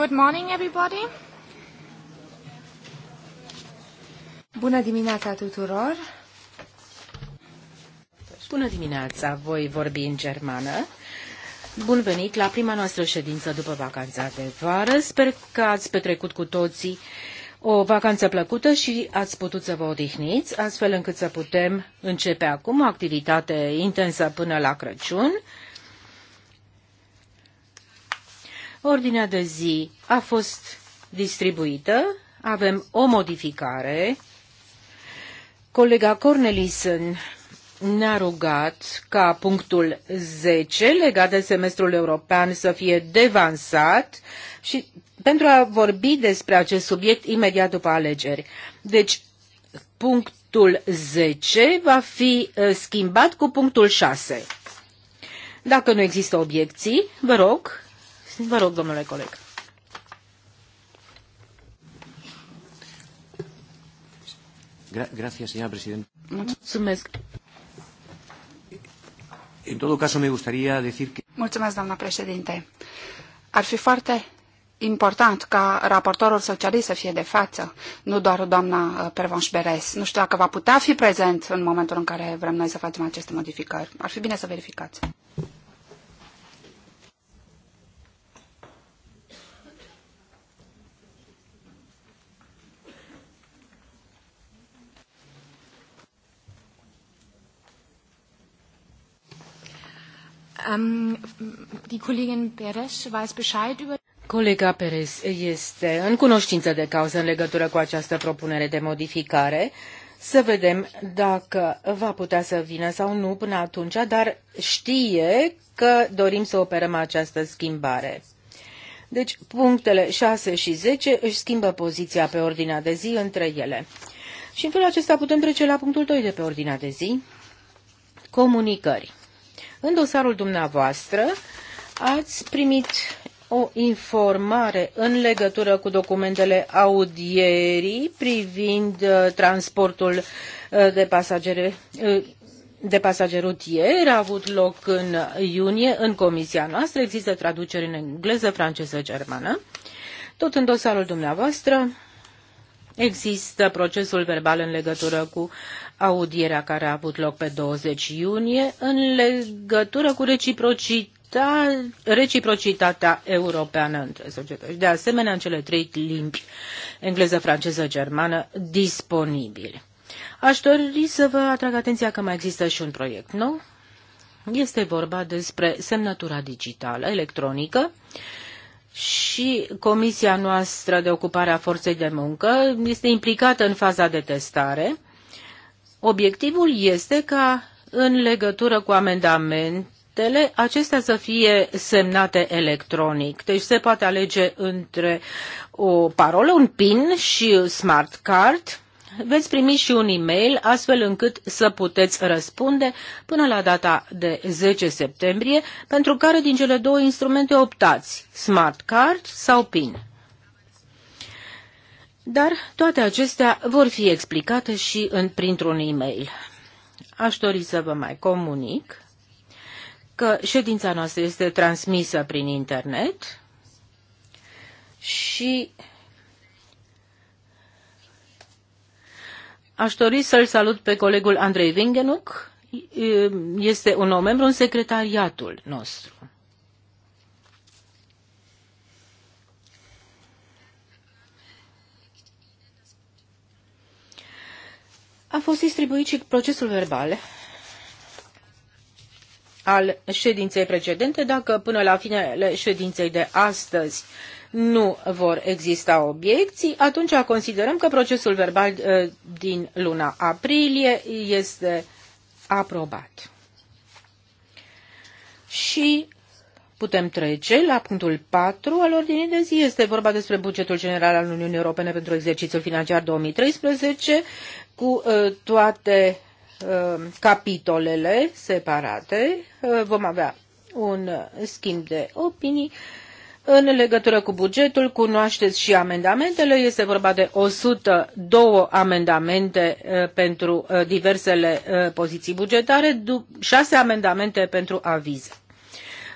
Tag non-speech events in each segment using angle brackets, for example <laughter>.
Good morning, everybody. Bună dimineața tuturor. Bună dimineața, voi vorbi în germană. Bun venit la prima noastră ședință după vacanța de vară. Sper că ați petrecut cu toții o vacanță plăcută și ați putut să vă odihniți, astfel încât să putem începe acum o activitate intensă până la Crăciun. Ordinea de zi a fost distribuită. Avem o modificare. Colega Cornelisen ne-a rugat ca punctul 10 legat de semestrul european să fie devansat și pentru a vorbi despre acest subiect imediat după alegeri. Deci, punctul 10 va fi eh, schimbat cu punctul 6. Dacă nu există obiecții, vă rog Vă rog, domnule coleg. Mulțumesc. gracias, señora presidenta. Mulțumesc. aș todo caso, me gustaría decir que... Mulțumesc, doamna președinte. Ar fi foarte important ca raportorul socialist să fie de față, nu doar doamna uh, Pervanș Beres. Nu știu dacă va putea fi prezent în momentul în care vrem noi să facem aceste modificări. Ar fi bine să verificați. Ähm, die Kollegin Beres weiß Bescheid über Colega Perez este în cunoștință de cauză în legătură cu această propunere de modificare. Să vedem dacă va putea să vină sau nu până atunci, dar știe că dorim să operăm această schimbare. Deci, punctele 6 și 10 își schimbă poziția pe ordinea de zi între ele. Și în felul acesta putem trece la punctul 2 de pe ordinea de zi. Comunicări. În dosarul dumneavoastră ați primit o informare în legătură cu documentele audierii privind uh, transportul uh, de pasageri uh, de pasageri rutier a avut loc în iunie în comisia noastră. Există traduceri în engleză, franceză, germană. Tot în dosarul dumneavoastră există procesul verbal în legătură cu audierea care a avut loc pe 20 iunie în legătură cu reciprocita, reciprocitatea europeană între societăți. De asemenea, în cele trei limbi, engleză, franceză, germană, disponibile. Aș dori să vă atrag atenția că mai există și un proiect nou. Este vorba despre semnătura digitală, electronică, și Comisia noastră de ocupare a forței de muncă este implicată în faza de testare Obiectivul este ca în legătură cu amendamentele, acestea să fie semnate electronic. Deci se poate alege între o parolă, un PIN și smart card. Veți primi și un e-mail astfel încât să puteți răspunde până la data de 10 septembrie pentru care din cele două instrumente optați, smart card sau PIN. Dar toate acestea vor fi explicate și în, printr-un e-mail. Aș dori să vă mai comunic că ședința noastră este transmisă prin internet și aș dori să-l salut pe colegul Andrei Vingenuc, este un nou membru în secretariatul nostru. A fost distribuit și procesul verbal al ședinței precedente. Dacă până la finele ședinței de astăzi nu vor exista obiecții, atunci considerăm că procesul verbal uh, din luna aprilie este aprobat. Și Putem trece la punctul 4 al ordinii de zi. Este vorba despre bugetul general al Uniunii Europene pentru exercițiul financiar 2013 cu uh, toate uh, capitolele separate. Uh, vom avea un schimb de opinii. În legătură cu bugetul, cunoașteți și amendamentele. Este vorba de 102 amendamente pentru diversele poziții bugetare, 6 amendamente pentru avize.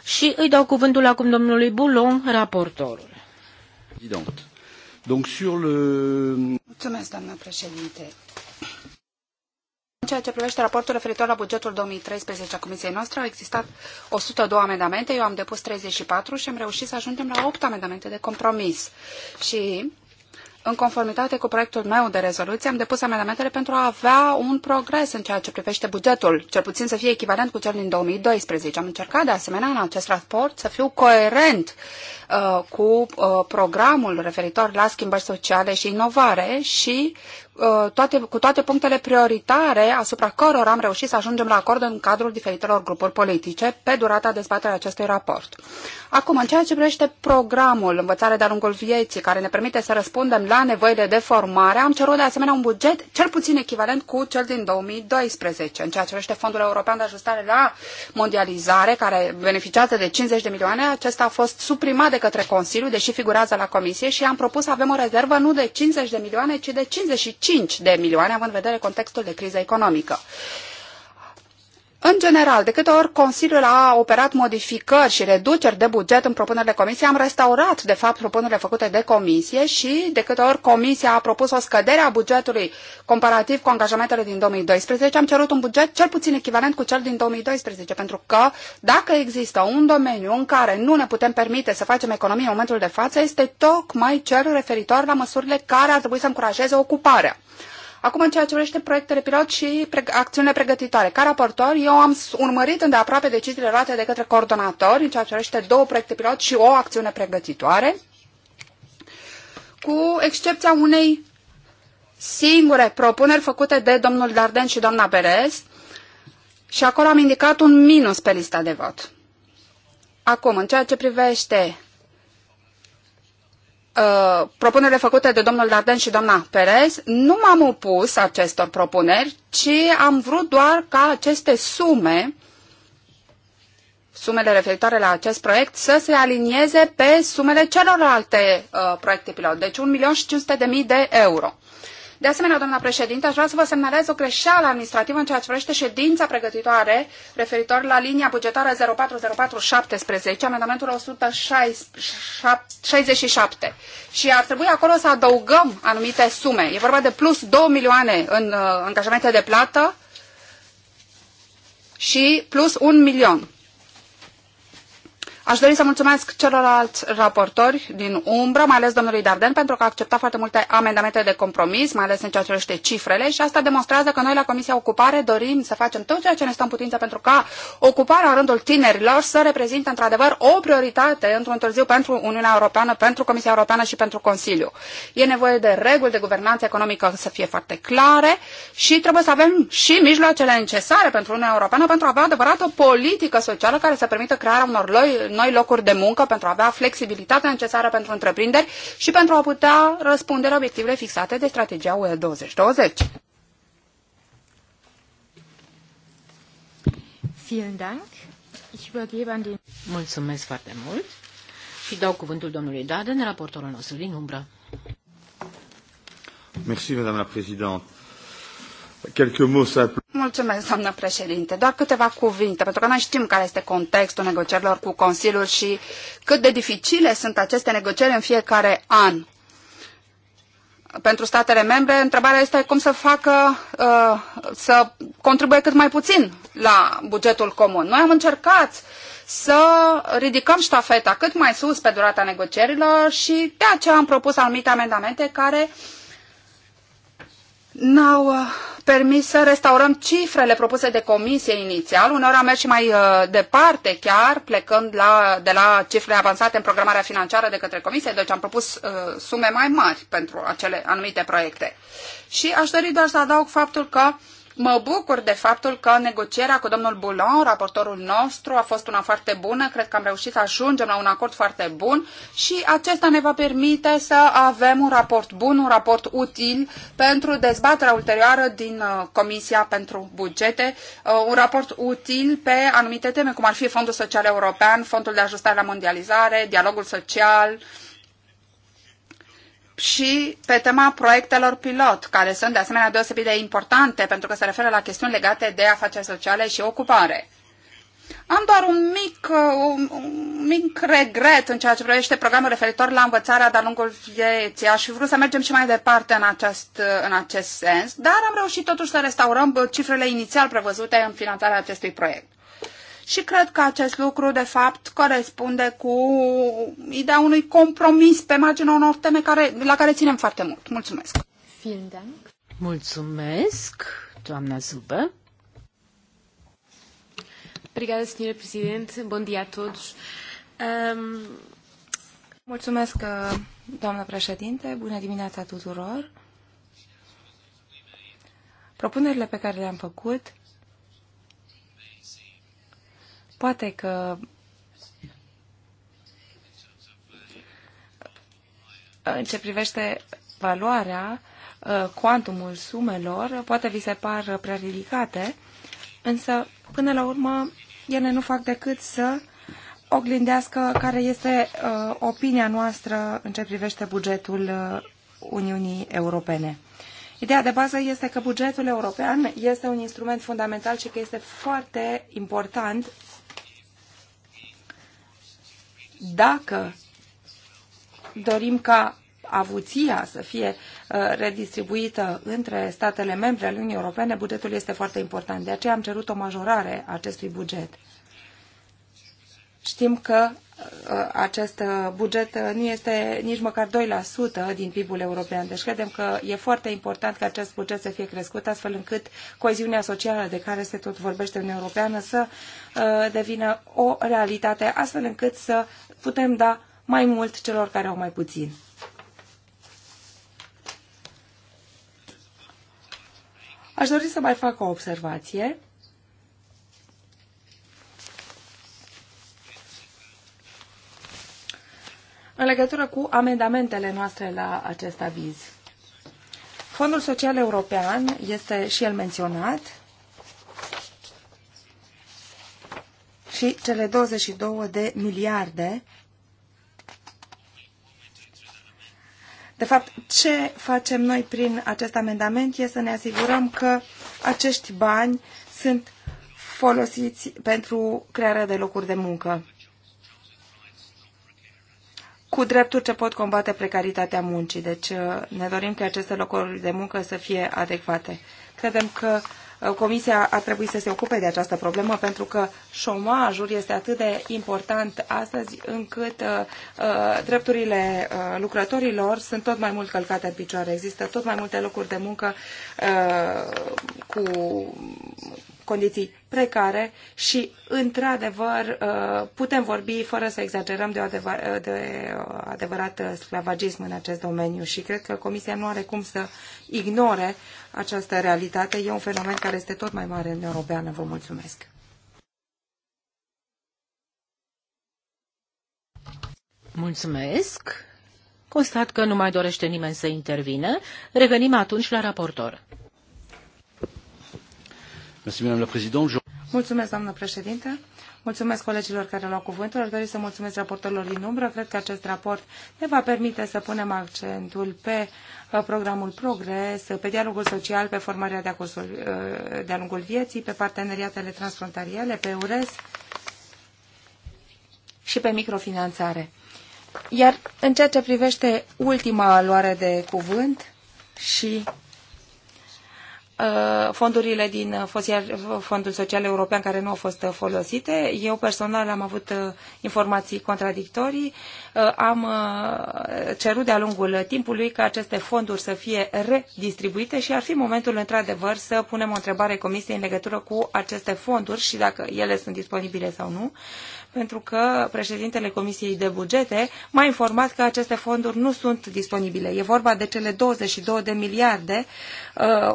Și îi dau cuvântul acum domnului Boulon, raportorul. Donc sur le... Mulțumesc, doamna președinte. În ceea ce privește raportul referitor la bugetul 2013 a Comisiei noastre, au existat 102 amendamente, eu am depus 34 și am reușit să ajungem la 8 amendamente de compromis. Și în conformitate cu proiectul meu de rezoluție, am depus amendamentele pentru a avea un progres în ceea ce privește bugetul, cel puțin să fie echivalent cu cel din 2012. Am încercat, de asemenea, în acest raport să fiu coerent uh, cu uh, programul referitor la schimbări sociale și inovare și Uh, toate, cu toate punctele prioritare asupra cărora am reușit să ajungem la acord în cadrul diferitelor grupuri politice pe durata dezbaterii acestui raport. Acum, în ceea ce privește programul Învățare de-a lungul vieții, care ne permite să răspundem la nevoile de formare, am cerut de asemenea un buget cel puțin echivalent cu cel din 2012, în ceea ce privește Fondul European de Ajustare la Mondializare, care beneficiază de 50 de milioane, acesta a fost suprimat de către Consiliu, deși figurează la Comisie și am propus să avem o rezervă nu de 50 de milioane, ci de 55 Cinci de milioane, având în vedere contextul de criză economică. În general, de câte ori Consiliul a operat modificări și reduceri de buget în propunerile Comisiei, am restaurat, de fapt, propunerile făcute de Comisie și de câte ori Comisia a propus o scădere a bugetului comparativ cu angajamentele din 2012, am cerut un buget cel puțin echivalent cu cel din 2012, pentru că dacă există un domeniu în care nu ne putem permite să facem economie în momentul de față, este tocmai cel referitor la măsurile care ar trebui să încurajeze ocuparea. Acum, în ceea ce vrește proiectele pilot și pre- acțiunile pregătitoare, ca raportor, eu am urmărit îndeaproape deciziile luate de către coordonatori în ceea ce vrește două proiecte pilot și o acțiune pregătitoare, cu excepția unei singure propuneri făcute de domnul Darden și doamna Beres, și acolo am indicat un minus pe lista de vot. Acum, în ceea ce privește Uh, propunerile făcute de domnul Darden și doamna Perez, nu m-am opus acestor propuneri, ci am vrut doar ca aceste sume sumele referitoare la acest proiect să se alinieze pe sumele celorlalte uh, proiecte pilot, deci 1.500.000 de euro. De asemenea, doamna președinte, aș vrea să vă semnalez o greșeală administrativă în ceea ce privește ședința pregătitoare referitor la linia bugetară 040417, amendamentul 167. Și ar trebui acolo să adăugăm anumite sume. E vorba de plus 2 milioane în uh, angajamente de plată și plus 1 milion. Aș dori să mulțumesc celorlalți raportori din umbră, mai ales domnului Darden, pentru că a acceptat foarte multe amendamente de compromis, mai ales în ceea ce privește cifrele și asta demonstrează că noi la Comisia Ocupare dorim să facem tot ceea ce ne stăm putință pentru ca ocuparea în rândul tinerilor să reprezinte într-adevăr o prioritate într-un târziu pentru Uniunea Europeană, pentru Comisia Europeană și pentru Consiliu. E nevoie de reguli de guvernanță economică să fie foarte clare și trebuie să avem și mijloacele necesare pentru Uniunea Europeană pentru a avea adevărat o politică socială care să permită crearea unor loi noi locuri de muncă, pentru a avea flexibilitatea necesară pentru întreprinderi și pentru a putea răspunde la obiectivele fixate de strategia UE 2020. Mulțumesc foarte mult și dau cuvântul domnului Daden, raportorul nostru din umbră. Mulțumesc, doamna președinte. Mulțumesc, doamnă președinte. Doar câteva cuvinte, pentru că noi știm care este contextul negocierilor cu Consiliul și cât de dificile sunt aceste negocieri în fiecare an. Pentru statele membre, întrebarea este cum să facă uh, să contribuie cât mai puțin la bugetul comun. Noi am încercat să ridicăm ștafeta cât mai sus pe durata negocierilor și de aceea am propus anumite amendamente care n-au uh, permis să restaurăm cifrele propuse de comisie inițial. Uneori am mers și mai uh, departe chiar, plecând la, de la cifre avansate în programarea financiară de către comisie, deci am propus uh, sume mai mari pentru acele anumite proiecte. Și aș dori doar să adaug faptul că uh, Mă bucur de faptul că negocierea cu domnul Boulon, raportorul nostru, a fost una foarte bună. Cred că am reușit să ajungem la un acord foarte bun și acesta ne va permite să avem un raport bun, un raport util pentru dezbaterea ulterioară din uh, Comisia pentru Bugete, uh, un raport util pe anumite teme, cum ar fi Fondul Social European, Fondul de Ajustare la Mondializare, dialogul social, și pe tema proiectelor pilot, care sunt de asemenea deosebit de importante pentru că se referă la chestiuni legate de afaceri sociale și ocupare. Am doar un mic, uh, un, un mic regret în ceea ce privește programul referitor la învățarea de-a lungul vieții. Aș fi vrut să mergem și mai departe în acest, uh, în acest sens, dar am reușit totuși să restaurăm uh, cifrele inițial prevăzute în finanțarea acestui proiect și cred că acest lucru, de fapt, corespunde cu ideea unui compromis pe marginea unor teme care, la care ținem foarte mult. Mulțumesc! Mulțumesc, doamna Zubă! Obrigada, Sra. Presidente. Bom dia a todos. Um... Mulțumesc, uh, doamnă președinte. Bună dimineața tuturor. Propunerile pe care le-am făcut Poate că în ce privește valoarea, uh, cuantumul sumelor, poate vi se par prea ridicate, însă, până la urmă, ele nu fac decât să oglindească care este uh, opinia noastră în ce privește bugetul uh, Uniunii Europene. Ideea de bază este că bugetul european este un instrument fundamental și că este foarte important dacă dorim ca avuția să fie uh, redistribuită între statele membre ale Uniunii Europene, bugetul este foarte important. De aceea am cerut o majorare a acestui buget. Știm că Uh, acest buget nu este nici măcar 2% din PIB-ul european. Deci credem că e foarte important ca acest buget să fie crescut astfel încât coeziunea socială de care se tot vorbește în Europeană să uh, devină o realitate, astfel încât să putem da mai mult celor care au mai puțin. Aș dori să mai fac o observație. în legătură cu amendamentele noastre la acest aviz. Fondul Social European este și el menționat și cele 22 de miliarde. De fapt, ce facem noi prin acest amendament este să ne asigurăm că acești bani sunt folosiți pentru crearea de locuri de muncă cu drepturi ce pot combate precaritatea muncii. Deci uh, ne dorim ca aceste locuri de muncă să fie adecvate. Credem că uh, Comisia ar trebui să se ocupe de această problemă pentru că șomajul este atât de important astăzi încât uh, uh, drepturile uh, lucrătorilor sunt tot mai mult călcate în picioare. Există tot mai multe locuri de muncă uh, cu condiții precare și, într-adevăr, uh, putem vorbi fără să exagerăm de, adevăr, uh, de uh, adevărat sclavagism în acest domeniu și cred că Comisia nu are cum să ignore această realitate. E un fenomen care este tot mai mare în Europeană. Vă mulțumesc! Mulțumesc! Constat că nu mai dorește nimeni să intervină. Revenim atunci la raportor. Mulțumesc, doamnă președinte. Mulțumesc colegilor care luau cuvântul. Aș dori să mulțumesc raportorilor din umbră. Cred că acest raport ne va permite să punem accentul pe uh, programul Progres, pe dialogul social, pe formarea de-a uh, de lungul vieții, pe parteneriatele transfrontaliere, pe URES și pe microfinanțare. Iar în ceea ce privește ultima luare de cuvânt și Uh, fondurile din uh, uh, Fondul Social European care nu au fost folosite. Eu personal am avut informații contradictorii. Am cerut de-a lungul timpului ca aceste fonduri să fie redistribuite și ar fi momentul într-adevăr să punem o întrebare comisiei în legătură cu aceste fonduri și dacă ele sunt disponibile sau nu pentru că președintele Comisiei de Bugete m-a informat că aceste fonduri nu sunt disponibile. E vorba de cele 22 de miliarde,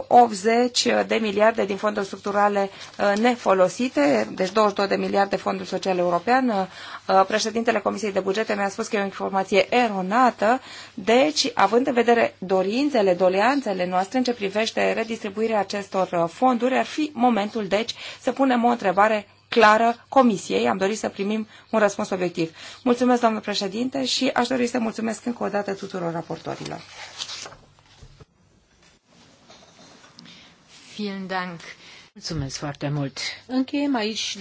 80 uh, de miliarde din fonduri structurale uh, nefolosite, deci 22 de miliarde fondul social european. Uh, președintele Comisiei de Bugete mi-a spus că e o informație eronată, deci având în vedere dorințele, doleanțele noastre în ce privește redistribuirea acestor fonduri, ar fi momentul deci să punem o întrebare clară Comisiei. Am dorit să primim un răspuns obiectiv. Mulțumesc, doamnă președinte, și aș dori să mulțumesc încă o dată tuturor raportorilor. Vielen Dank. Mulțumesc foarte mult. Încheiem aici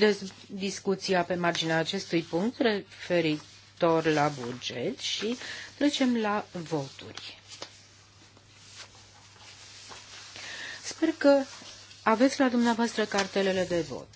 discuția pe marginea acestui punct referitor la buget și trecem la voturi. Sper că aveți la dumneavoastră cartelele de vot.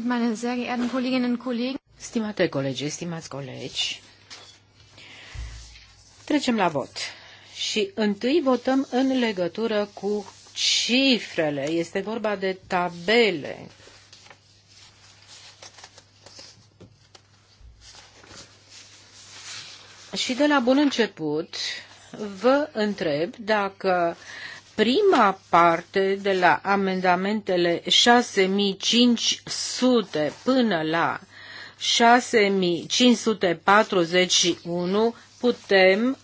gut, meine sehr geehrten Kolleginnen und Kollegen. Stimate colegi, stimați colegi, trecem la vot. Și întâi votăm în legătură cu cifrele. Este vorba de tabele. Și de la bun început vă întreb dacă uh, prima parte de la amendamentele 6500 până la 6541 putem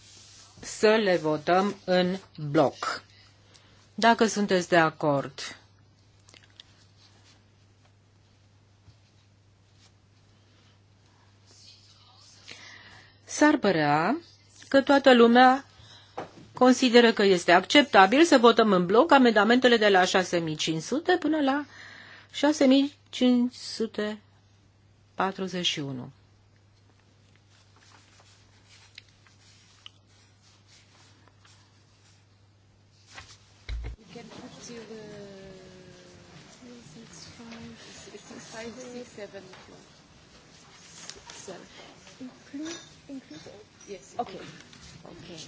să le votăm în bloc. Dacă sunteți de acord. S-ar părea că toată lumea consideră că este acceptabil să votăm în bloc amendamentele de la 6500 până la 6541. seven Include, include. Yes. Okay. Okay.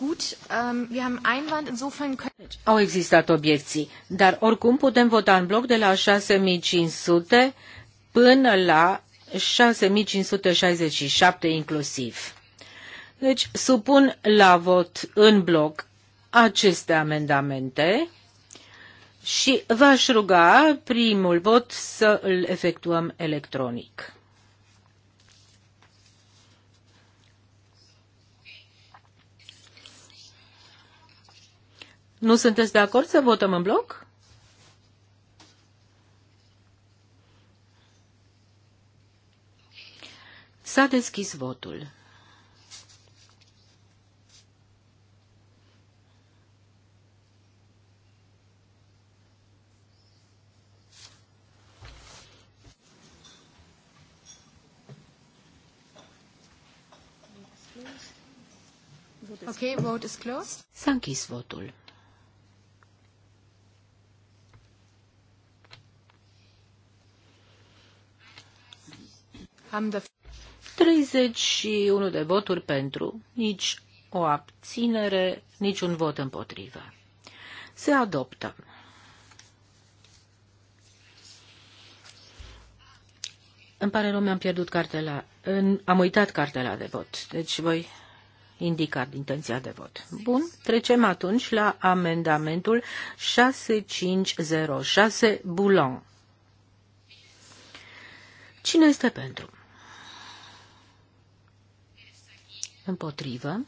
Ähm, Au existat obiecții, dar oricum putem vota în bloc de la 6500 până la 6567 inclusiv. Deci supun la vot în bloc aceste amendamente și v-aș ruga primul vot să îl efectuăm electronic. Nu sunteți de acord să votăm în bloc? S-a deschis votul. Okay, vote is closed. S-a închis votul. 31 de voturi pentru, nici o abținere, nici un vot împotrivă. Se adoptă. Îmi pare rău, mi-am pierdut cartela. Am uitat cartela de vot, deci voi indica intenția de vot. Bun, trecem atunci la amendamentul 6506 Boulon. Cine este pentru? Împotrivă.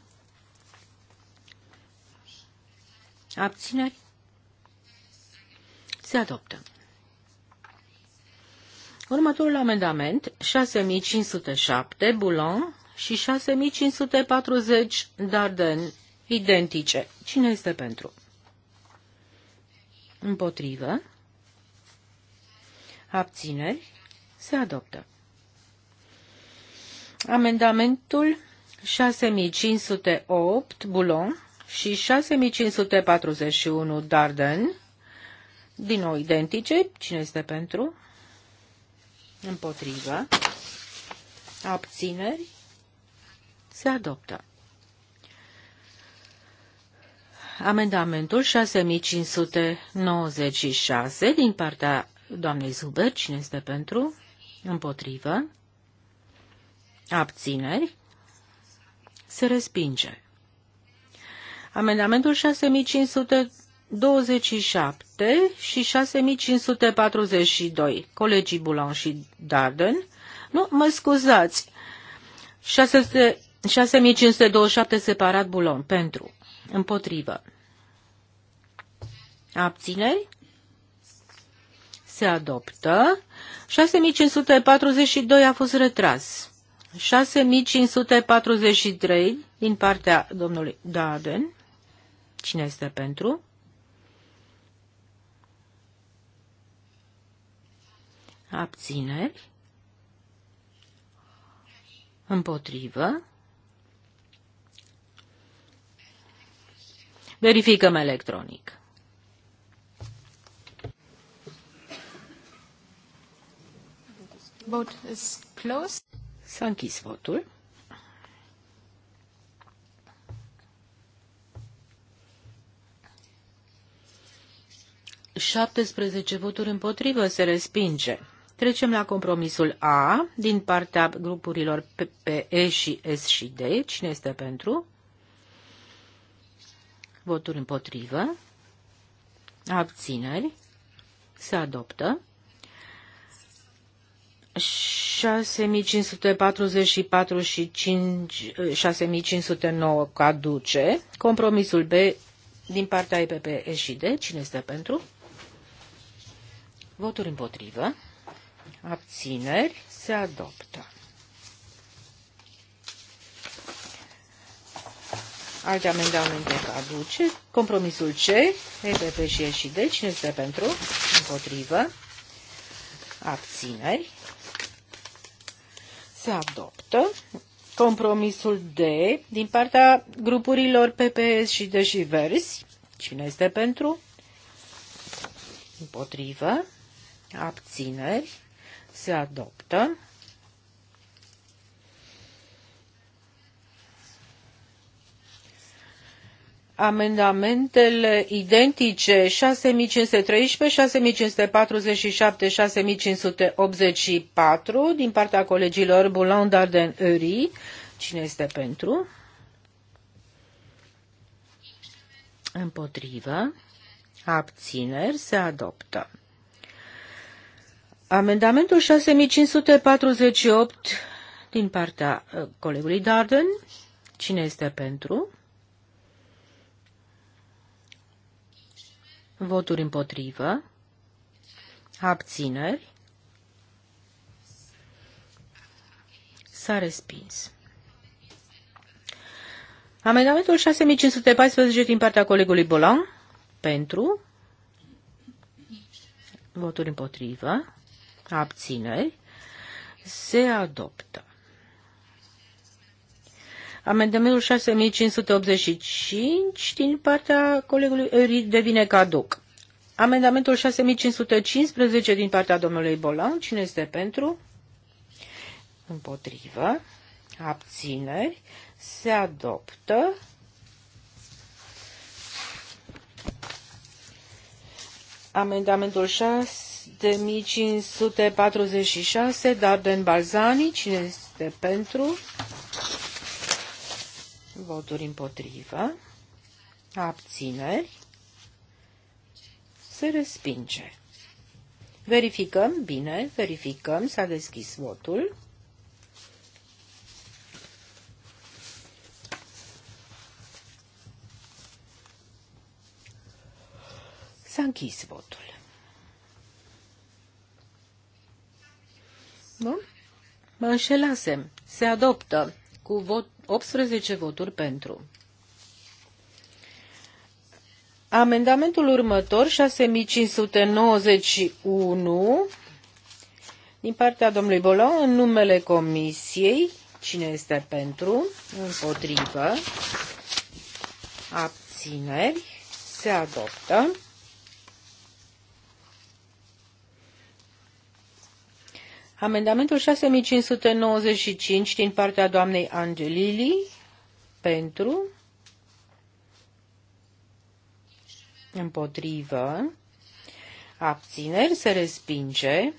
Abțineri. Se adoptă. Următorul amendament, 6507, Boulon și 6540, Darden, identice. Cine este pentru? Împotrivă. Abțineri. Se adoptă. Amendamentul 6508 Boulon și 6541 Darden, din nou identice, cine este pentru? Împotrivă. Abțineri. Se adoptă. Amendamentul 6596 din partea doamnei Zuber, cine este pentru? Împotrivă. Abțineri. Se respinge. Amendamentul 6527 și 6542, colegii Bulan și Darden. Nu, mă scuzați. 600, 6527 separat Bulan pentru. Împotrivă. Abțineri? Se adoptă. 6542 a fost retras. 6543 din partea domnului Daden. Cine este pentru? Abțineri. Împotrivă. Verificăm electronic. Vote is closed. S-a închis votul. Șaptesprezece voturi împotrivă se respinge. Trecem la compromisul A din partea grupurilor PPE și S și D. Cine este pentru? Voturi împotrivă. Abțineri. Se adoptă. 6544 și 5, 6509 eh, caduce. Compromisul B din partea IPP și D. Cine este pentru? Voturi împotrivă. Abțineri. Se adoptă. Alte amendamente caduce. Compromisul C. EPP și E Cine este pentru? Împotrivă. Abțineri se adoptă. Compromisul D din partea grupurilor PPS și Deși Verzi. Cine este pentru? Împotrivă. Abțineri. Se adoptă. amendamentele identice optzeci 6547, 6584 din partea colegilor Boulan Darden Uri. Cine este pentru? Împotrivă. Abțineri se adoptă. Amendamentul 6548 din partea uh, colegului Darden. Cine este pentru? voturi împotrivă, abțineri, s-a respins. Amendamentul 6514 din partea colegului Bolan pentru voturi împotrivă, abțineri, se adoptă. Amendamentul 6585 din partea colegului Eurid devine caduc. Amendamentul 6515 din partea domnului Bolan. Cine este pentru? Împotrivă. Abțineri. Se adoptă. Amendamentul 6546, Darden Balzani. Cine este pentru? voturi împotrivă, abțineri, se respinge. Verificăm, bine, verificăm, s-a deschis votul. S-a închis votul. Bun? Mă înșelasem. Se adoptă cu vot 18 voturi pentru. Amendamentul următor, 6591, din partea domnului Bolan, în numele comisiei, cine este pentru, împotrivă, abțineri, se adoptă. Amendamentul 6595 din partea doamnei Angelili pentru împotrivă abțineri se respinge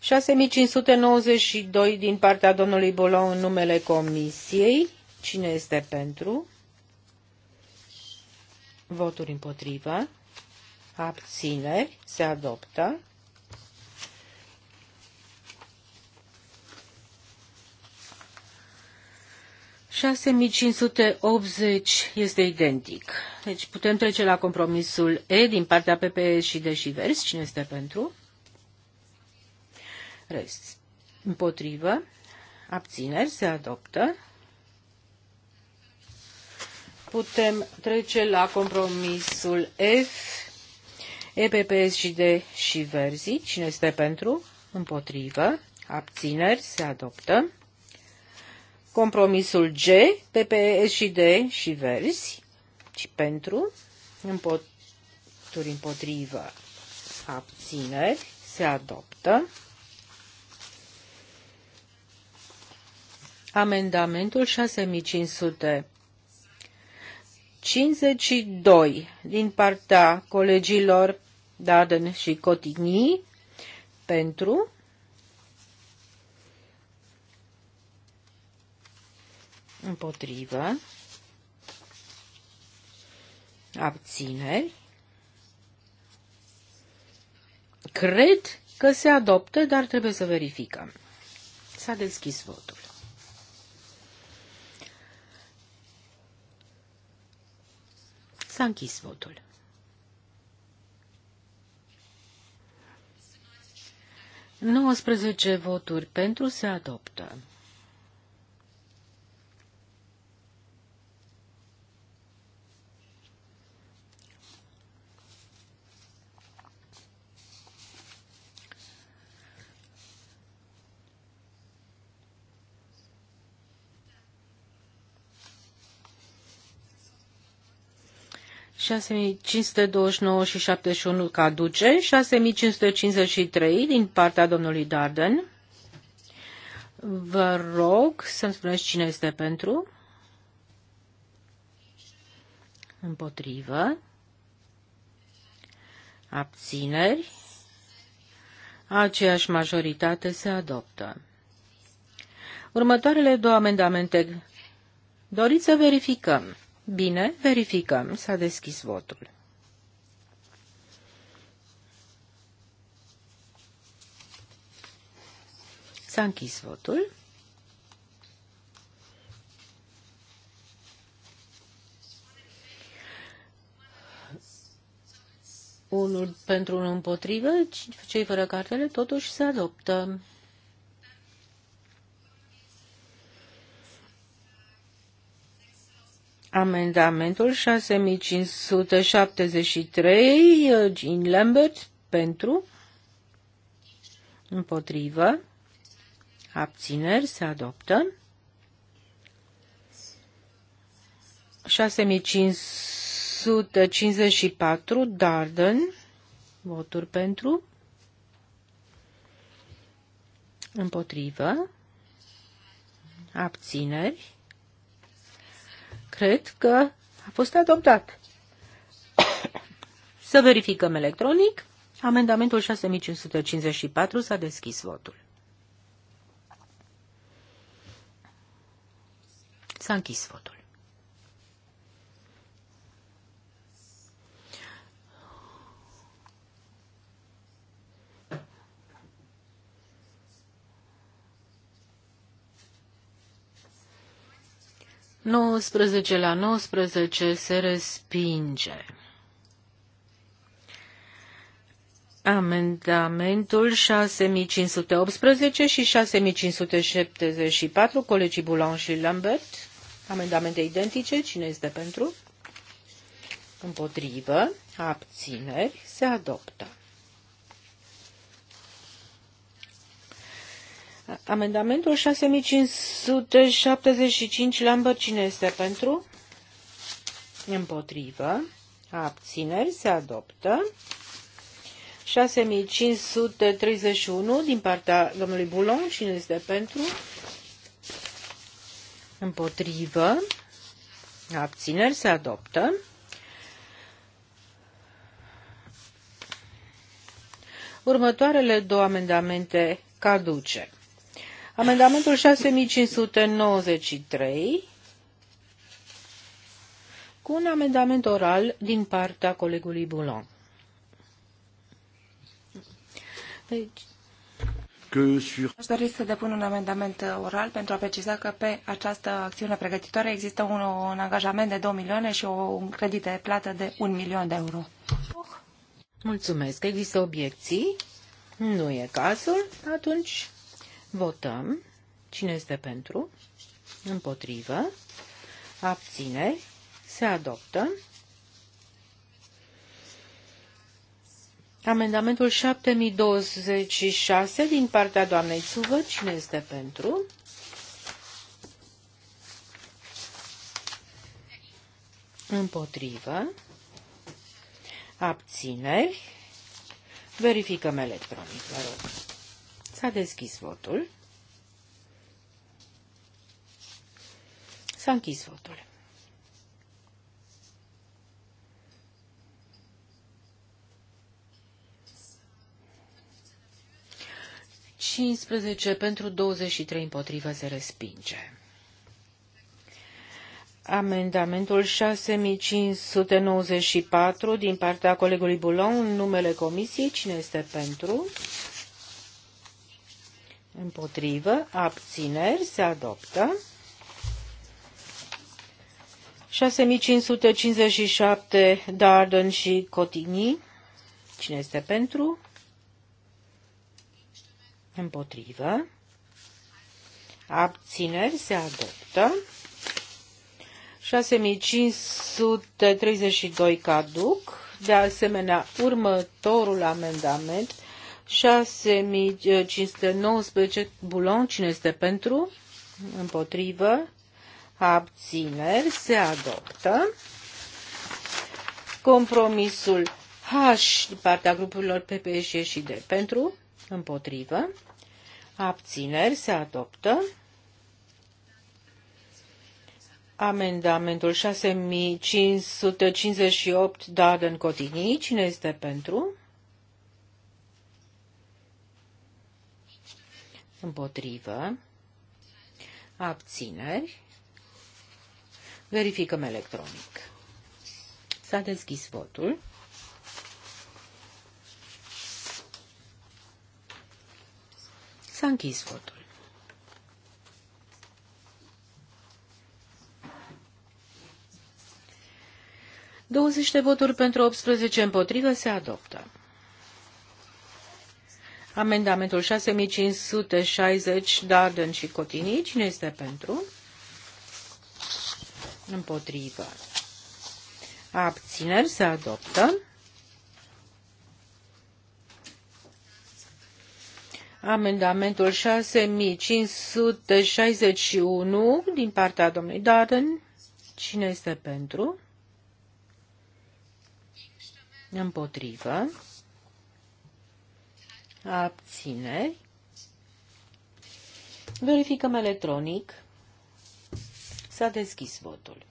6592 din partea domnului Bolon în numele comisiei cine este pentru voturi împotrivă abțineri se adoptă 6580 este identic. Deci putem trece la compromisul E din partea PPE și de și vers. Cine este pentru? Rest. Împotrivă. Abțineri. Se adoptă. Putem trece la compromisul F. EPPS și D și verzi. Cine este pentru? Împotrivă. Abțineri. Se adoptă. Compromisul G, PPE și D și Verzi, ci pentru, împoturi împotrivă, abțineri, se adoptă. Amendamentul 6552 din partea colegilor Daden și Cotigny pentru Împotrivă. Abțineri. Cred că se adoptă, dar trebuie să verificăm. S-a deschis votul. S-a închis votul. Nouăsprezece voturi pentru se adoptă. 6529 și 71 caduce, 6553 din partea domnului Darden. Vă rog să-mi spuneți cine este pentru. Împotrivă. Abțineri. Aceeași majoritate se adoptă. Următoarele două amendamente. Doriți să verificăm. Bine, verificăm. S-a deschis votul. S-a închis votul. Unul pentru unul împotrivă, cei fără cartele totuși se adoptă. Amendamentul 6573, Jean Lambert, pentru, împotrivă, abțineri, se adoptă. 6554, Darden, voturi pentru, împotrivă, abțineri, Cred că a fost adoptat. <coughs> Să verificăm electronic. Amendamentul 6554 s-a deschis votul. S-a închis votul. 19 la 19 se respinge. Amendamentul 6518 și 6574, colegii Boulan și Lambert. Amendamente identice. Cine este pentru? Împotrivă. Abțineri. Se adoptă. Amendamentul 6575 Lambă, cine este pentru? Împotrivă. Abțineri se adoptă. 6531 din partea domnului Boulon. Cine este pentru? Împotrivă. Abțineri se adoptă. Următoarele două amendamente caduce. Amendamentul 6593 cu un amendament oral din partea colegului Boulon. Deci, că sur... Aș dori să depun un amendament oral pentru a preciza că pe această acțiune pregătitoare există un, un angajament de 2 milioane și o, un credit de plată de 1 milion de euro. Mulțumesc. Există obiecții? Nu e cazul. Atunci Votăm. Cine este pentru? Împotrivă. abține, Se adoptă. Amendamentul 7026 din partea doamnei Țuvă. Cine este pentru? Împotrivă. Abțineri. Verificăm electronic, vă rog. S-a deschis votul. S-a închis votul. Cincisprezece pentru 23 împotrivă se respinge. Amendamentul 6594 din partea colegului Boulon numele comisiei. Cine este Pentru. Împotrivă, abțineri, se adoptă. 6557 Darden și Cotini. Cine este pentru? Împotrivă. Abțineri se adoptă. 6532 caduc. De asemenea, următorul amendament 6519 Bulon, cine este pentru? Împotrivă. Abțineri. Se adoptă. Compromisul H din partea grupurilor PPS și D. Pentru? Împotrivă. Abțineri. Se adoptă. Amendamentul 6558 Darden cotini Cine este pentru? împotrivă, abțineri, verificăm electronic. S-a deschis votul. S-a închis votul. Douăzeci de voturi pentru 18 împotrivă se adoptă. Amendamentul 6560, Darden și Cotini. Cine este pentru? Împotrivă. Abțineri se adoptă. Amendamentul 6561 din partea domnului Darden. Cine este pentru? Împotrivă abțineri. Verificăm electronic. S-a deschis votul.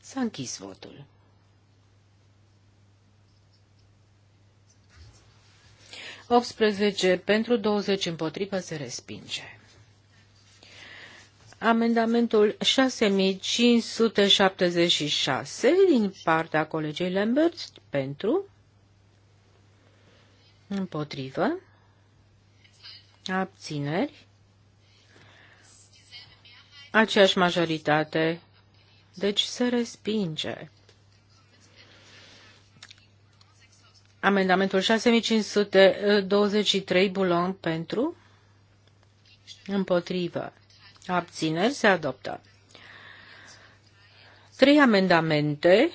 S-a închis votul. Optsprezece pentru douăzeci împotrivă se respinge. Amendamentul 6576 din partea colegii Lambert pentru Împotrivă. Abțineri. Aceeași majoritate. Deci se respinge. Amendamentul 6523 Bulon pentru. Împotrivă. Abțineri se adoptă. Trei amendamente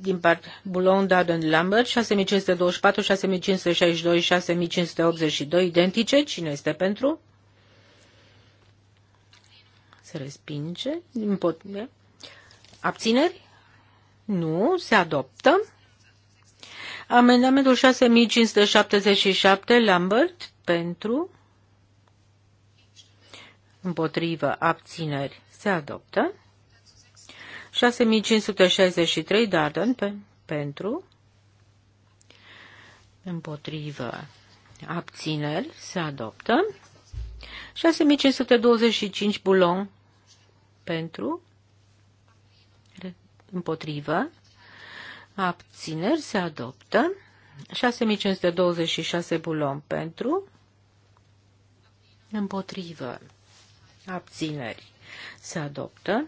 din part Boulogne, Darden, Lambert, 6524, 6562, 6582, identice. Cine este pentru? Se respinge. Împotriva. Abțineri? Nu. Se adoptă. Amendamentul 6577, Lambert, pentru, împotrivă, abțineri, se adoptă. 6563 Darden pe, pentru, împotrivă, abțineri, se adoptă. 6525 Boulon pentru, împotrivă, abțineri, se adoptă. 6526 Boulon pentru, împotrivă, abțineri, se adoptă.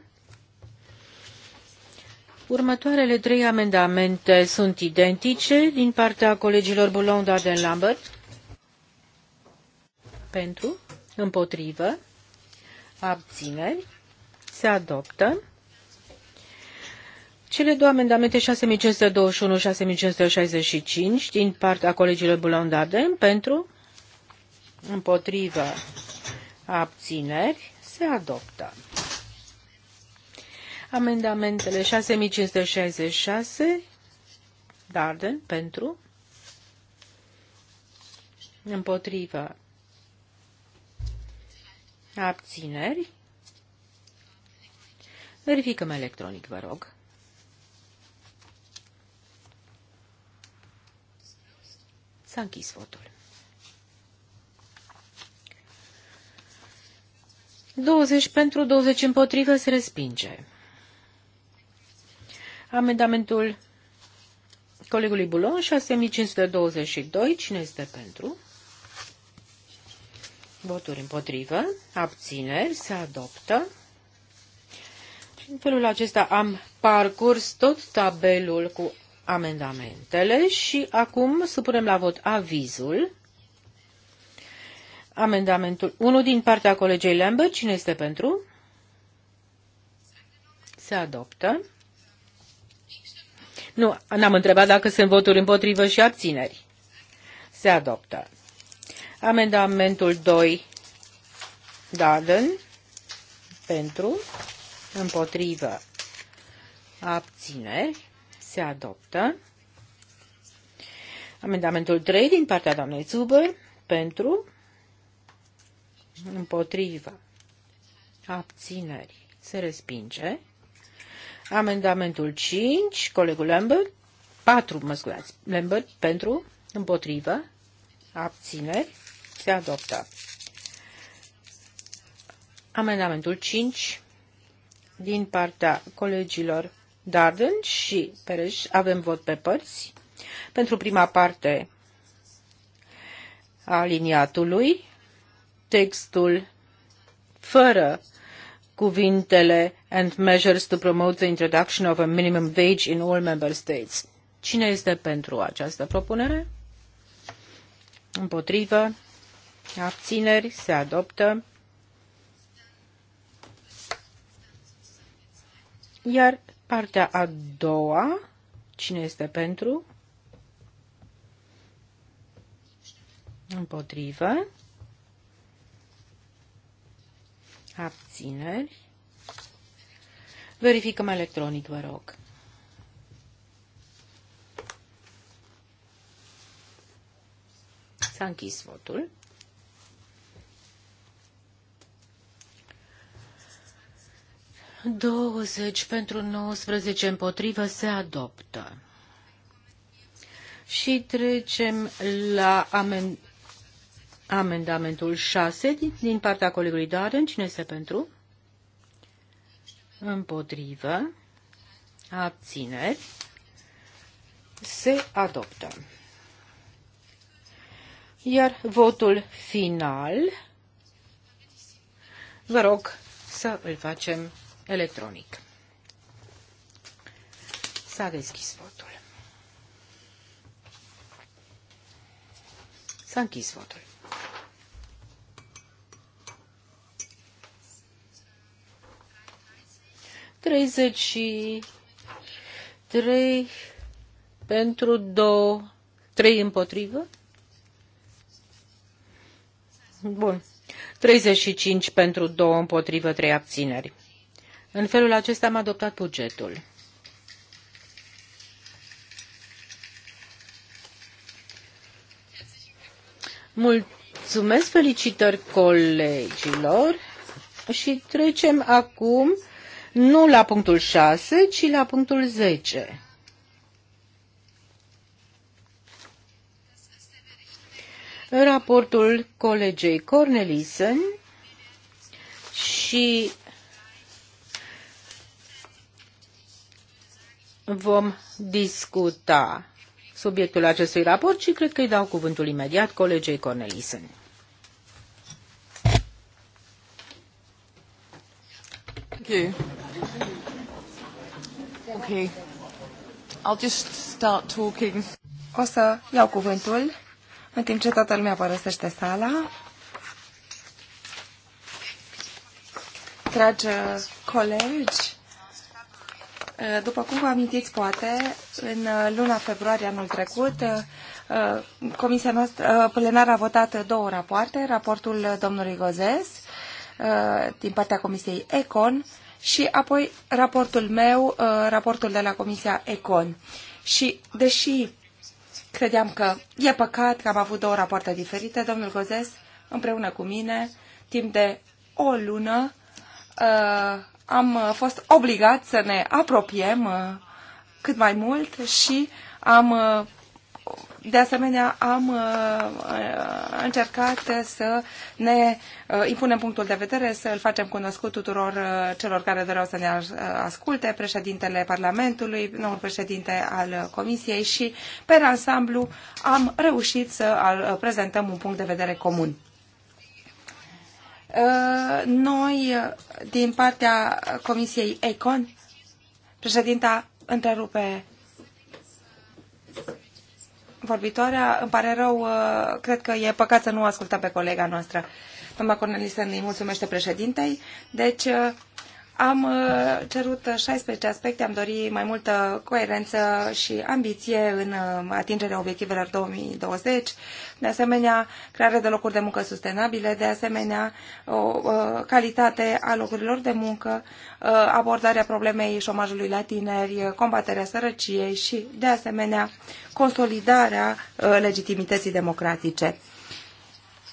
Următoarele trei amendamente sunt identice din partea colegilor Bulonda de Lambert. Pentru, împotrivă, abțineri, se adoptă. Cele două amendamente 6521-6565 din partea colegilor Bulondadem pentru, împotrivă, abțineri, se adoptă. Amendamentele 6566, Darden, pentru, împotrivă, abțineri. Verificăm electronic, vă rog. S-a închis votul. 20 pentru 20 împotrivă se respinge. Amendamentul colegului Bulon, 6522, cine este pentru? Voturi împotrivă, abțineri, se adoptă. Și în felul acesta am parcurs tot tabelul cu amendamentele și acum supunem la vot avizul. Amendamentul 1 din partea colegei Lambert, cine este pentru? Se adoptă. Nu, n-am întrebat dacă sunt voturi împotrivă și abțineri. Se adoptă. Amendamentul 2. Daden. Pentru. Împotrivă. Abțineri. Se adoptă. Amendamentul 3 din partea doamnei Zuber. Pentru. Împotrivă. Abțineri. Se respinge. Amendamentul 5, colegul Lambert, 4, mă scuzați, Lambert, pentru, împotrivă, abțineri, se adoptă. Amendamentul 5, din partea colegilor Darden și Pereș, avem vot pe părți. Pentru prima parte a aliniatului, textul fără cuvintele and measures to promote the introduction of a minimum wage in all member states. Cine este pentru această propunere? Împotrivă? Abțineri? Se adoptă. Iar partea a doua, cine este pentru? Împotrivă? abțineri. Verificăm electronic, vă rog. S-a închis votul. Douăzeci pentru 19 împotrivă se adoptă. Și trecem la amend Amendamentul 6 din, din partea colegului Darân. Cine este pentru? Împotrivă. Abțineri. Se adoptă. Iar votul final, vă rog să îl facem electronic. S-a deschis votul. S-a închis votul. 30, 3 pentru 2, 3 împotrivă. Bun. 35 pentru 2 împotrivă, 3 abțineri. În felul acesta am adoptat bugetul. Mulțumesc, felicitări colegilor și trecem acum nu la punctul 6, ci la punctul 10. Raportul colegei Cornelisen și vom discuta subiectul acestui raport și cred că îi dau cuvântul imediat colegei Cornelisen. Okay. Okay. I'll just start talking. O să iau cuvântul în timp ce toată lumea părăsește sala. Dragi uh, colegi, uh, după cum vă amintiți, poate, în uh, luna februarie anul trecut, Comisia noastră, plenară a votat două rapoarte, raportul domnului Gozes din partea Comisiei Econ și apoi raportul meu, uh, raportul de la Comisia Econ. Și deși credeam că e păcat că am avut două rapoarte diferite, domnul Gozes, împreună cu mine, timp de o lună, uh, am fost obligat să ne apropiem uh, cât mai mult și am de asemenea, am uh, uh, încercat să ne uh, impunem punctul de vedere, să îl facem cunoscut tuturor celor care doreau să ne asculte, președintele Parlamentului, noul președinte al Comisiei și, pe ansamblu, am reușit să prezentăm un punct de vedere comun. Noi, din partea Comisiei ECON, președinta întrerupe vorbitoarea. Îmi pare rău, uh, cred că e păcat să nu ascultăm pe colega noastră. Doamna Cornelisen îi mulțumește președintei. Deci, uh, am uh, cerut 16 aspecte, am dorit mai multă coerență și ambiție în uh, atingerea obiectivelor 2020, de asemenea creare de locuri de muncă sustenabile, de asemenea o uh, calitate a locurilor de muncă, abordarea problemei șomajului la tineri, combaterea sărăciei și, de asemenea, consolidarea legitimității democratice.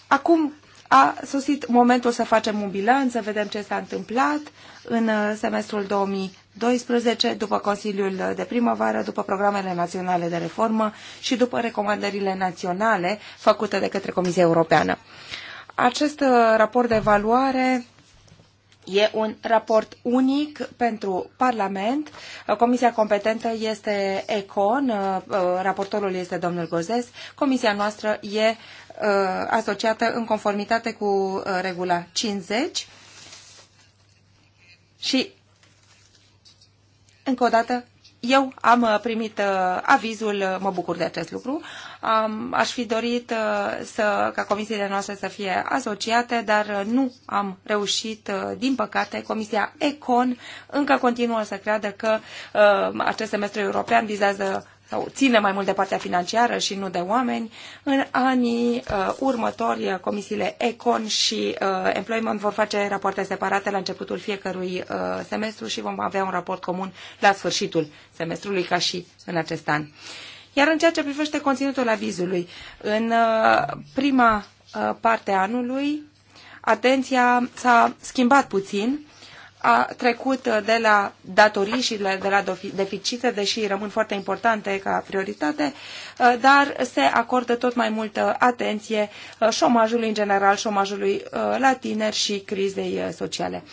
Acum a sosit momentul să facem un bilanț, să vedem ce s-a întâmplat în uh, semestrul 2012, după Consiliul de Primăvară, după programele naționale de reformă și după recomandările naționale făcute de către Comisia Europeană. Acest uh, raport de evaluare E un raport unic pentru Parlament. Uh, comisia competentă este ECON, raportorul este domnul Gozes, comisia noastră e Uh, asociată în conformitate cu uh, regula 50 și încă o dată eu am uh, primit avizul, mă bucur de acest lucru. Am, aș fi dorit să, ca comisiile noastre să fie asociate, dar nu am reușit, din păcate. Comisia Econ încă continuă să creadă că acest semestru european vizează sau ține mai mult de partea financiară și nu de oameni. În anii uh, următori, uh, comisiile Econ și uh, Employment vor face rapoarte separate la începutul fiecărui uh, semestru și vom avea un raport comun la sfârșitul semestrului, ca și în acest an. Iar în ceea ce privește conținutul avizului, în uh, prima uh, parte a anului, atenția s-a schimbat puțin a trecut de la datorii și de la deficite, deși rămân foarte importante ca prioritate, uh, dar se acordă tot mai multă atenție uh, șomajului în general, șomajului uh, la tineri și crizei sociale.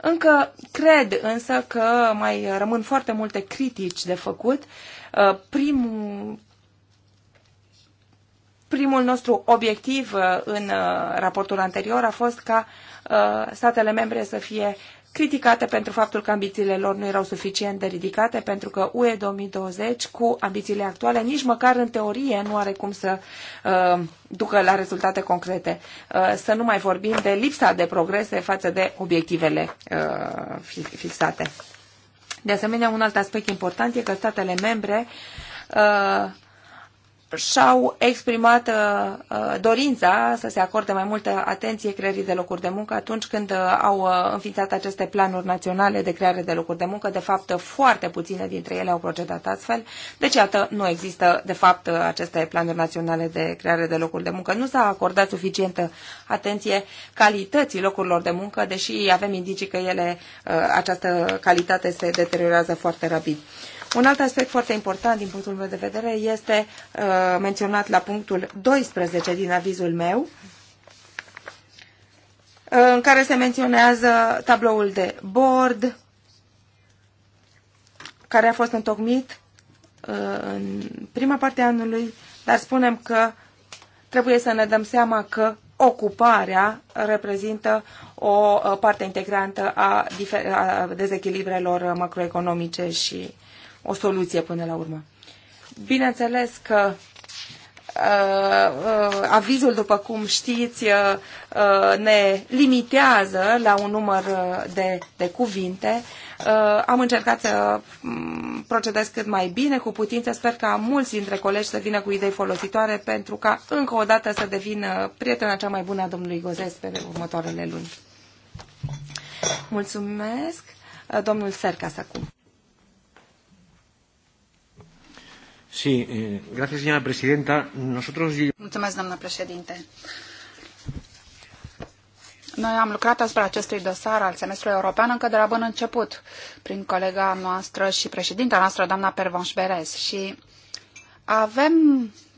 Încă cred însă că mai rămân foarte multe critici de făcut. Primul, primul nostru obiectiv în raportul anterior a fost ca statele membre să fie criticate pentru faptul că ambițiile lor nu erau suficient de ridicate, pentru că UE 2020, cu ambițiile actuale, nici măcar în teorie nu are cum să uh, ducă la rezultate concrete. Uh, să nu mai vorbim de lipsa de progrese față de obiectivele uh, fixate. De asemenea, un alt aspect important e că statele membre uh, și-au exprimat uh, uh, dorința să se acorde mai multă atenție creării de locuri de muncă atunci când uh, au înființat aceste planuri naționale de creare de locuri de muncă. De fapt, foarte puține dintre ele au procedat astfel. Deci, iată, nu există, de fapt, aceste planuri naționale de creare de locuri de muncă. Nu s-a acordat suficientă atenție calității locurilor de muncă, deși avem indicii că ele, această calitate se deteriorează foarte rapid. Un alt aspect foarte important din punctul meu de vedere este uh, menționat la punctul 12 din avizul meu, uh, în care se menționează tabloul de bord care a fost întocmit uh, în prima parte a anului, dar spunem că trebuie să ne dăm seama că ocuparea reprezintă o uh, parte integrantă a, a dezechilibrelor macroeconomice și o soluție până la urmă. Bineînțeles că Uh, uh avizul, după cum știți, uh, uh, ne limitează la un număr uh, de, de cuvinte. Am încercat să mm, procedez cât mai bine, cu putință. Sper ca mulți dintre colegi să vină cu idei folositoare pentru ca încă o dată să devină prietena cea mai bună a domnului Gozes pe următoarele luni. Mulțumesc. Domnul Sercas acum. Sí, eh, gracias, señora presidenta. Nosotros... Mulțumesc, doamnă președinte. Noi am lucrat asupra acestui dosar al semestrului european încă de la bun început, prin colega noastră și președinta noastră, doamna Pervanș Berez. Și avem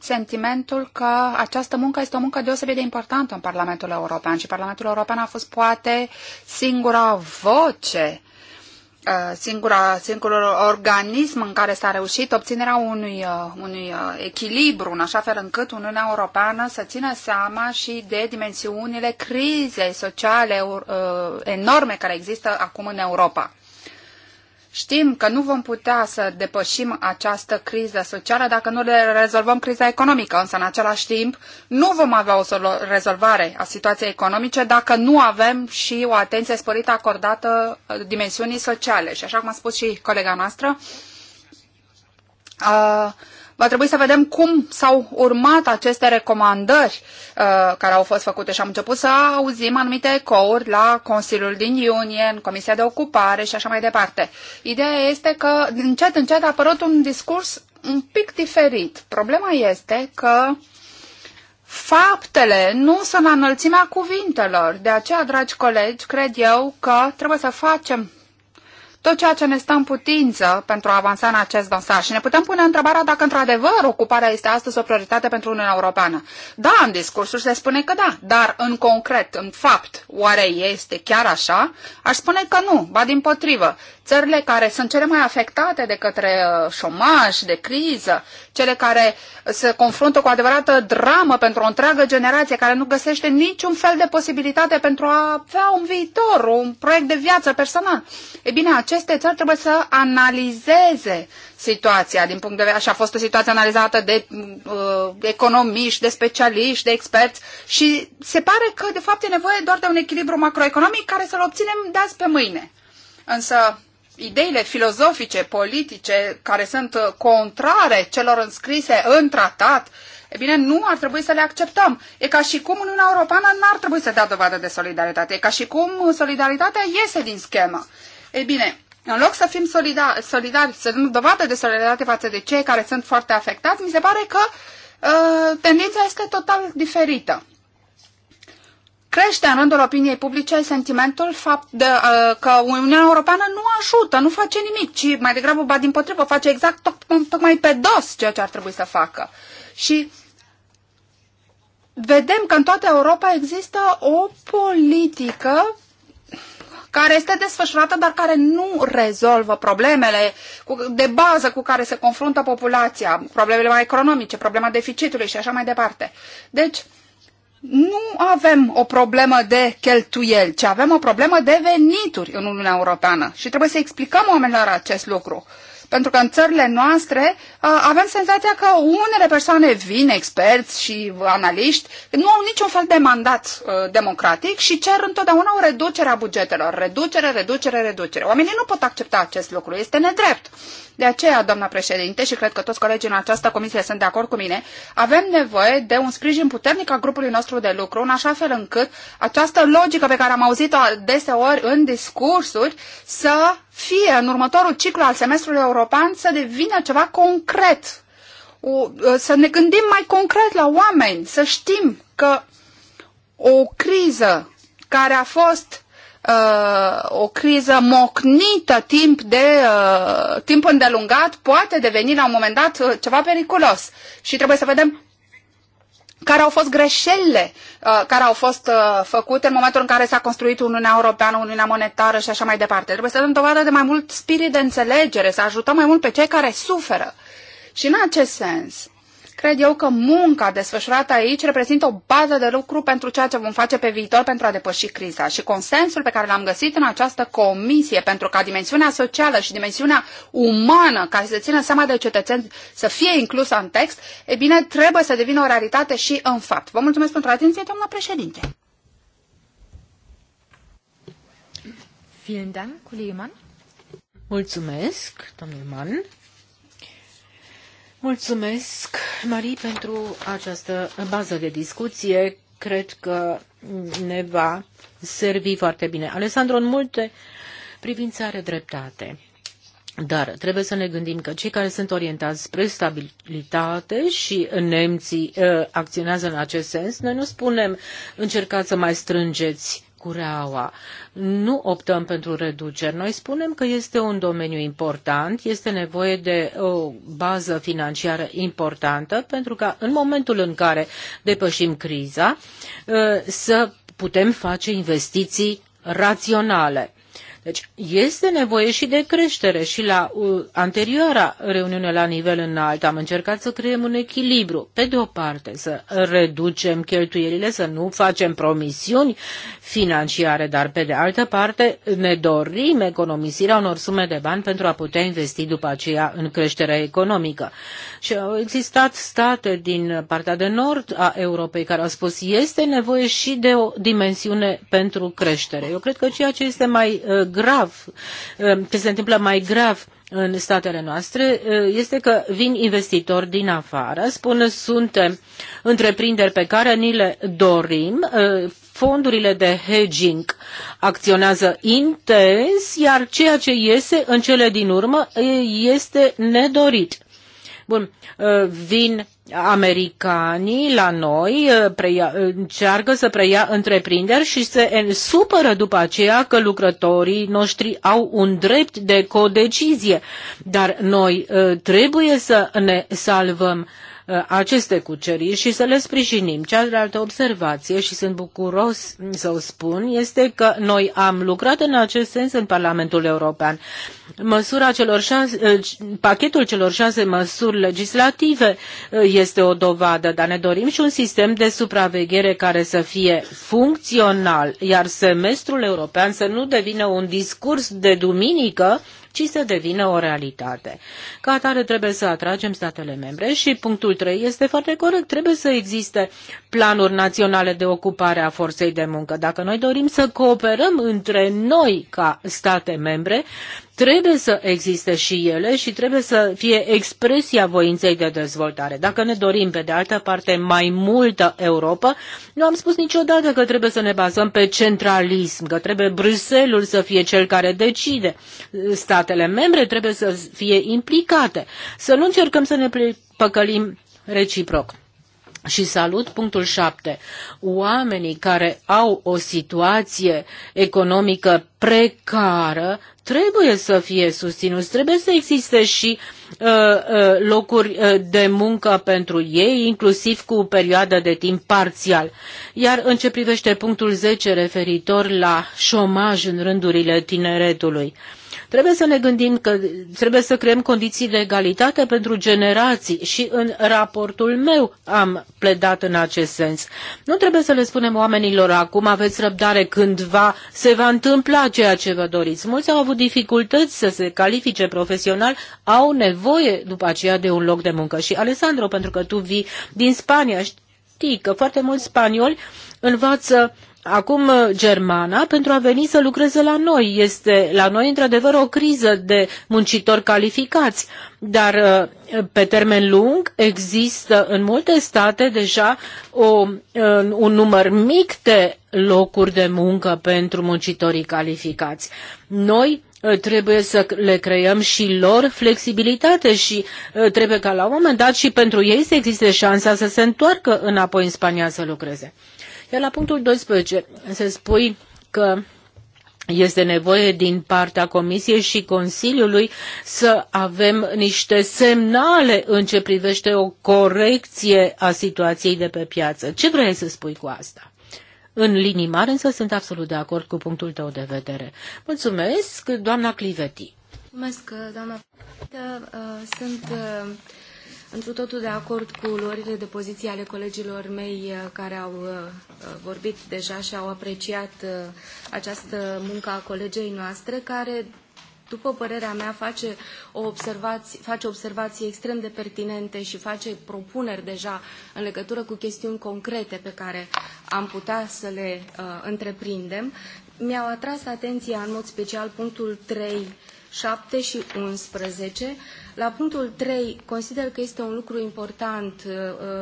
sentimentul că această muncă este o muncă deosebit de importantă în Parlamentul European și Parlamentul European a fost poate singura voce Uh, singura, singurul organism în care s-a reușit obținerea unui, uh, unui uh, echilibru, în așa fel încât Uniunea Europeană să țină seama și de dimensiunile crizei sociale enorme care există acum în Europa. Știm că nu vom putea să depășim această criză socială dacă nu rezolvăm criza economică, însă în același timp nu vom avea o rezolvare a situației economice dacă nu avem și o atenție sporită acordată uh, dimensiunii sociale. Și așa cum a spus și colega noastră, uh, va trebui să vedem cum s-au urmat aceste recomandări uh, care au fost făcute și am început să auzim anumite ecouri la Consiliul din iunie, în Comisia de Ocupare și așa mai departe. Ideea este că încet, încet a apărut un discurs un pic diferit. Problema este că faptele nu sunt la înălțimea cuvintelor. De aceea, dragi colegi, cred eu că trebuie să facem tot ceea ce ne stă în putință pentru a avansa în acest dosar și ne putem pune întrebarea dacă într-adevăr ocuparea este astăzi o prioritate pentru Uniunea Europeană. Da, în discursuri se spune că da, dar în concret, în fapt, oare este chiar așa? Aș spune că nu, ba din potrivă țările care sunt cele mai afectate de către uh, șomaj, de criză, cele care se confruntă cu adevărată dramă pentru o întreagă generație care nu găsește niciun fel de posibilitate pentru a avea un viitor, un proiect de viață personal. E bine, aceste țări trebuie să analizeze situația din punct de vedere, așa a fost o situație analizată de uh, economiști, de specialiști, de experți și se pare că de fapt e nevoie doar de un echilibru macroeconomic care să-l obținem de azi pe mâine. Însă ideile filozofice, politice, care sunt uh, contrare celor înscrise în tratat, e bine, nu ar trebui să le acceptăm. E ca și cum Uniunea Europeană n-ar trebui să dea dovadă de solidaritate. E ca și cum solidaritatea iese din schemă. E bine, în loc să fim solidari, solidari să dăm dovadă de solidaritate față de cei care sunt foarte afectați, mi se pare că uh, tendința este total diferită crește în rândul opiniei publice sentimentul fapt de, uh, că Uniunea Europeană nu ajută, nu face nimic, ci mai degrabă, ba din potrivă, face exact toc, tocmai pe dos ceea ce ar trebui să facă. Și vedem că în toată Europa există o politică care este desfășurată, dar care nu rezolvă problemele de bază cu care se confruntă populația, problemele mai economice, problema deficitului și așa mai departe. Deci, nu avem o problemă de cheltuieli, ci avem o problemă de venituri în Uniunea Europeană și trebuie să explicăm oamenilor acest lucru. Pentru că în țările noastre avem senzația că unele persoane vin, experți și analiști, nu au niciun fel de mandat democratic și cer întotdeauna o reducere a bugetelor. Reducere, reducere, reducere. Oamenii nu pot accepta acest lucru. Este nedrept. De aceea, doamna președinte, și cred că toți colegii în această comisie sunt de acord cu mine, avem nevoie de un sprijin puternic al grupului nostru de lucru, în așa fel încât această logică pe care am auzit-o deseori în discursuri să fie în următorul ciclu al semestrului european să devină ceva concret, o, ă, să ne gândim mai concret la oameni, să știm că o criză care a fost uh, o criză mocnită timp, de, uh, timp îndelungat poate deveni la un moment dat ceva periculos și trebuie să vedem care au fost greșelile uh, care au fost uh, făcute în momentul în care s-a construit Uniunea Europeană, Uniunea Monetară și așa mai departe. Trebuie să dăm dovadă de mai mult spirit de înțelegere, să ajutăm mai mult pe cei care suferă. Și în acest sens, Cred eu că munca desfășurată aici reprezintă o bază de lucru pentru ceea ce vom face pe viitor pentru a depăși criza și consensul pe care l-am găsit în această comisie pentru ca dimensiunea socială și dimensiunea umană care se țină seama de cetățeni să fie inclusă în text, e bine, trebuie să devină o realitate și în fapt. Vă mulțumesc pentru atenție, doamna președinte. Vielen Dank, Kollege Mann. Mulțumesc, domnul Mann. Mulțumesc, Marie, pentru această bază de discuție. Cred că ne va servi foarte bine. Alessandro, în multe privințe are dreptate. Dar trebuie să ne gândim că cei care sunt orientați spre stabilitate și nemții uh, acționează în acest sens, noi nu spunem încercați să mai strângeți cureaua. Nu optăm pentru reduceri. Noi spunem că este un domeniu important, este nevoie de o bază financiară importantă, pentru că în momentul în care depășim criza, ă, să putem face investiții raționale. Deci este nevoie și de creștere și la uh, anterioara reuniune la nivel înalt am încercat să creăm un echilibru. Pe de o parte să reducem cheltuielile, să nu facem promisiuni financiare, dar pe de altă parte ne dorim economisirea unor sume de bani pentru a putea investi după aceea în creșterea economică. Și au existat state din partea de nord a Europei care au spus este nevoie și de o dimensiune pentru creștere. Eu cred că ceea ce este mai uh, grav, uh, ce se întâmplă mai grav în statele noastre uh, este că vin investitori din afară, spun suntem întreprinderi pe care ni le dorim, uh, fondurile de hedging acționează intens, iar ceea ce iese în cele din urmă este nedorit. Bun, vin americanii la noi uh, preia, încearcă să preia întreprinderi și se supără după aceea că lucrătorii noștri au un drept de codecizie. Dar noi uh, trebuie să ne salvăm uh, Uh, aceste cuceriri și să le sprijinim. Cealaltă observație, și sunt bucuros să o spun, este că noi am lucrat în acest sens în Parlamentul European. Măsura celor șase, uh, pachetul celor șase măsuri legislative uh, este o dovadă, dar ne dorim și un sistem de supraveghere care să fie funcțional, iar semestrul european să nu devină un discurs de duminică ci să devină o realitate. Ca atare trebuie să atragem statele membre și punctul 3 este foarte corect. Trebuie să existe planuri naționale de ocupare a forței de muncă. Dacă noi dorim să cooperăm între noi ca state membre, trebuie să existe și ele și trebuie să fie expresia voinței de dezvoltare. Dacă ne dorim, pe de altă parte, mai multă Europa, nu am spus niciodată că trebuie să ne bazăm pe centralism, că trebuie Bruselul să fie cel care decide. Statele membre trebuie să fie implicate. Să nu încercăm să ne păcălim reciproc. Și salut punctul 7. Oamenii care au o situație economică precară trebuie să fie susținuți, trebuie să existe și uh, uh locuri uh, de muncă pentru ei, inclusiv cu perioadă de timp parțial. Iar în ce privește punctul 10 referitor la șomaj în rândurile tineretului, uh, Trebuie să ne gândim că trebuie să creăm condiții de egalitate pentru generații și în raportul meu am pledat în acest sens. Nu trebuie să le spunem oamenilor acum aveți răbdare cândva se va întâmpla ceea ce vă doriți. Mulți au avut dificultăți să se califice profesional, au nevoie după aceea de un loc de muncă. Și Alessandro, pentru că tu vii din Spania, știi că foarte mulți spanioli învață acum uh, germana pentru a veni să lucreze la noi. Este la noi într-adevăr o criză de muncitori calificați, dar uh, pe termen lung există în multe state deja o, un număr mic de locuri de muncă pentru muncitorii calificați. Noi uh, trebuie să le creăm și lor flexibilitate și trebuie ca la un moment dat și pentru ei să existe șansa să se întoarcă înapoi în Spania să lucreze. Iar la punctul 12 se spui că este nevoie din partea Comisiei și Consiliului să avem niște semnale în ce privește o corecție a situației de pe piață. Ce vrei să spui cu asta? În linii mari însă sunt absolut de acord cu punctul tău de vedere. Mulțumesc, doamna Cliveti. Mulțumesc, doamna. Sunt uh, întru totul de acord cu luările de poziție ale colegilor mei uh, care au uh, uh, vorbit deja și au apreciat această muncă a colegei noastre, care după părerea mea, face, o observație, face observații extrem de pertinente și face propuneri deja în legătură cu chestiuni concrete pe care am putea să le uh, întreprindem. Mi-au atras atenția în mod special punctul 3, 7 și 11, la punctul 3, consider că este un lucru important. Uh,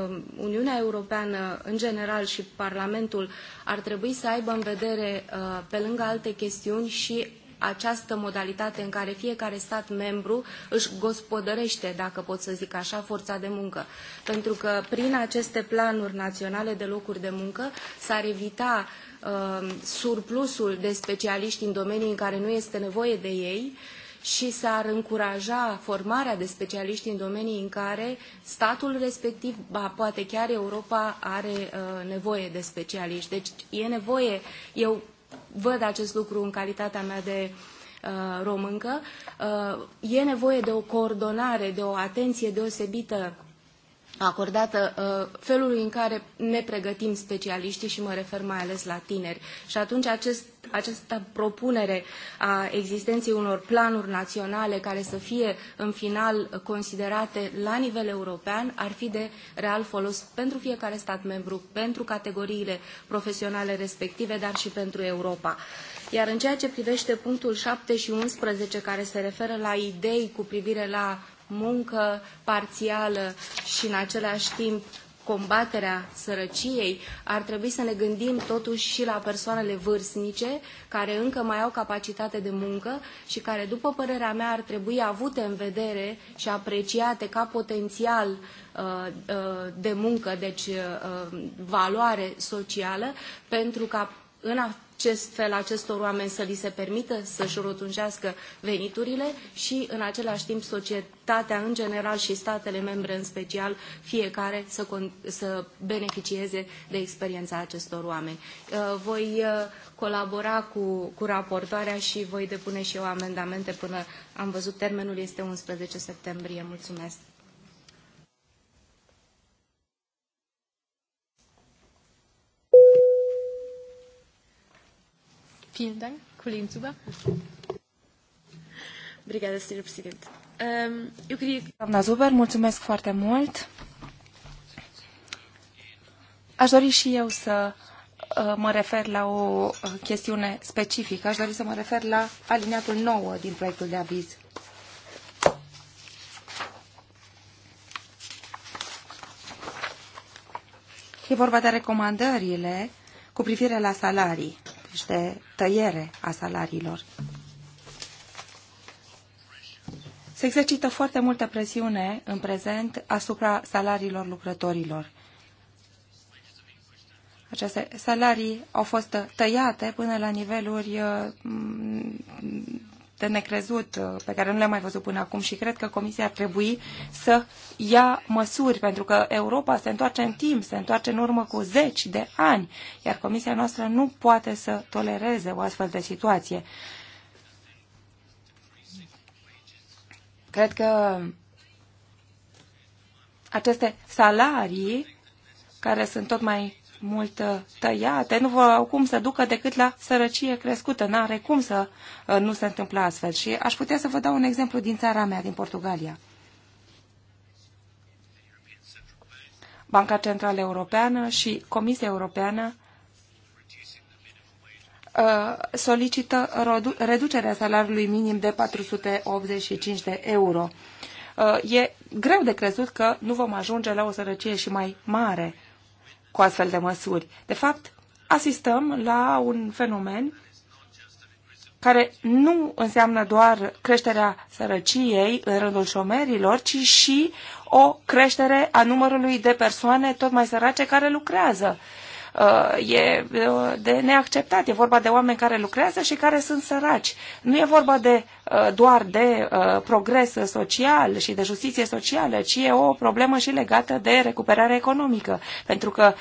uh, Uniunea Europeană, în general, și Parlamentul ar trebui să aibă în vedere, uh, pe lângă alte chestiuni, și această modalitate în care fiecare stat membru își gospodărește, dacă pot să zic așa, forța de muncă. Pentru că prin aceste planuri naționale de locuri de muncă s-ar evita uh, surplusul de specialiști în domenii în care nu este nevoie de ei, uh, și s-ar încuraja formarea de specialiști în domenii în care statul respectiv, ba, poate chiar Europa, are uh, nevoie de specialiști. Deci e nevoie, eu văd acest lucru în calitatea mea de uh, româncă, uh, e nevoie de o coordonare, de o atenție deosebită acordată uh, felului în care ne pregătim specialiștii și mă refer mai ales la tineri. Și atunci acest, această propunere a existenței unor planuri naționale care să fie în final considerate la nivel european ar fi de real folos pentru fiecare stat membru, pentru categoriile profesionale respective, dar și pentru Europa. Iar în ceea ce privește punctul 7 și 11 care se referă la idei cu privire la muncă parțială și în același timp combaterea sărăciei, ar trebui să ne gândim totuși și la persoanele vârstnice care încă mai au capacitate de muncă și care, după părerea mea, ar trebui avute în vedere și apreciate ca potențial uh, uh, de muncă, deci uh, valoare socială, pentru ca în acest fel acestor oameni să li se permită să-și rotunjească veniturile și în același timp societatea în general și statele membre în special, fiecare să, să beneficieze de experiența acestor oameni. Uh, voi uh, colabora cu, cu raportoarea și voi depune și eu amendamente până am văzut termenul este 11 septembrie. Mulțumesc! Vielen Dank, Kollegin Zuber. Obrigada, Sr. Presidente. Eu queria... Doamna Zuber, mulțumesc foarte mult. Aș dori și eu să uh, mă refer la o uh, chestiune specifică. Aș dori să mă refer la aliniatul 9 din proiectul de aviz. E vorba de recomandările cu privire la salarii și de tăiere a salariilor. Se exercită foarte multă presiune în prezent asupra salariilor lucrătorilor. Aceste salarii au fost tăiate până la niveluri mm, de necrezut uh, pe care nu le-am mai văzut până acum și cred că Comisia ar trebui să ia măsuri, pentru că Europa se întoarce în timp, se întoarce în urmă cu zeci de ani, iar Comisia noastră nu poate să tolereze o astfel de situație. Cred că aceste salarii care sunt tot mai mult tăiate, nu au cum să ducă decât la sărăcie crescută. N-are cum să uh, nu se întâmple astfel. Și aș putea să vă dau un exemplu din țara mea, din Portugalia. Banca Centrală Europeană și Comisia Europeană uh, solicită reducerea salariului minim de 485 de euro. Uh, e greu de crezut că nu vom ajunge la o sărăcie și mai mare cu astfel de măsuri. De fapt, asistăm la un fenomen care nu înseamnă doar creșterea sărăciei în rândul șomerilor, ci și o creștere a numărului de persoane tot mai sărace care lucrează Uh, e uh, de neacceptat. E vorba de oameni care lucrează și care sunt săraci. Nu e vorba de uh, doar de progres social și de justiție socială, ci e o problemă și legată de recuperare economică, pentru că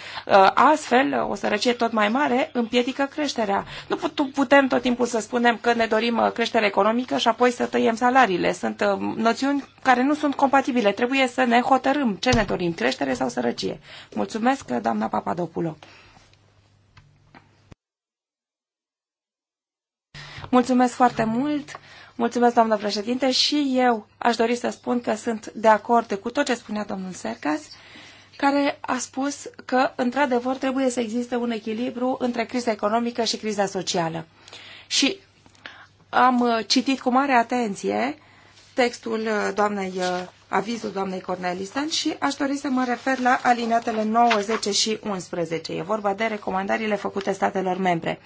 astfel o sărăcie tot mai mare împiedică creșterea. Nu putem tot timpul să spunem că ne dorim creștere economică și apoi să tăiem salariile. Sunt noțiuni care nu sunt compatibile. Trebuie să ne hotărâm ce ne dorim, creștere sau sărăcie. Mulțumesc, doamna Papadopulo. Mulțumesc foarte mult! Mulțumesc, doamnă președinte, și eu aș dori să spun că sunt de acord cu tot ce spunea domnul Sercas, care a spus că, într-adevăr, trebuie să existe un echilibru între criza economică și criza socială. Și am uh, citit cu mare atenție textul uh, doamnei, uh, avizul doamnei Cornelisten și aș dori să mă refer la alineatele 9, 10 și 11. E vorba de recomandările făcute statelor membre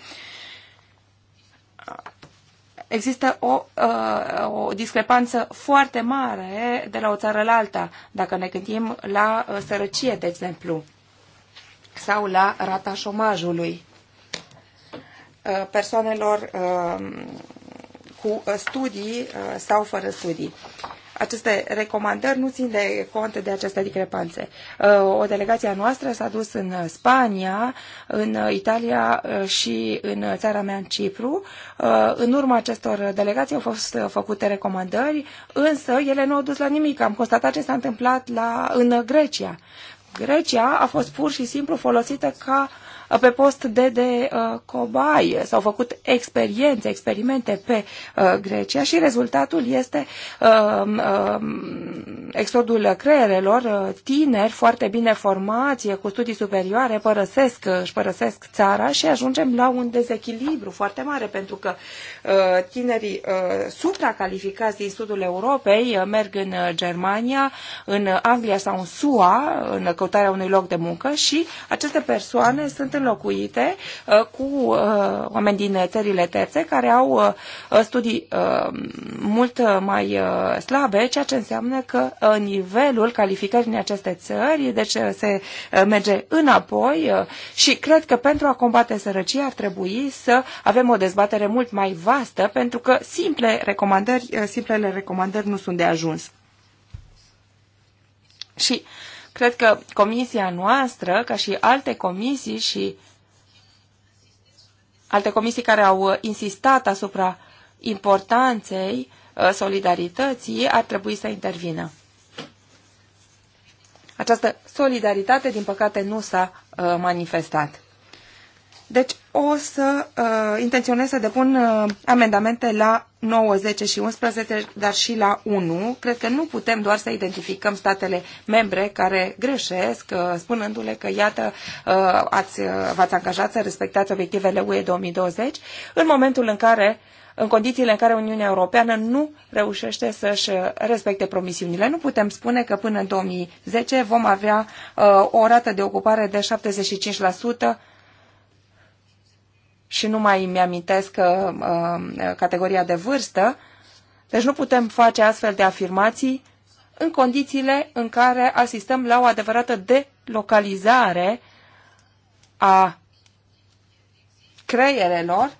există o, uh, o discrepanță foarte mare de la o țară la alta, dacă ne gândim la uh, sărăcie, de exemplu, sau la rata șomajului uh, persoanelor cu studii sau fără studii aceste recomandări nu țin de cont de aceste discrepanțe. Uh, o delegație a noastră s-a dus în Spania, în Italia uh, și în țara mea, în Cipru. Uh, în urma acestor delegații au fost făcute recomandări, însă ele nu au dus la nimic. Am constatat ce s-a întâmplat la, în Grecia. Grecia a fost pur și simplu folosită ca uh, Uh, pe post de, de uh, cobai. S-au făcut experiențe, experimente pe uh, Grecia și rezultatul este uh, uh, exodul creierelor, uh, tineri foarte bine formați, cu studii superioare, părăsesc, își părăsesc țara și ajungem la un dezechilibru foarte mare, pentru că uh, tinerii uh, supracalificați din sudul Europei uh, merg în uh, Germania, în Anglia sau în SUA, în căutarea unui loc de muncă și aceste persoane sunt înlocuite uh, cu uh, oameni din uh, țările terțe care au studii mult mai slabe, ceea ce înseamnă că nivelul calificării în aceste țări, deci se merge înapoi și cred că pentru a combate sărăcia ar trebui să avem o dezbatere mult mai vastă, pentru că simple recomandări, simplele recomandări nu sunt de ajuns. Și uh, Cred că comisia noastră, ca și alte comisii și alte comisii care au insistat asupra importanței uh, solidarității, ar trebui să intervină. Această solidaritate, din păcate, nu s-a uh, manifestat. Deci o să uh, intenționez să depun uh, amendamente la 9, 10 și 11, dar și la 1. Cred că nu putem doar să identificăm statele membre care greșesc, uh, spunându-le că, iată, uh, ați, uh, v-ați angajat să respectați obiectivele UE 2020, în momentul în care în condițiile în care Uniunea Europeană nu reușește să-și uh, respecte promisiunile. Nu putem spune că până în 2010 vom avea uh, o rată de ocupare de 75% și nu mai îmi amintesc uh, categoria de vârstă, deci nu putem face astfel de afirmații în condițiile în care asistăm la o adevărată delocalizare a creierelor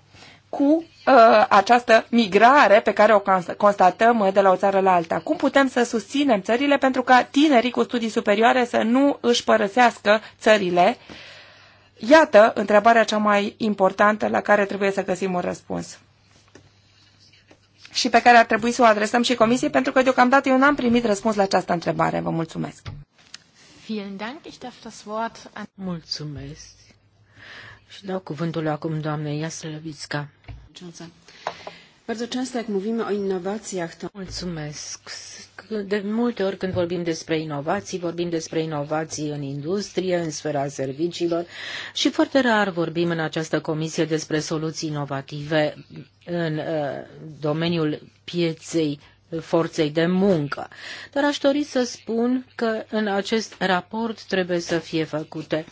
cu uh, această migrare pe care o constatăm de la o țară la alta. Cum putem să susținem țările pentru ca tinerii cu studii superioare să nu își părăsească țările uh, Iată întrebarea cea mai importantă la care trebuie să găsim un răspuns și pe care ar trebui să o adresăm și Comisiei, pentru că deocamdată eu n-am primit răspuns la această întrebare. Vă mulțumesc. Mulțumesc. Și dau cuvântul acum doamnei Jaslowicka. Bardzo Mulțumesc. De multe ori când vorbim despre inovații, vorbim despre inovații în industrie, în sfera serviciilor și foarte rar vorbim în această comisie despre soluții inovative în uh, domeniul pieței forței de muncă. Dar aș dori să spun că în acest raport trebuie să fie făcute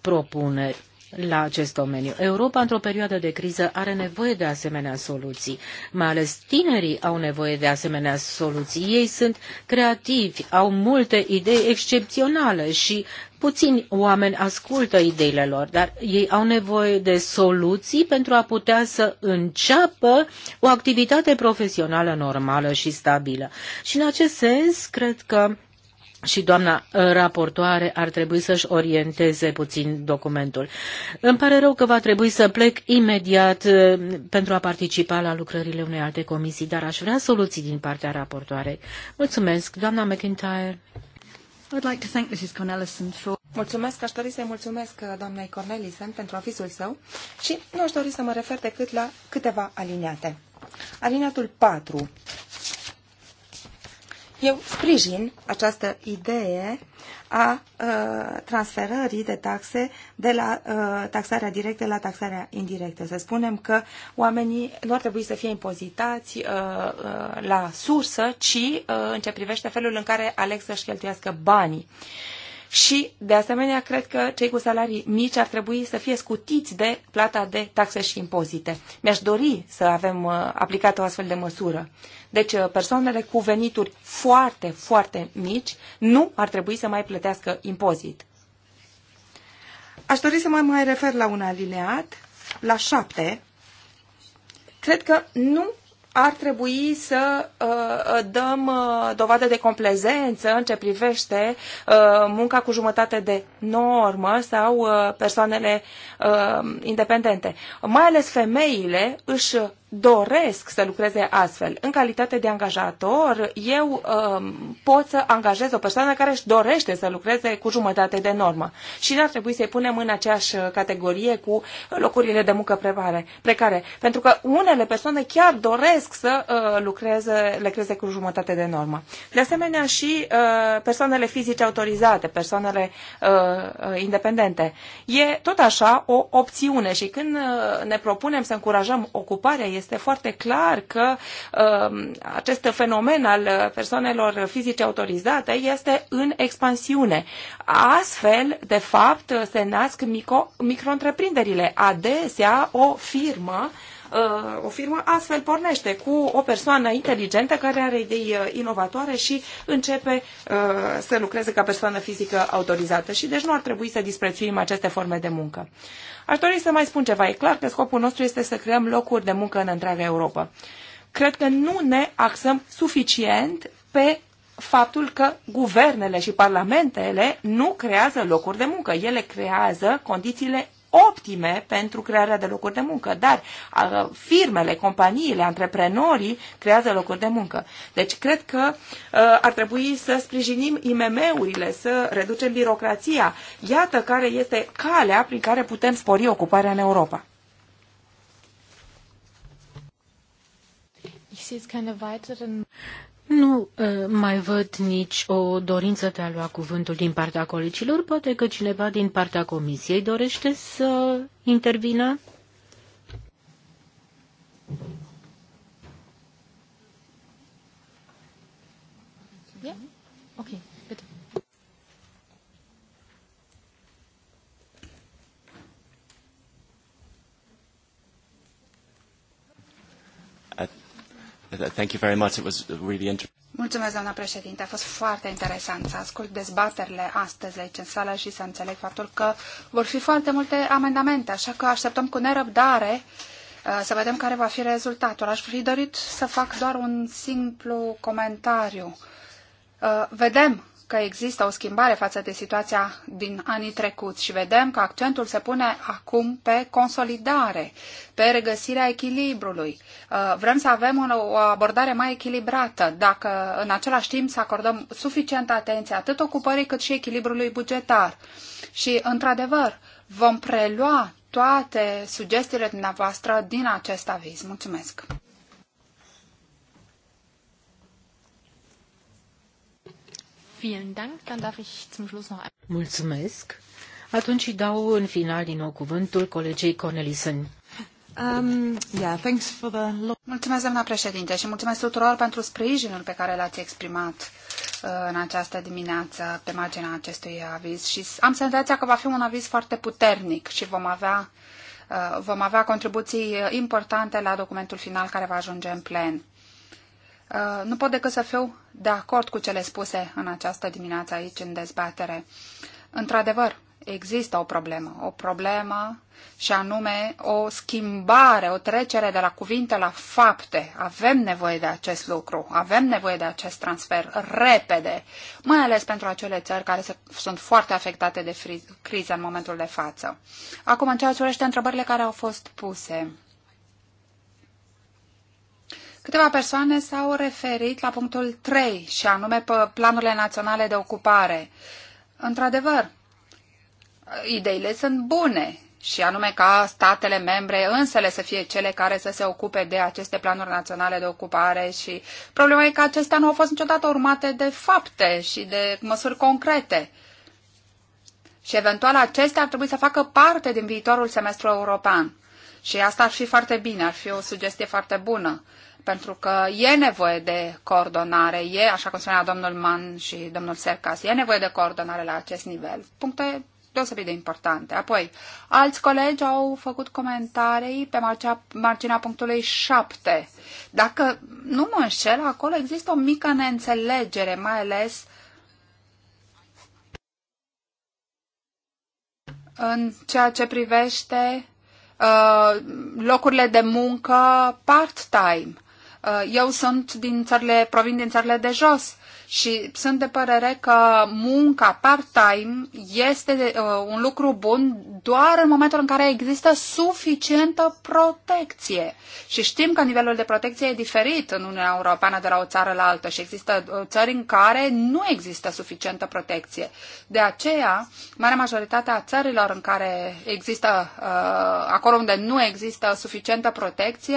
propuneri la acest domeniu. Europa, într-o perioadă de criză, are nevoie de asemenea soluții. Mai ales tinerii au nevoie de asemenea soluții. Ei sunt creativi, au multe idei excepționale și puțini oameni ascultă ideile lor, dar ei au nevoie de soluții pentru a putea să înceapă o activitate profesională normală și stabilă. Și în acest sens, cred că și doamna uh, raportoare ar trebui să-și orienteze puțin documentul. Îmi pare rău că va trebui să plec imediat uh, pentru a participa la lucrările unei alte comisii, dar aș vrea soluții din partea raportoarei. Mulțumesc, doamna McIntyre. I'd like to thank Mrs. Cornelison for... Mulțumesc, aș dori să-i mulțumesc uh, doamnei Cornelison pentru avizul său și nu aș dori să mă refer decât la câteva aliniate. Aliniatul 4 eu sprijin această idee a uh, transferării de taxe de la uh, taxarea directă la taxarea indirectă. Să spunem că oamenii nu ar trebui să fie impozitați uh, la sursă, ci în ce privește felul în care aleg să-și cheltuiască banii. Uh, și, de asemenea, cred că cei cu salarii mici ar trebui să fie scutiți de plata de taxe și impozite. Mi-aș dori să avem uh, aplicat o astfel de măsură. Deci, uh, persoanele cu venituri foarte, foarte mici nu ar trebui să mai plătească impozit. Aș dori să mă mai refer la un alineat, la șapte. Cred că nu ar trebui să uh, uh, dăm uh, dovadă de complezență în ce privește uh, munca cu jumătate de normă sau uh, persoanele uh, independente. Mai ales femeile își doresc să lucreze astfel. În calitate de angajator, eu uh, pot să angajez o persoană care își dorește să lucreze cu jumătate de normă și n-ar trebui să-i punem în aceeași categorie cu locurile de muncă prepare, precare, pentru că unele persoane chiar doresc să uh, lucreze, lucreze cu jumătate de normă. De asemenea și uh, persoanele fizice autorizate, persoanele uh, uh independente. E tot așa o opțiune și când uh, ne propunem să încurajăm ocuparea, este foarte clar că um, acest fenomen al persoanelor fizice autorizate este în expansiune. Astfel, de fapt, se nasc micro, micro-întreprinderile. Adesea, o firmă uh, Uh, o firmă astfel pornește cu o persoană inteligentă care are idei uh, inovatoare și începe uh, să lucreze ca persoană fizică autorizată și deci nu ar trebui să disprețuim aceste forme de muncă. Aș dori să mai spun ceva. E clar că scopul nostru este să creăm locuri de muncă în întreaga Europa. Cred că nu ne axăm suficient pe faptul că guvernele și parlamentele nu creează locuri de muncă. Ele creează condițiile optime pentru crearea de locuri de muncă, dar firmele, companiile, antreprenorii creează locuri de muncă. Deci cred că ar trebui să sprijinim IMM-urile, să reducem birocrația. Iată care este calea prin care putem spori ocuparea în Europa. Nu ă, mai văd nici o dorință de a lua cuvântul din partea colegilor. Poate că cineva din partea comisiei dorește să intervină. Thank you very much. It was really interesting. Mulțumesc, doamna președinte. A fost foarte interesant să ascult dezbaterile astăzi aici în sală și să înțeleg faptul că vor fi foarte multe amendamente, așa că așteptăm cu nerăbdare uh, să vedem care va fi rezultatul. Aș fi dorit să fac doar un simplu comentariu. Uh, vedem că există o schimbare față de situația din anii trecuți și vedem că accentul se pune acum pe consolidare, pe regăsirea echilibrului. Uh, vrem să avem o abordare mai echilibrată, dacă în același timp să acordăm suficientă atenție atât ocupării cât și echilibrului bugetar. Și, într-adevăr, vom prelua toate sugestiile dumneavoastră din acest aviz. Mulțumesc! Vielen Dank. Dann darf ich zum Schluss noch ein... Mulțumesc. Atunci dau în final din nou cuvântul colegei Cornelisen. Um, yeah, thanks for the... Mulțumesc, doamna președinte, și mulțumesc tuturor pentru sprijinul pe care l-ați exprimat uh, în această dimineață pe marginea acestui aviz și am senzația că va fi un aviz foarte puternic și vom avea, uh, vom avea contribuții uh, importante la documentul final care va ajunge în plen. Uh, nu pot decât să fiu de acord cu cele spuse în această dimineață aici, în dezbatere. Într-adevăr, există o problemă, o problemă și anume o schimbare, o trecere de la cuvinte la fapte. Avem nevoie de acest lucru, avem nevoie de acest transfer repede, mai ales pentru acele țări care se, sunt foarte afectate de criză în momentul de față. Acum, în ceea ce urește întrebările care au fost puse, Câteva persoane s-au referit la punctul 3, și anume pe planurile naționale de ocupare. Într-adevăr, ideile sunt bune, și anume ca statele membre însele să fie cele care să se ocupe de aceste planuri naționale de ocupare și problema e că acestea nu au fost niciodată urmate de fapte și de măsuri concrete. Și eventual acestea ar trebui să facă parte din viitorul semestru european. Și asta ar fi foarte bine, ar fi o sugestie foarte bună pentru că e nevoie de coordonare, e, așa cum spunea domnul Mann și domnul Sercas, e nevoie de coordonare la acest nivel. Puncte deosebit de importante. Apoi, alți colegi au făcut comentarii pe marcea, marginea punctului 7. Dacă nu mă înșel, acolo există o mică neînțelegere, mai ales în ceea ce privește uh, locurile de muncă part-time. Eu sunt din țările, provin din țările de jos și sunt de părere că munca part-time este uh, un lucru bun doar în momentul în care există suficientă protecție. Și știm că nivelul de protecție e diferit în Uniunea Europeană de la o țară la altă și există uh, țări în care nu există suficientă protecție. De aceea, marea majoritate a țărilor în care există, uh, acolo unde nu există suficientă protecție,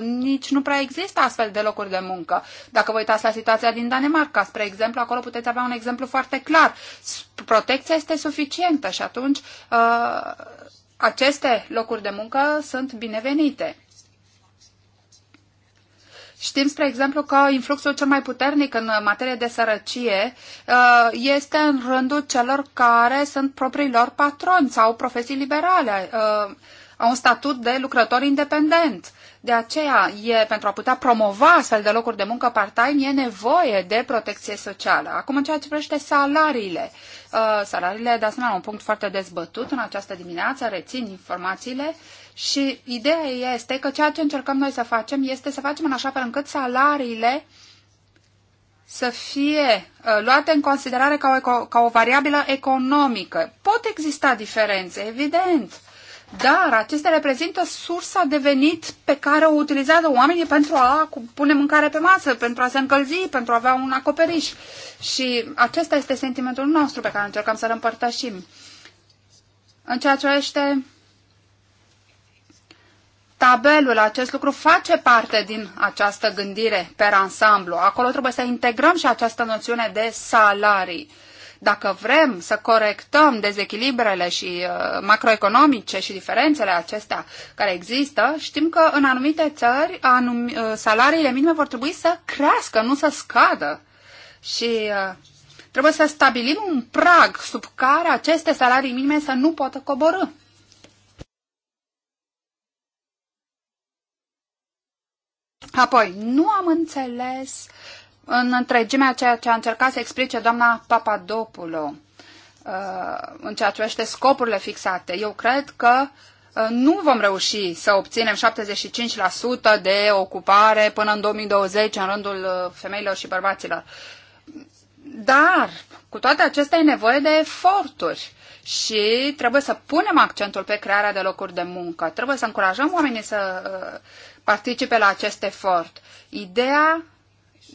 nici nu prea există astfel de locuri de muncă. Dacă vă uitați la situația din Danemarca, spre exemplu, acolo puteți avea un exemplu foarte clar. Protecția este suficientă și atunci uh, aceste locuri de muncă sunt binevenite. Știm, spre exemplu, că influxul cel mai puternic în materie de sărăcie uh, este în rândul celor care sunt propriilor patroni sau profesii liberale, uh, au un statut de lucrător independent. De aceea, e, pentru a putea promova astfel de locuri de muncă part-time, e nevoie de protecție socială. Acum, în ceea ce privește salariile, uh, salariile, de asemenea, un punct foarte dezbătut în această dimineață, rețin informațiile și ideea este că ceea ce încercăm noi să facem este să facem în așa fel încât salariile să fie uh, luate în considerare ca o, ca o variabilă economică. Pot exista diferențe, evident, dar acestea reprezintă sursa de venit pe care o utilizează oamenii pentru a pune mâncare pe masă, pentru a se încălzi, pentru a avea un acoperiș. Și acesta este sentimentul nostru pe care încercăm să-l împărtășim. În ceea ce este tabelul, acest lucru face parte din această gândire per ansamblu. Acolo trebuie să integrăm și această noțiune de salarii. Dacă vrem să corectăm dezechilibrele și uh, macroeconomice și diferențele acestea care există, știm că în anumite țări anum- uh, salariile minime vor trebui să crească, nu să scadă. Și uh, trebuie să stabilim un prag sub care aceste salarii minime să nu poată coborâ. Apoi, nu am înțeles în întregimea ceea ce a încercat să explice doamna Papadopulo uh, în ceea ce privește scopurile fixate. Eu cred că uh, nu vom reuși să obținem 75% de ocupare până în 2020 în rândul uh, femeilor și bărbaților. Dar, cu toate acestea, e nevoie de eforturi și trebuie să punem accentul pe crearea de locuri de muncă. Trebuie să încurajăm oamenii să participe la acest efort. Ideea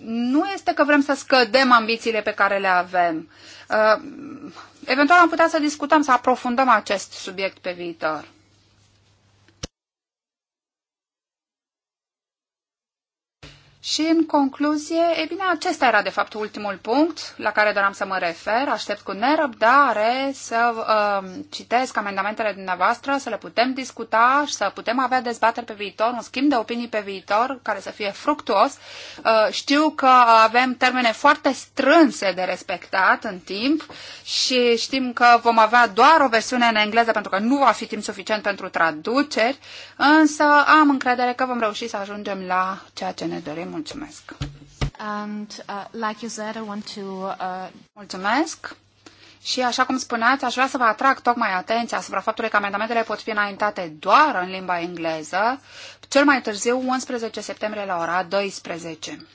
nu este că vrem să scădem ambițiile pe care le avem. Uh, eventual am putea să discutăm, să aprofundăm acest subiect pe viitor. Și în concluzie, e bine, acesta era de fapt ultimul punct la care doream să mă refer. Aștept cu nerăbdare să uh, citesc amendamentele dumneavoastră, să le putem discuta și să putem avea dezbateri pe viitor, un schimb de opinii pe viitor care să fie fructuos. Uh, știu că avem termene foarte strânse de respectat în timp și știm că vom avea doar o versiune în engleză pentru că nu va fi timp suficient pentru traduceri, însă am încredere că vom reuși să ajungem la ceea ce ne dorim Mulțumesc. And, uh, like you said, I want to, uh... Mulțumesc. Și așa cum spuneați, aș vrea să vă atrag tocmai atenția asupra faptului că amendamentele pot fi înaintate doar în limba engleză, cel mai târziu 11 septembrie la ora 12.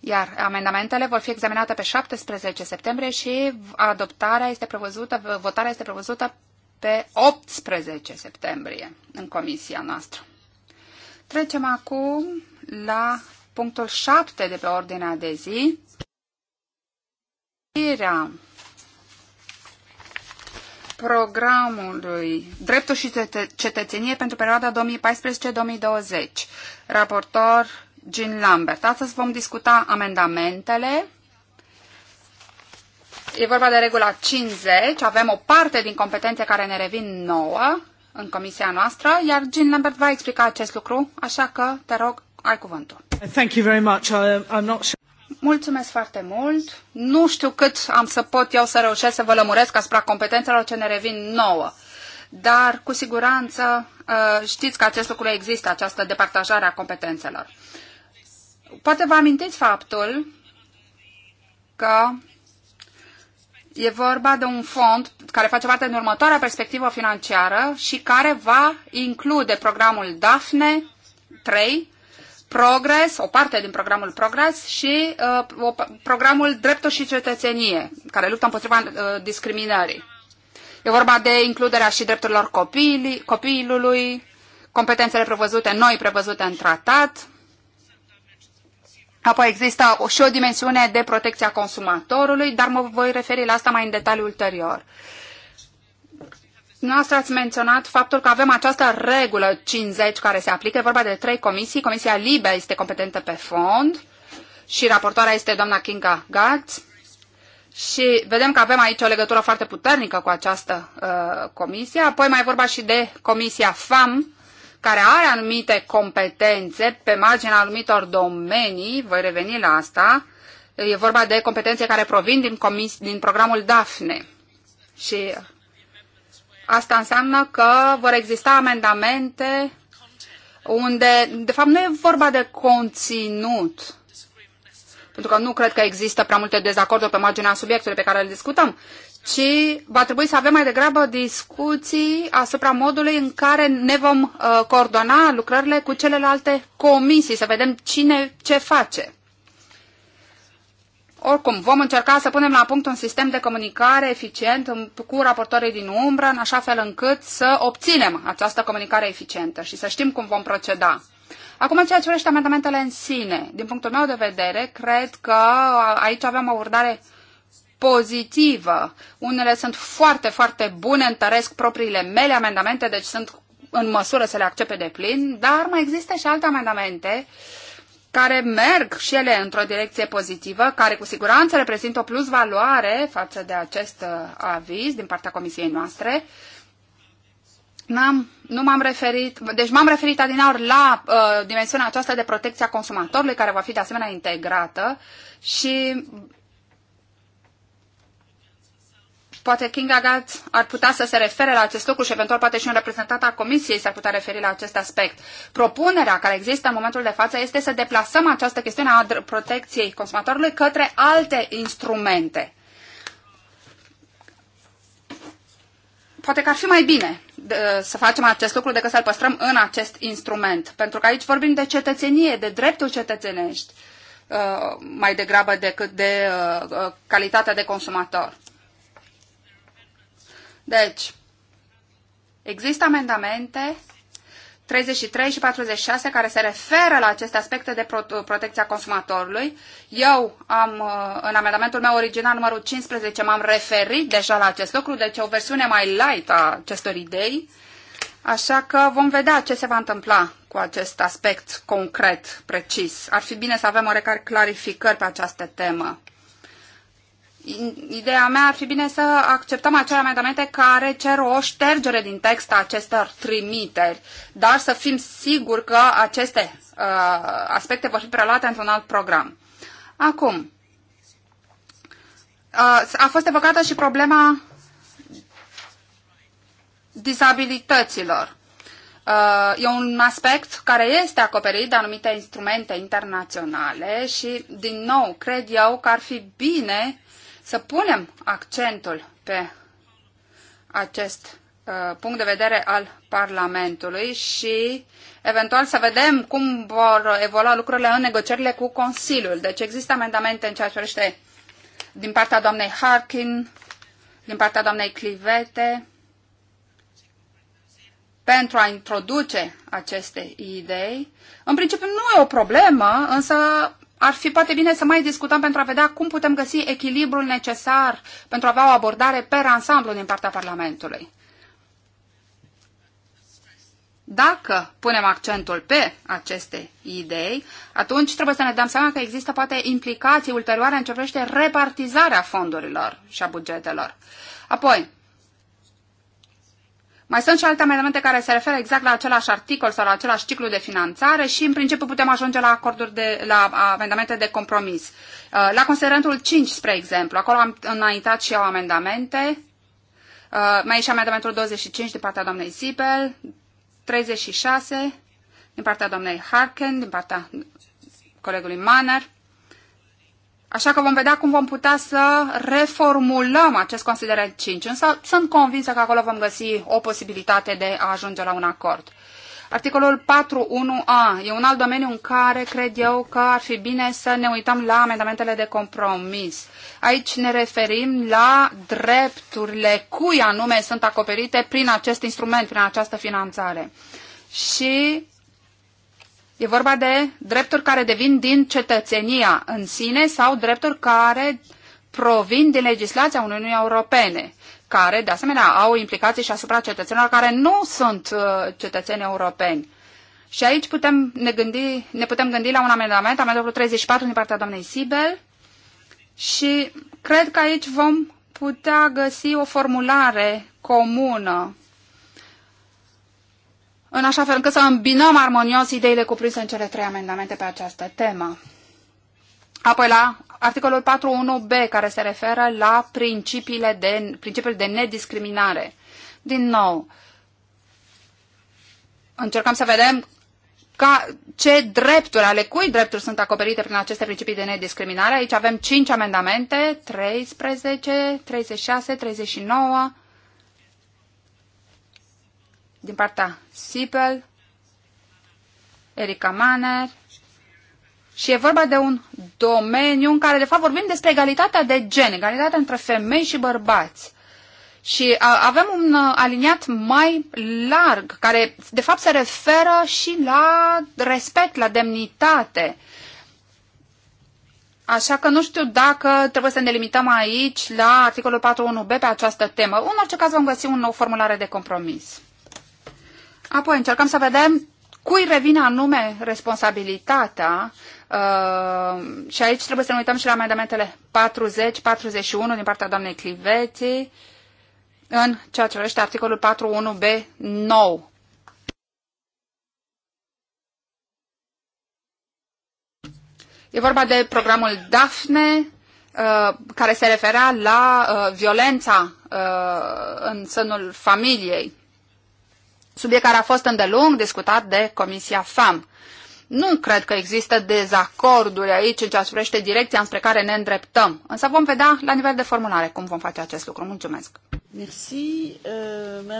Iar amendamentele vor fi examinate pe 17 septembrie și adoptarea este prevăzută, votarea este prevăzută pe 18 septembrie în comisia noastră. Trecem acum la punctul 7 de pe ordinea de zi. programului Dreptul și cetățenie pentru perioada 2014-2020. Raportor Jean Lambert. Astăzi vom discuta amendamentele. E vorba de regula 50. Avem o parte din competențe care ne revin nouă în comisia noastră, iar Jean Lambert va explica acest lucru, așa că te rog ai cuvântul. Thank you very much. I, I'm not sure. Mulțumesc foarte mult. Nu știu cât am să pot eu să reușesc să vă lămuresc asupra competențelor ce ne revin nouă. Dar, cu siguranță, uh, știți că acest lucru există, această departajare a competențelor. Poate vă amintiți faptul că E vorba de un fond care face parte din următoarea perspectivă financiară și care va include programul DAFNE 3 Progress, o parte din programul Progress și uh, programul Drepturi și Cetățenie, care luptă împotriva uh, discriminării. E vorba de includerea și drepturilor copilului, competențele prevăzute, noi prevăzute în tratat. Apoi există și o dimensiune de protecția consumatorului, dar mă voi referi la asta mai în detaliu ulterior. Uh, Noastră ați menționat faptul că avem această regulă 50 care se aplică, e vorba de trei comisii. Comisia Libe este competentă pe fond și raportoarea este doamna Kinga Gatz. Și vedem că avem aici o legătură foarte puternică cu această uh, comisie. Apoi mai e vorba și de Comisia FAM, care are anumite competențe pe marginea anumitor domenii, voi reveni la asta, e vorba de competențe care provin din, comis, din programul DAFNE. Și Asta înseamnă că vor exista amendamente unde, de fapt, nu e vorba de conținut, pentru că nu cred că există prea multe dezacorduri pe marginea subiectului pe care îl discutăm, ci va trebui să avem mai degrabă discuții asupra modului în care ne vom uh, coordona lucrările cu celelalte comisii, să vedem cine ce face. Oricum, vom încerca să punem la punct un sistem de comunicare eficient cu raportorii din umbră, în așa fel încât să obținem această comunicare eficientă și să știm cum vom proceda. Acum, ceea ce vrește amendamentele în sine, din punctul meu de vedere, cred că aici avem o urdare pozitivă. Unele sunt foarte, foarte bune, întăresc propriile mele amendamente, deci sunt în măsură să le accepte de plin, dar mai există și alte amendamente uh, care merg și ele într-o direcție pozitivă, care cu siguranță reprezintă o plus valoare față de acest uh, aviz din partea comisiei noastre. N-am, nu m-am referit, deci m-am referit adinaur la uh, dimensiunea aceasta de protecția consumatorului, care va fi de asemenea integrată și Poate Kinga Gat ar putea să se refere la acest lucru și eventual poate și un reprezentant al Comisiei s-ar putea referi la acest aspect. Propunerea care există în momentul de față este să deplasăm această chestiune a protecției consumatorului către alte instrumente. Poate că ar fi mai bine să facem acest lucru decât să-l păstrăm în acest instrument. Pentru că aici vorbim de cetățenie, de dreptul cetățenești, uh, mai degrabă decât de uh, uh, calitatea de consumator. Deci, există amendamente 33 și 46 care se referă la aceste aspecte de protecția consumatorului. Eu am, uh, în amendamentul meu original numărul 15, m-am referit deja la acest lucru, deci o versiune mai light a acestor idei. Așa că vom vedea ce se va întâmpla cu acest aspect concret, precis. Ar fi bine să avem oarecare clarificări pe această temă. Ideea mea ar fi bine să acceptăm acele amendamente care cer o ștergere din text a acestor trimiteri, dar să fim siguri că aceste uh, aspecte vor fi preluate într-un alt program. Acum, uh, a fost evocată și problema dizabilităților. Uh, e un aspect care este acoperit de anumite instrumente internaționale și, din nou, cred eu că ar fi bine să punem accentul pe acest uh, punct de vedere al Parlamentului și eventual să vedem cum vor evolua lucrurile în negocierile cu Consiliul. Deci există amendamente în ceea ce privește din partea doamnei Harkin, din partea doamnei Clivete, pentru a introduce aceste idei. În principiu nu e o problemă, însă ar fi poate bine să mai discutăm pentru a vedea cum putem găsi echilibrul necesar pentru a avea o abordare per ansamblu din partea Parlamentului. Dacă punem accentul pe aceste idei, atunci trebuie să ne dăm seama că există poate implicații ulterioare în ce privește repartizarea fondurilor și a bugetelor. Apoi, mai sunt și alte amendamente care se referă exact la același articol sau la același ciclu de finanțare și în principiu putem ajunge la acorduri de, la amendamente de compromis. Uh, la considerentul 5, spre exemplu, acolo am înaintat și eu amendamente. Uh, mai e și amendamentul 25 din partea doamnei Zibel, 36 din partea doamnei Harken, din partea colegului Manner Așa că vom vedea cum vom putea să reformulăm acest considerent 5, însă sunt convinsă că acolo vom găsi o posibilitate de a ajunge la un acord. Articolul 4.1a e un alt domeniu în care cred eu că ar fi bine să ne uităm la amendamentele de compromis. Aici ne referim la drepturile cui anume sunt acoperite prin acest instrument, prin această finanțare. Și E vorba de drepturi care devin din cetățenia în sine sau drepturi care provin din legislația Uniunii Europene, care, de asemenea, au implicații și asupra cetățenilor care nu sunt uh, cetățeni europeni. Și aici putem ne, gândi, ne putem gândi la un amendament, amendamentul 34 din partea doamnei Sibel, și cred că aici vom putea găsi o formulare comună în așa fel încât să îmbinăm armonios ideile cuprinse în cele trei amendamente pe această temă. Apoi la articolul 4.1b, care se referă la principiile de, principiul de nediscriminare. Din nou, încercăm să vedem ca, ce drepturi, ale cui drepturi sunt acoperite prin aceste principii de nediscriminare. Aici avem 5 amendamente, 13, 36, 39, din partea Sipel, Erica Manner, și e vorba de un domeniu în care, de fapt, vorbim despre egalitatea de gen, egalitatea între femei și bărbați. Și avem un uh, aliniat mai larg, care, de fapt, se referă și la respect, la demnitate. Așa că nu știu dacă trebuie să ne limităm aici la articolul 41b pe această temă. În orice caz vom găsi un nou formulare de compromis. Apoi încercăm să vedem cui revine anume responsabilitatea uh, și aici trebuie să ne uităm și la amendamentele 40-41 din partea doamnei Cliveții în ceea ce urește articolul 41b9. E vorba de programul DAFNE, uh, care se referea la uh, violența uh, în sânul familiei subiect care a fost îndelung discutat de Comisia FAM. Nu cred că există dezacorduri aici în ceea ce privește direcția înspre care ne îndreptăm, însă vom vedea la nivel de formulare cum vom face acest lucru. Mulțumesc! Merci,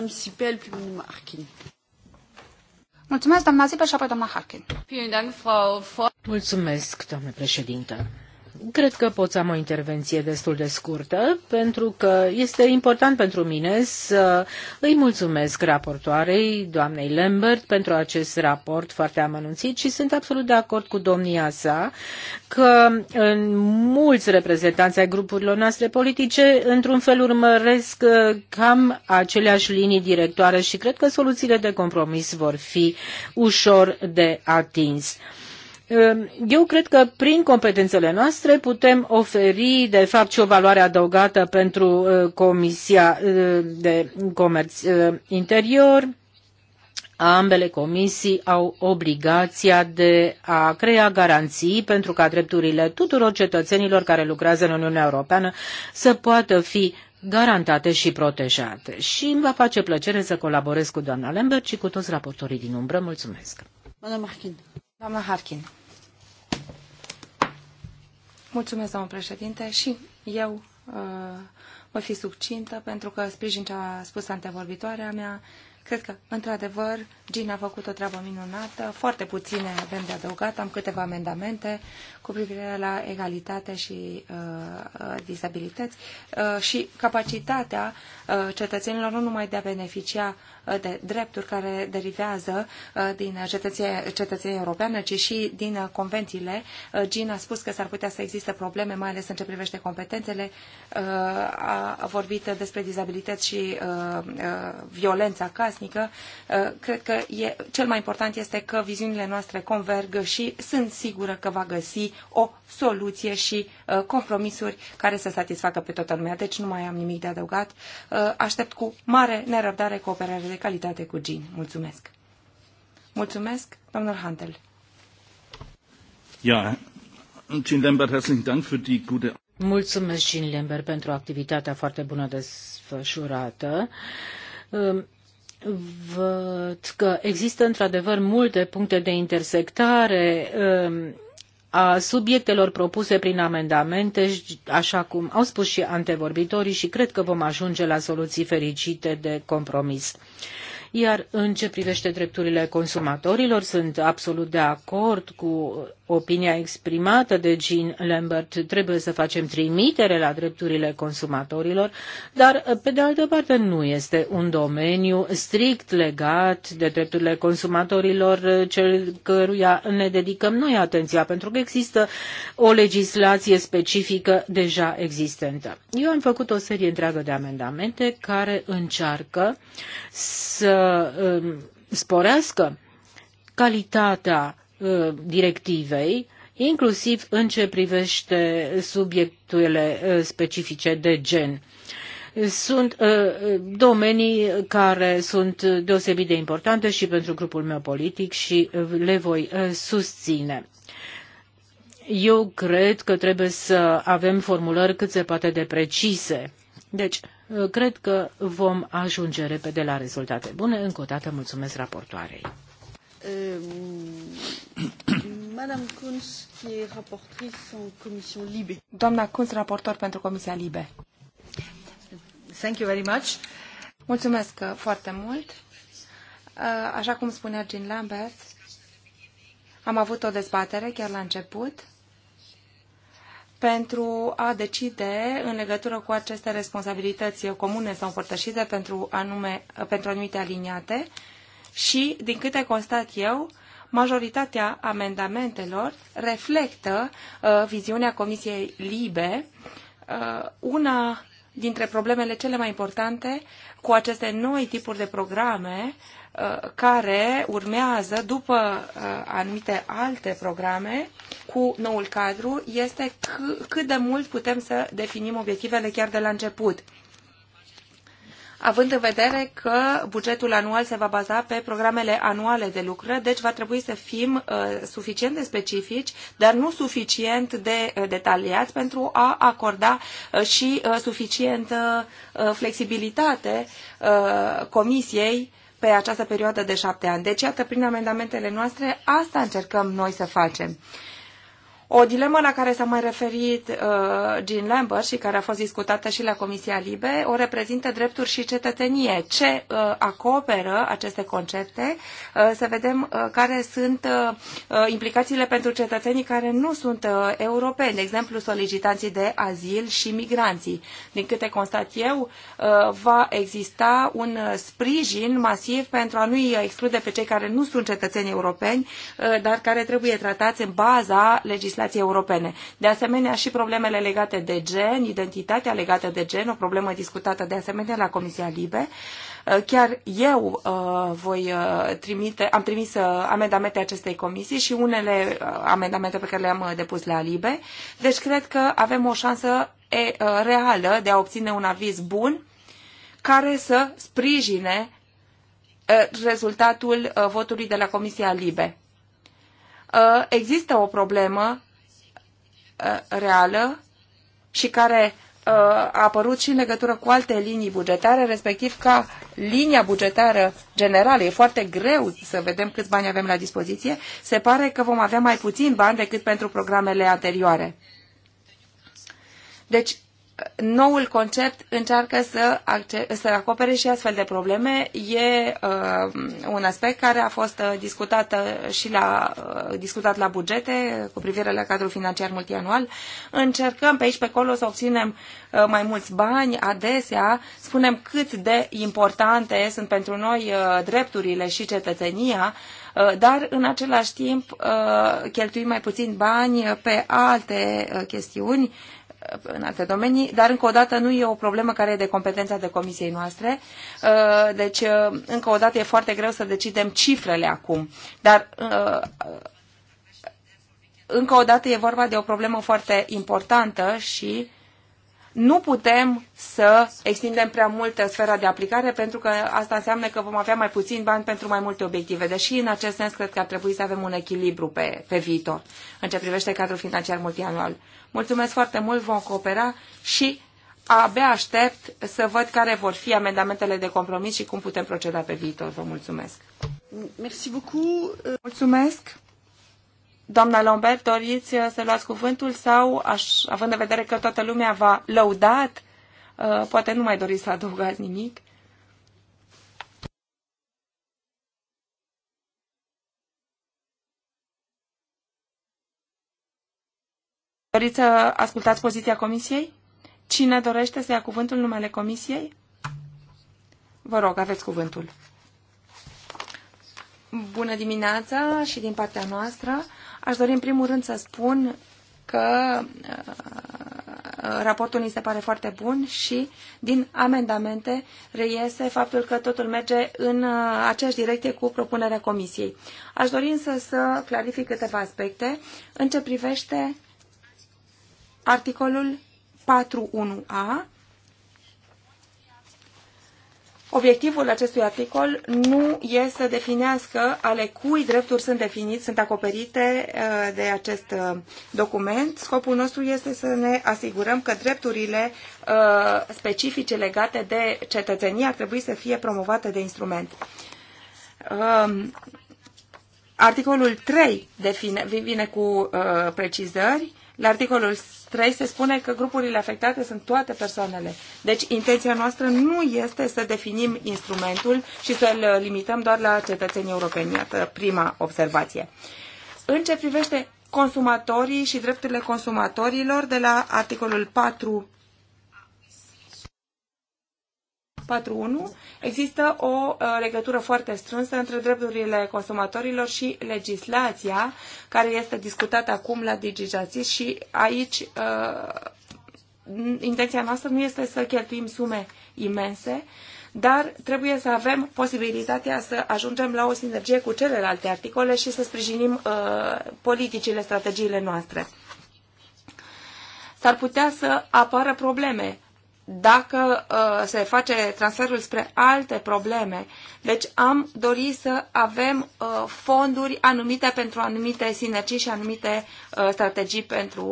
uh, Sipel, Harkin. Mulțumesc, doamna Zipel și apoi doamna Harkin. Mulțumesc, doamne președinte. Cred că pot să am o intervenție destul de scurtă, pentru că este important pentru mine să îi mulțumesc raportoarei, doamnei Lambert, pentru acest raport foarte amănunțit și sunt absolut de acord cu domnia sa că în mulți reprezentanți ai grupurilor noastre politice, într-un fel urmăresc uh, cam aceleași linii directoare și cred că soluțiile de compromis vor fi ușor de atins. Ehm, eu cred că prin competențele noastre putem oferi, de fapt, și o valoare adăugată pentru eh, Comisia eh, de Comerț eh, Interior. Ambele comisii au obligația de a crea garanții pentru ca drepturile tuturor cetățenilor care lucrează în Uniunea Europeană să poată fi garantate și protejate. Și îmi va face plăcere să colaborez cu doamna Lambert și cu toți raportorii din umbră. Mulțumesc! Doamna Harkin. Doamna Harkin. Mulțumesc, domnul președinte, și eu uh, voi fi succintă pentru că sprijin ce a spus antevorbitoarea mea Cred că, într-adevăr, Gina a făcut o treabă minunată. Foarte puține avem de adăugat. Am câteva amendamente cu privire la egalitate și uh, uh disabilități uh, și capacitatea uh, cetățenilor nu numai de a beneficia uh, de drepturi care derivează uh, din cetățenia, cetățenia europeană, ci și din uh, convențiile. Uh, Gina a spus că s-ar putea să existe probleme, mai ales în ce privește competențele. Uh, a vorbit despre dizabilități și uh, uh, violența acasă casnică, uh, cred că e, cel mai important este că viziunile noastre converg și sunt sigură că va găsi o soluție și uh, compromisuri care să satisfacă pe toată lumea. Deci nu mai am nimic de adăugat. Uh, aștept cu mare nerăbdare cooperare de calitate cu Gin. Mulțumesc! Mulțumesc, domnul Handel. Ja, Jean Lambert, herzlichen Dank für die gute... Mulțumesc, Jean Lambert, pentru activitatea foarte bună desfășurată. Um, văd că există într-adevăr multe puncte de intersectare um, a subiectelor propuse prin amendamente, așa cum au spus și antevorbitorii și cred că vom ajunge la soluții fericite de compromis. Iar în ce privește drepturile consumatorilor, sunt absolut de acord cu opinia exprimată de Jean Lambert, trebuie să facem trimitere la drepturile consumatorilor, dar, pe de altă parte, nu este un domeniu strict legat de drepturile consumatorilor, cel căruia ne dedicăm noi atenția, pentru că există o legislație specifică deja existentă. Eu am făcut o serie întreagă de amendamente care încearcă să um, sporească calitatea Uh, directivei, inclusiv în ce privește subiectele uh, specifice de gen. Sunt uh, domenii care sunt deosebit de importante și pentru grupul meu politic și le voi susține. Eu cred că trebuie să avem formulări cât se poate de precise. Deci, cred că vom ajunge repede la rezultate bune. Încă o dată mulțumesc raportoarei. Madame Kunz, qui est rapportrice en commission Libe. Doamna Kunz, raportor pentru Comisia Libe. Thank you very much. Mulțumesc uh, foarte mult. Uh, așa cum spunea Jean Lambert, am avut o dezbatere chiar la început pentru a decide în legătură cu aceste responsabilități comune sau împărtășite pentru, anume, pentru anumite aliniate și, din câte constat eu, majoritatea amendamentelor reflectă uh, viziunea Comisiei Libe, uh, una dintre problemele cele mai importante cu aceste noi tipuri de programe uh, care urmează după uh, anumite alte programe cu noul cadru este cât de mult putem să definim obiectivele chiar de la început având în vedere că bugetul anual se va baza pe programele anuale de lucră, deci va trebui să fim uh, suficient de specifici, dar nu suficient de uh, detaliați pentru a acorda uh, și suficientă flexibilitate comisiei pe această perioadă de șapte ani. Deci, iată, prin amendamentele noastre, asta încercăm noi să facem. O dilemă la care s-a mai referit uh, Jean Lambert și care a fost discutată și la Comisia Libe o reprezintă drepturi și cetățenie. Ce uh, acoperă aceste concepte? Uh, să vedem uh, care sunt uh, uh, implicațiile pentru cetățenii care nu sunt uh, europeni, de exemplu solicitanții de azil și migranții. Din câte constat eu, uh, va exista un sprijin masiv pentru a nu-i exclude pe cei care nu sunt cetățeni europeni, uh, dar care trebuie tratați în baza legislației legislației europene. De asemenea, și problemele legate de gen, identitatea legată de gen, o problemă discutată de asemenea la Comisia Libe. Uh, chiar eu uh, voi uh, trimite, am trimis amendamente acestei comisii și unele amendamente pe care le-am depus la Libe. Deci cred că avem o șansă reală de a obține un aviz bun care să sprijine rezultatul votului de la Comisia Libe. Există o problemă Uh, reală și care uh, a apărut și în legătură cu alte linii bugetare, respectiv ca linia bugetară generală. E foarte greu să vedem câți bani avem la dispoziție. Se pare că vom avea mai puțin bani decât pentru programele anterioare. Deci, noul concept încearcă să, să acopere și astfel de probleme. E uh, un aspect care a fost uh, discutat uh, și la, uh, discutat la bugete cu privire la cadrul financiar multianual. Încercăm pe aici pe acolo să obținem uh, mai mulți bani. Adesea spunem cât de importante sunt pentru noi uh, drepturile și cetățenia uh, dar în același timp cheltuim mai puțin bani pe alte chestiuni în alte domenii, dar încă o dată nu e o problemă care e de competența de comisiei noastre, uh, deci uh, încă o dată e foarte greu să decidem cifrele acum, dar uh, încă o dată e vorba de o problemă foarte importantă și nu putem să extindem prea mult sfera de aplicare pentru că asta înseamnă că vom avea mai puțin bani pentru mai multe obiective. Deși în acest sens cred că ar trebui să avem un echilibru pe, pe viitor în ce privește cadrul financiar multianual. Mulțumesc foarte mult, vom coopera și abia aștept să văd care vor fi amendamentele de compromis și cum putem proceda pe viitor. Vă mulțumesc. Mulțumesc. Doamna Lambert doriți uh, să luați cuvântul sau, aș, având în vedere că toată lumea v-a lăudat, uh, poate nu mai doriți să adăugați nimic? Doriți să ascultați poziția comisiei? Cine dorește să ia cuvântul numele comisiei? Vă rog, aveți cuvântul. Bună dimineața și din partea noastră. Aș dori în primul rând să spun că uh, raportul ni se pare foarte bun și din amendamente reiese faptul că totul merge în uh, aceeași direcție cu propunerea comisiei. Aș dori însă să clarific câteva aspecte în ce privește articolul 4.1a Obiectivul acestui articol nu e să definească ale cui drepturi sunt definite, sunt acoperite uh, de acest uh, document. Scopul nostru este să ne asigurăm că drepturile uh, specifice legate de cetățenie ar trebui să fie promovate de instrument. Um, articolul 3 define, vine cu precizări. La articolul 3 se spune că grupurile afectate sunt toate persoanele. Deci intenția noastră nu este să definim instrumentul și să-l limităm doar la cetățenii europeni. Iată prima observație. În ce privește consumatorii și drepturile consumatorilor, de la articolul 4 4.1 există o uh, legătură foarte strânsă între drepturile consumatorilor și legislația care este discutată acum la DigiJustice și aici uh, intenția noastră nu este să cheltuim sume imense, dar trebuie să avem posibilitatea să ajungem la o sinergie cu celelalte articole și să sprijinim uh, politicile, strategiile noastre. S-ar putea să apară probleme dacă uh, se face transferul spre alte probleme. Deci am dorit să avem uh, fonduri anumite pentru anumite sinergii și anumite uh, strategii pentru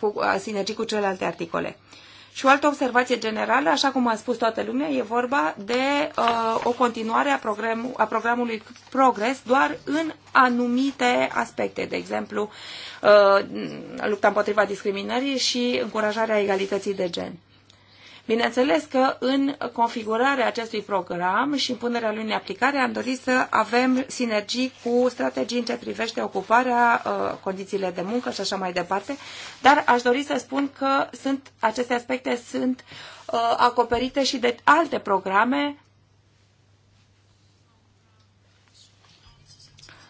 cu, uh, sinergii cu celelalte articole. Și o altă observație generală, așa cum a spus toată lumea, e vorba de uh, o continuare a, program, a programului Progres doar în anumite aspecte, de exemplu, uh, lupta împotriva discriminării și încurajarea egalității de gen. Bineînțeles că în configurarea acestui program și în punerea lui în aplicare am dorit să avem sinergii cu strategii în ce privește ocuparea, uh, condițiile de muncă și așa mai departe, dar aș dori să spun că sunt, aceste aspecte sunt uh, acoperite și de alte programe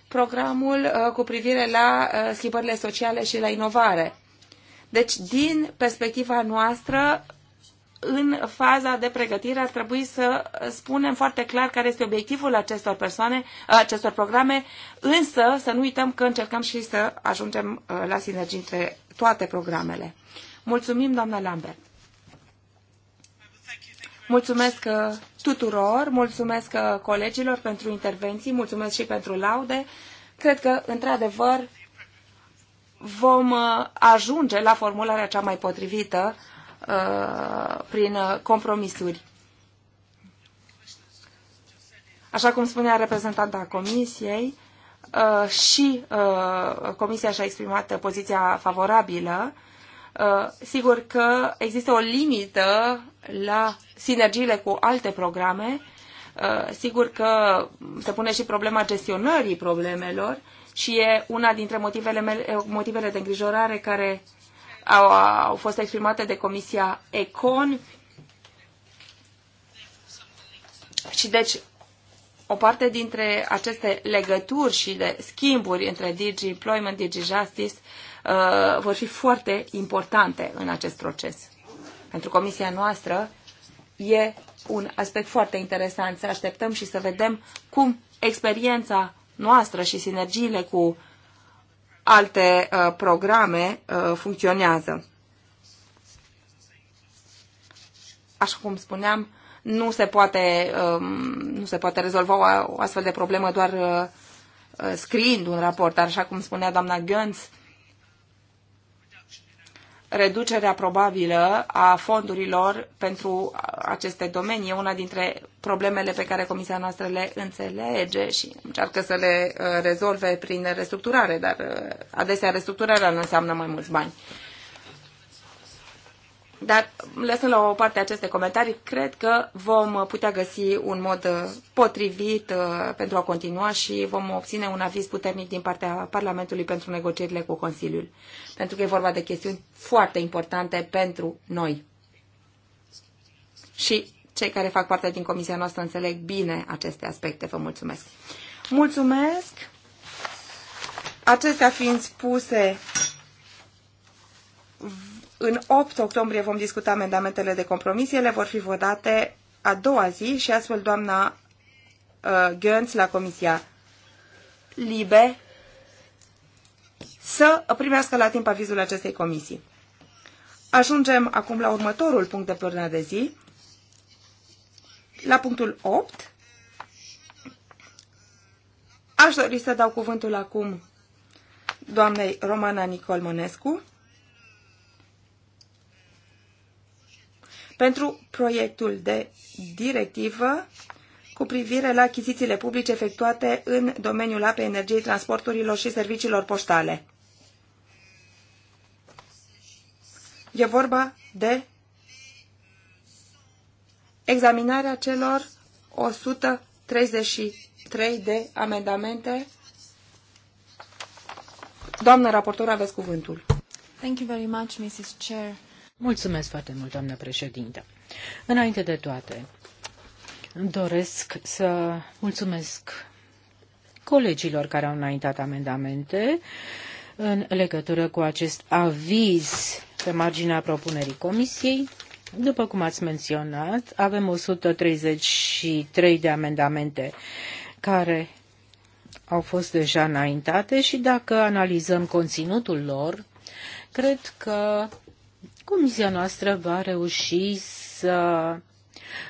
programul uh, cu privire la schimbările sociale și la inovare. Deci, din perspectiva noastră, în faza de pregătire ar trebui să spunem foarte clar care este obiectivul acestor persoane, acestor programe, însă să nu uităm că încercăm și să ajungem uh, la sinergii între toate programele. Mulțumim, doamna Lambert! Mulțumesc uh, tuturor, mulțumesc uh, colegilor pentru intervenții, mulțumesc și pentru laude. Cred că, într-adevăr, vom ajunge la formularea cea mai potrivită Uh, prin uh, compromisuri. Așa cum spunea reprezentanta Comisiei, uh, și Comisia și-a exprimat poziția favorabilă. Sigur că există o limită la sinergiile cu alte programe. Sigur că se pune și problema gestionării problemelor și e una dintre motivele, mele, motivele de îngrijorare care au, au fost exprimate de Comisia Econ și deci o parte dintre aceste legături și de schimburi între Digi Employment, Digi Justice uh, vor fi foarte importante în acest proces. Pentru comisia noastră e un aspect foarte interesant. Să așteptăm și să vedem cum experiența noastră și sinergiile cu alte uh, programe uh, funcționează. Așa cum spuneam, nu se poate, uh, nu se poate rezolva o, o astfel de problemă doar uh, uh, scriind un raport, dar așa cum spunea doamna Gönz, reducerea probabilă a fondurilor pentru aceste domenii e una dintre problemele pe care comisia noastră le înțelege și încearcă să le uh, rezolve prin restructurare, dar uh, adesea restructurarea nu înseamnă mai mulți bani. Dar lăsând la o parte aceste comentarii, cred că vom putea găsi un mod uh, potrivit uh, pentru a continua și vom obține un aviz puternic din partea Parlamentului pentru negocierile cu Consiliul. Pentru că e vorba de chestiuni foarte importante pentru noi. Și cei care fac parte din comisia noastră înțeleg bine aceste aspecte. Vă mulțumesc. Mulțumesc. Acestea fiind spuse, în 8 octombrie vom discuta amendamentele de compromis. Ele vor fi votate a doua zi și astfel doamna uh, Gönț la Comisia Libe să primească la timp avizul acestei comisii. Ajungem acum la următorul punct de pe de zi, la punctul 8. Aș dori să dau cuvântul acum doamnei Romana Nicol Mănescu, pentru proiectul de directivă cu privire la achizițiile publice efectuate în domeniul apei, energiei, transporturilor și serviciilor poștale. E vorba de examinarea celor 133 de amendamente. Doamnă raportor, aveți cuvântul. Thank you very much, Mrs. Chair. Mulțumesc foarte mult, doamnă președintă. Înainte de toate, doresc să mulțumesc colegilor care au înaintat amendamente în legătură cu acest aviz pe marginea propunerii Comisiei. După cum ați menționat, avem 133 de amendamente care au fost deja înaintate și dacă analizăm conținutul lor, cred că Comisia noastră va reuși să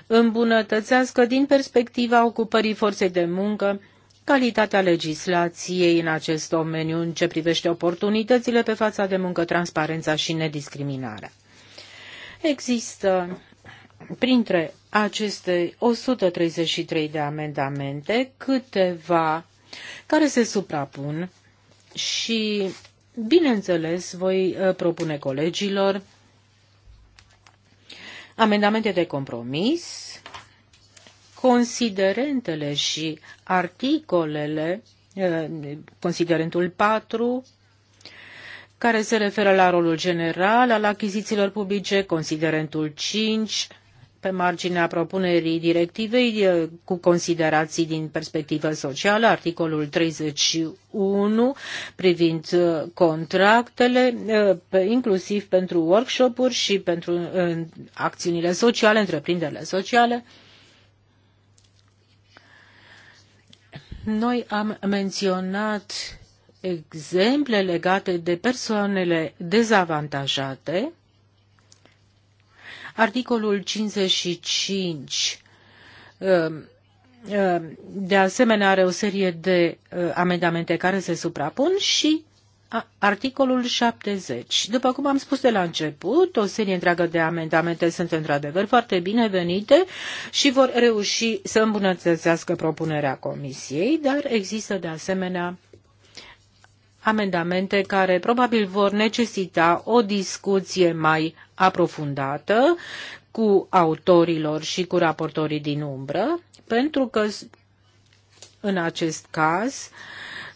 îmbunătățească din perspectiva ocupării forței de muncă calitatea legislației în acest domeniu în ce privește oportunitățile pe fața de muncă, transparența și nediscriminarea. Există printre aceste 133 de amendamente câteva care se suprapun și, bineînțeles, voi uh, propune colegilor amendamente de compromis, considerentele și articolele, eh, considerentul 4, care se referă la rolul general al achizițiilor publice, considerentul 5, pe marginea propunerii directivei cu considerații din perspectivă socială, articolul 31 privind contractele, inclusiv pentru workshop-uri și pentru acțiunile sociale, întreprinderile sociale. Noi am menționat exemple legate de persoanele dezavantajate Articolul 55 um, um, de asemenea are o serie de uh, amendamente care se suprapun și articolul 70. După cum am spus de la început, o serie întreagă de amendamente sunt într-adevăr foarte binevenite și vor reuși să îmbunătățească propunerea Comisiei, dar există de asemenea amendamente care probabil vor necesita o discuție mai aprofundată cu autorilor și cu raportorii din umbră, pentru că în acest caz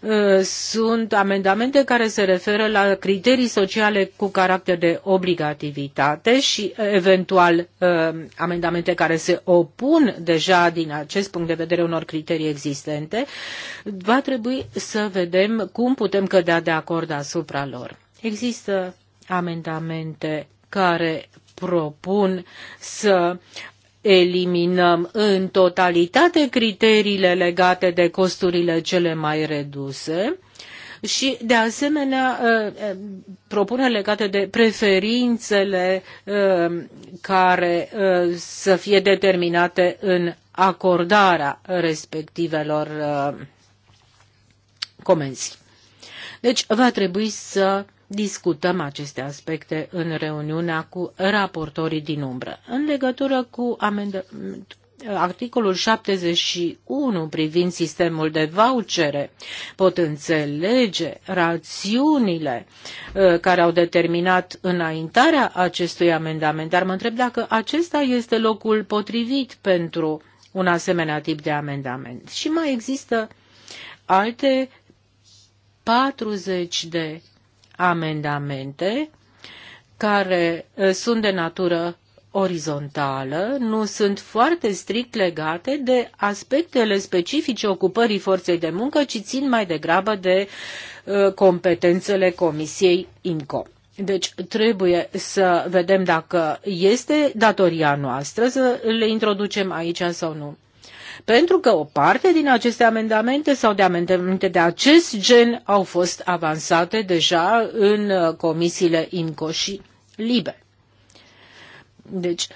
uh, sunt amendamente care se referă la criterii sociale cu caracter de obligativitate și uh, eventual uh, amendamente care se opun deja din acest punct de vedere unor criterii existente, va trebui să vedem cum putem cădea de acord asupra lor. Există amendamente care propun să eliminăm în totalitate criteriile legate de costurile cele mai reduse și, de asemenea, ă, ă, propuneri legate de preferințele ă, care să fie determinate în acordarea respectivelor comenzi. Deci, va trebui să discutăm aceste aspecte în reuniunea cu raportorii din umbră. În legătură cu amendamentul articolul 71 privind sistemul de vouchere pot înțelege rațiunile ă, care au determinat înaintarea acestui amendament, dar mă întreb dacă acesta este locul potrivit pentru un asemenea tip de amendament. Și mai există alte 40 de amendamente care uh, sunt de natură orizontală, nu sunt foarte strict legate de aspectele specifice ocupării forței de muncă, ci țin mai degrabă de uh, competențele Comisiei INCO. Deci trebuie să vedem dacă este datoria noastră să le introducem aici sau nu pentru că o parte din aceste amendamente sau de amendamente de acest gen au fost avansate deja în uh, comisiile IMCO și LIBE. Deci,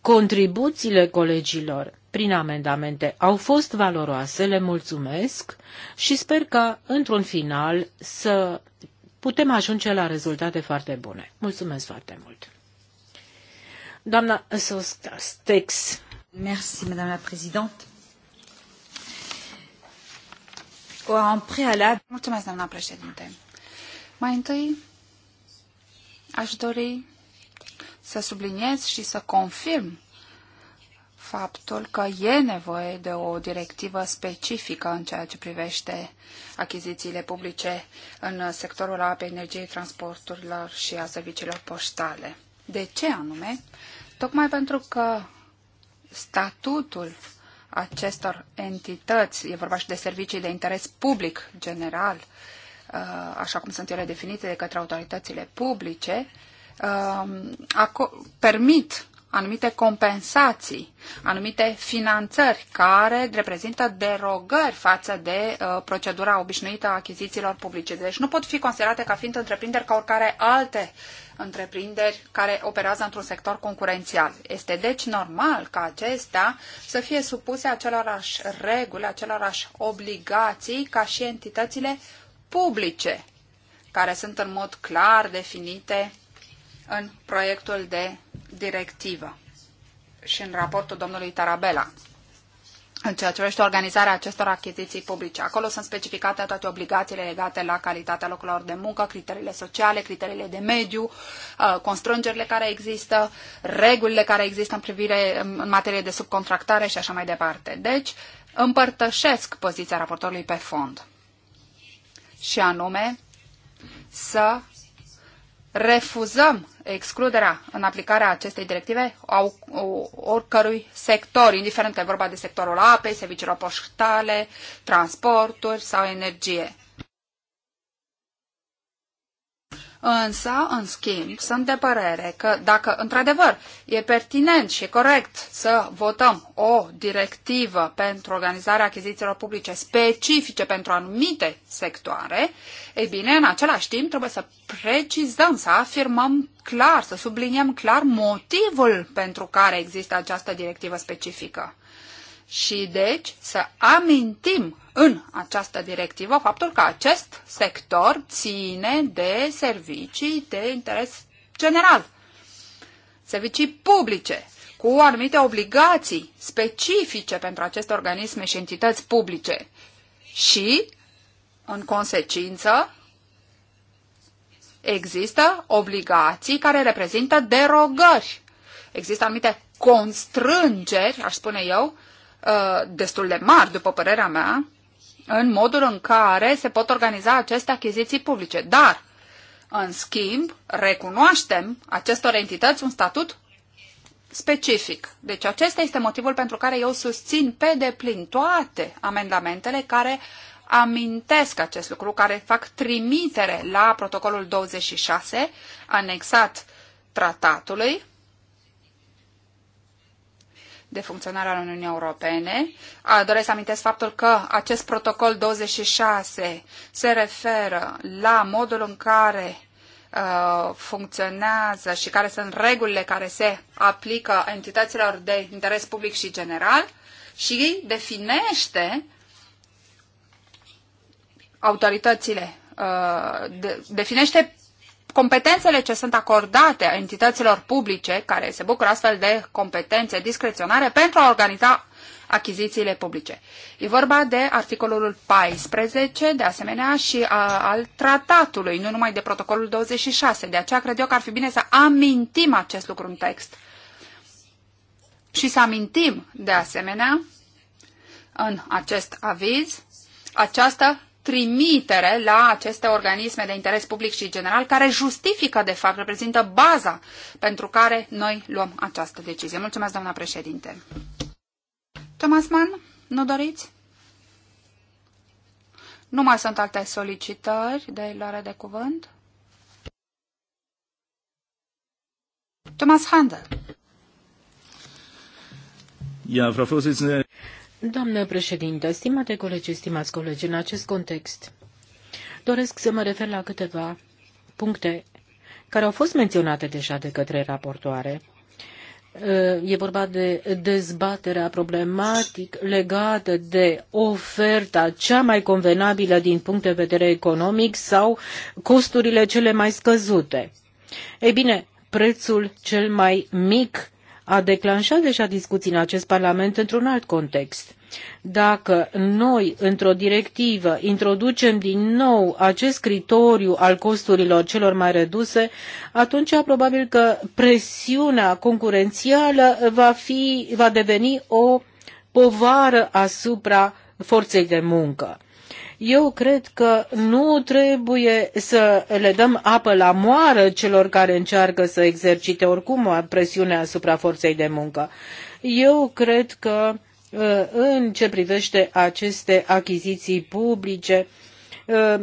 contribuțiile colegilor prin amendamente au fost valoroase, le mulțumesc și sper că, într-un final, să putem ajunge la rezultate foarte bune. Mulțumesc foarte mult! Doamna text. Merci, Madame la Présidente. În prealabil... doamnă președinte. Mai întâi, aș dori să subliniez și să confirm faptul că e nevoie de o directivă specifică în ceea ce privește achizițiile publice în sectorul apei, energiei, transporturilor și a serviciilor poștale. De ce anume? Tocmai pentru că statutul acestor entități, e vorba și de servicii de interes public general, uh, așa cum sunt ele definite de către autoritățile publice, uh, permit anumite compensații, anumite finanțări care reprezintă derogări față de uh, procedura obișnuită a achizițiilor publice. Deci nu pot fi considerate ca fiind întreprinderi ca oricare alte întreprinderi care operează într-un sector concurențial. Este deci normal ca acestea să fie supuse acelorași reguli, acelorași obligații ca și entitățile publice, care sunt în mod clar definite în proiectul de directivă și în raportul domnului Tarabella în ceea ce privește organizarea acestor achiziții publice. Acolo sunt specificate toate obligațiile legate la calitatea locurilor de muncă, criteriile sociale, criteriile de mediu, uh, constrângerile care există, regulile care există în privire în materie de subcontractare și așa mai departe. Deci, împărtășesc poziția raportorului pe fond. Și anume, să refuzăm excluderea în aplicarea acestei directive a oricărui sector, indiferent că e vorba de sectorul apei, serviciilor poștale, transporturi sau energie. Însă, în schimb, sunt de părere că dacă într-adevăr e pertinent și e corect să votăm o directivă pentru organizarea achizițiilor publice specifice pentru anumite sectoare, ei bine, în același timp trebuie să precizăm, să afirmăm clar, să subliniem clar motivul pentru care există această directivă specifică și deci să amintim în această directivă faptul că acest sector ține de servicii de interes general, servicii publice, cu anumite obligații specifice pentru aceste organisme și entități publice și, în consecință, există obligații care reprezintă derogări. Există anumite constrângeri, aș spune eu, Uh, destul de mari, după părerea mea, în modul în care se pot organiza aceste achiziții publice. Dar, în schimb, recunoaștem acestor entități un statut specific. Deci acesta este motivul pentru care eu susțin pe deplin toate amendamentele care amintesc acest lucru, care fac trimitere la protocolul 26 anexat tratatului de funcționare al Uniunii Europene. A, doresc să amintesc faptul că acest protocol 26 se referă la modul în care uh, funcționează și care sunt regulile care se aplică entităților de interes public și general și definește autoritățile, uh, definește competențele ce sunt acordate entităților publice care se bucură astfel de competențe discreționare pentru a organiza achizițiile publice. E vorba de articolul 14, de asemenea, și a, al tratatului, nu numai de protocolul 26. De aceea cred eu că ar fi bine să amintim acest lucru în text. Și să amintim, de asemenea, în acest aviz, această trimitere la aceste organisme de interes public și general care justifică, de fapt, reprezintă baza pentru care noi luăm această decizie. Mulțumesc, doamna președinte. Thomas Mann, nu doriți? Nu mai sunt alte solicitări de luare de cuvânt? Thomas Handel. Ja, Frau Vorsitzende. Doamnă președintă, stimate colegi, stimați colegi, în acest context doresc să mă refer la câteva puncte care au fost menționate deja de către raportoare. E vorba de dezbaterea problematic legată de oferta cea mai convenabilă din punct de vedere economic sau costurile cele mai scăzute. Ei bine, prețul cel mai mic a declanșat deja discuții în acest Parlament într-un alt context. Dacă noi, într-o directivă, introducem din nou acest criteriu al costurilor celor mai reduse, atunci probabil că presiunea concurențială va, fi, va deveni o povară asupra forței de muncă. Eu cred că nu trebuie să le dăm apă la moară celor care încearcă să exercite oricum presiunea asupra forței de muncă. Eu cred că uh, în ce privește aceste achiziții publice, uh,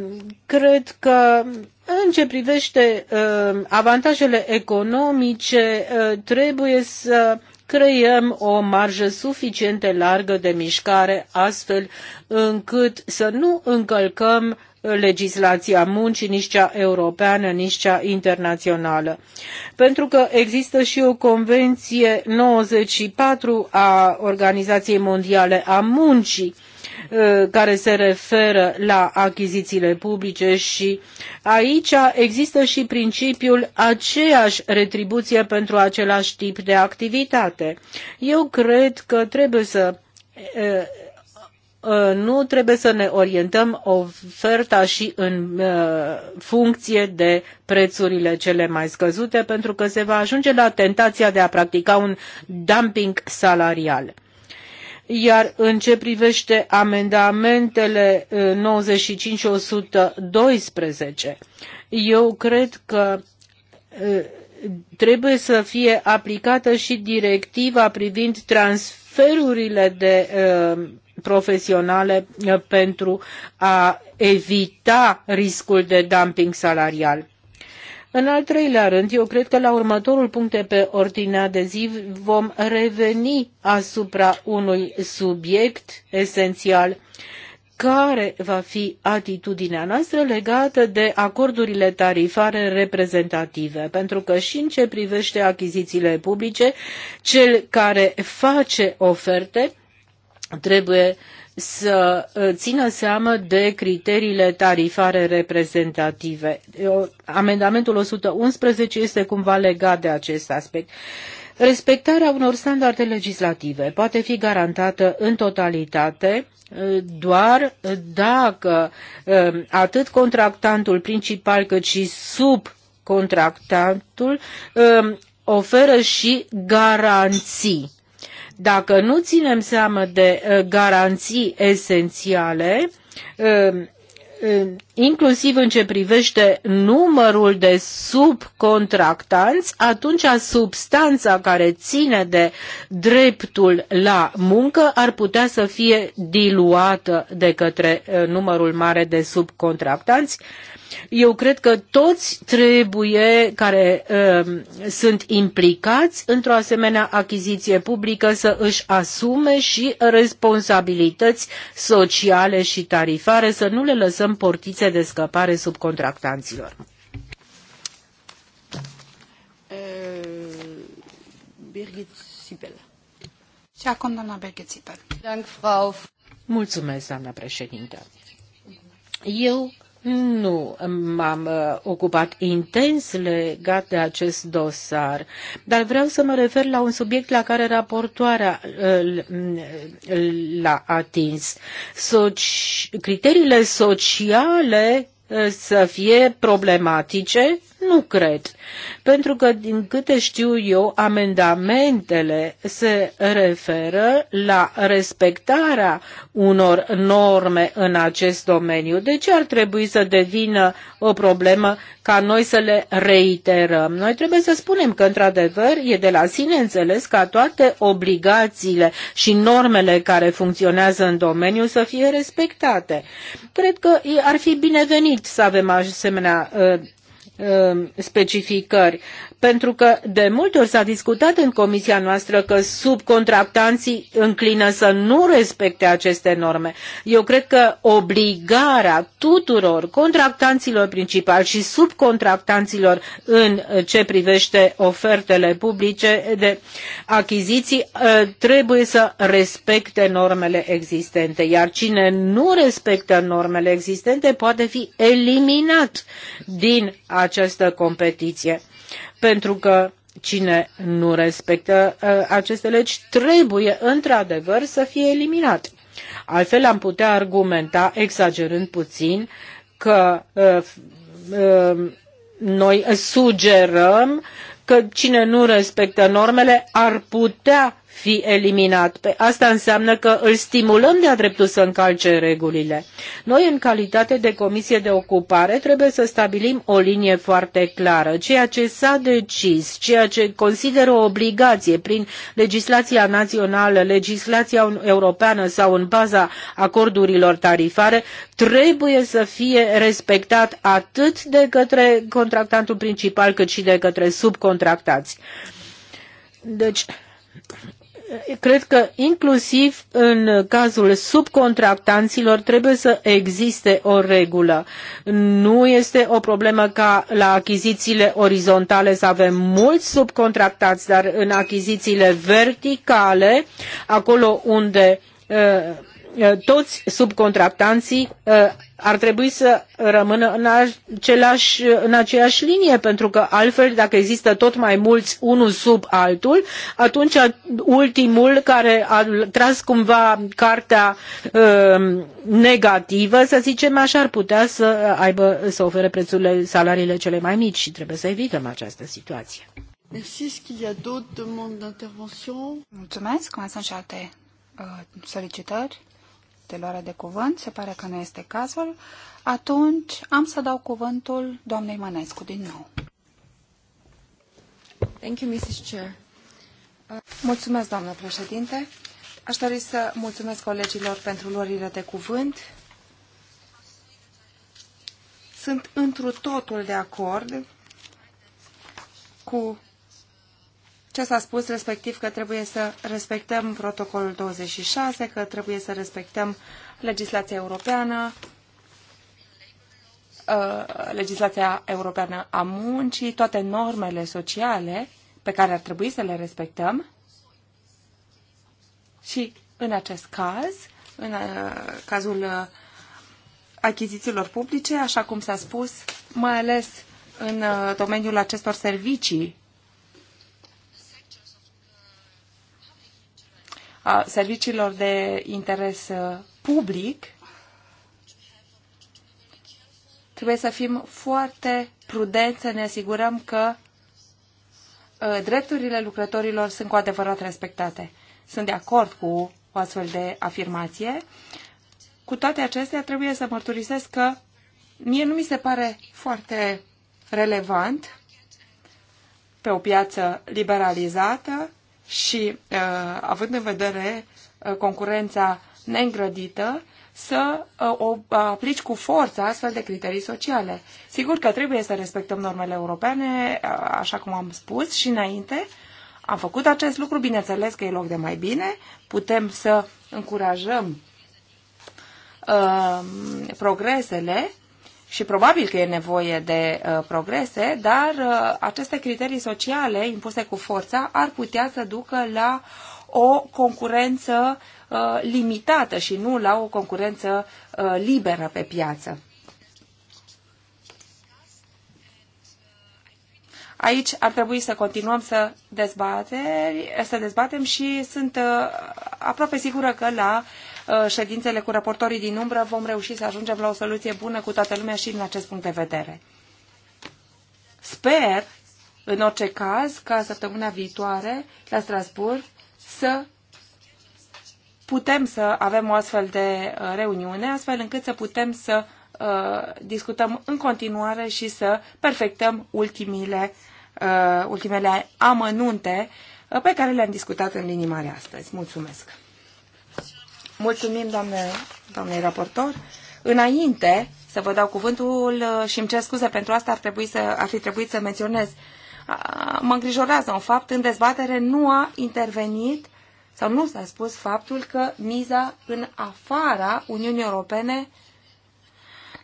cred că în ce privește uh, avantajele economice trebuie să creăm o marjă suficient de largă de mișcare, astfel încât să nu încălcăm legislația muncii, nici cea europeană, nici cea internațională. Pentru că există și o convenție 94 a Organizației Mondiale a Muncii Uh, care se referă la achizițiile publice și aici există și principiul aceeași retribuție pentru același tip de activitate. Eu cred că trebuie să uh, uh, nu trebuie să ne orientăm oferta și în funcție de prețurile cele mai scăzute, pentru că se va ajunge la tentația de a practica un dumping salarial. Iar în ce privește amendamentele 95 eh, și 112, eu cred că eh, trebuie să fie aplicată și directiva privind transferurile de eh, profesionale pentru a evita riscul de dumping salarial. În al treilea rând, eu cred că la următorul punct de pe ordinea de zi vom reveni asupra unui subiect esențial care va fi atitudinea noastră legată de acordurile tarifare reprezentative, pentru că și în ce privește achizițiile publice, cel care face oferte trebuie să uh, țină seamă de criteriile tarifare reprezentative. Amendamentul 111 este cumva legat de acest aspect. Respectarea unor standarde legislative poate fi garantată în totalitate uh, doar dacă uh, atât contractantul principal cât și subcontractantul oferă și garanții dacă nu ținem seama de uh, garanții esențiale, uh, uh, inclusiv în ce privește numărul de subcontractanți, atunci substanța care ține de dreptul la muncă ar putea să fie diluată de către eh, numărul mare de subcontractanți. Eu cred că toți trebuie care uh, sunt implicați într-o asemenea achiziție publică să își asume și responsabilități sociale și tarifare, să nu le lăsăm portițe piețe de scăpare subcontractanților. Uh, Birgit Sipel. Și acum doamna Birgit Sipel. Mulțumesc, doamna președintă. Eu nu m-am uh, ocupat intens legat de acest dosar, dar vreau să mă refer la un subiect la care raportoarea uh, uh, l-a atins. Soci... Criteriile sociale să fie problematice nu cred. Pentru că, din câte știu eu, amendamentele se referă la respectarea unor norme în acest domeniu. De ce ar trebui să devină o problemă ca noi să le reiterăm? Noi trebuie să spunem că, într-adevăr, e de la sine înțeles ca toate obligațiile și normele care funcționează în domeniu să fie respectate. Cred că ar fi binevenit să avem asemenea uh, Uh, specificări pentru că de multe ori s-a discutat în comisia noastră că subcontractanții înclină să nu respecte aceste norme. Eu cred că obligarea tuturor contractanților principali și subcontractanților în ce privește ofertele publice de achiziții ă, trebuie să respecte normele existente, iar cine nu respectă normele existente poate fi eliminat din această competiție pentru că cine nu respectă ă, aceste legi trebuie într-adevăr să fie eliminat. Altfel am putea argumenta, exagerând puțin, că ă, ă, noi sugerăm că cine nu respectă normele ar putea fi eliminat. Pe asta înseamnă că îl stimulăm de-a dreptul să încalce regulile. Noi, în calitate de Comisie de Ocupare, trebuie să stabilim o linie foarte clară. Ceea ce s-a decis, ceea ce consideră o obligație prin legislația națională, legislația europeană sau în baza acordurilor tarifare, trebuie să fie respectat atât de către contractantul principal cât și de către subcontractați. Deci, cred că inclusiv în cazul subcontractanților trebuie să existe o regulă. Nu este o problemă ca la achizițiile orizontale să avem mulți subcontractați, dar în achizițiile verticale, acolo unde uh, Eh, toți subcontractanții eh, ar trebui să rămână în, același, în aceeași linie, pentru că altfel, dacă există tot mai mulți unul sub altul, atunci ultimul care a tras cumva cartea uh, negativă, să zicem așa, ar putea să aibă, să ofere prețurile, salariile cele mai mici și trebuie să evităm această situație. Mulțumesc. Mai sunt și alte uh, solicitări de luare de cuvânt, se pare că nu este cazul, atunci am să dau cuvântul doamnei Mănescu din nou. Thank you, Mrs. Chair. Mulțumesc, doamnă președinte. Aș dori să mulțumesc colegilor pentru luările de cuvânt. Sunt întru totul de acord cu ce s-a spus, respectiv că trebuie să respectăm protocolul 26, că trebuie să respectăm legislația europeană, uh, legislația europeană a muncii, toate normele sociale pe care ar trebui să le respectăm. Și în acest caz, în uh, cazul uh, achizițiilor publice, așa cum s-a spus, mai ales în domeniul acestor servicii a serviciilor de interes uh, public, trebuie să fim foarte prudenți să ne asigurăm că uh, drepturile lucrătorilor sunt cu adevărat respectate. Sunt de acord cu o astfel de afirmație. Cu toate acestea, trebuie să mărturisesc că mie nu mi se pare foarte relevant pe o piață liberalizată și, uh, având în vedere uh, concurența neîngrădită, să uh, o aplici cu forță astfel de criterii sociale. Sigur că trebuie să respectăm normele europene, așa cum am spus și înainte. Am făcut acest lucru, bineînțeles că e loc de mai bine, putem să încurajăm uh, progresele și probabil că e nevoie de uh, progrese, dar uh, aceste criterii sociale impuse cu forța ar putea să ducă la o concurență uh, limitată și nu la o concurență uh, liberă pe piață. Aici ar trebui să continuăm să, dezbate, să dezbatem și sunt uh, aproape sigură că la uh, Uh, ședințele cu raportorii din umbră vom reuși să ajungem la o soluție bună cu toată lumea și din acest punct de vedere. Sper, în orice caz, ca săptămâna viitoare la Strasburg să putem să avem o astfel de uh, reuniune, astfel încât să putem să uh, discutăm în continuare și să perfectăm ultimile, uh, ultimele amănunte uh, pe care le-am discutat în linii mari astăzi. Mulțumesc! Mulțumim, doamne, doamnei raportor. Înainte să vă dau cuvântul uh, și îmi cer scuze pentru asta, ar, trebui să, ar fi trebuit să menționez. Uh, mă îngrijorează un fapt, în dezbatere nu a intervenit sau nu s-a spus faptul că miza în afara Uniunii Europene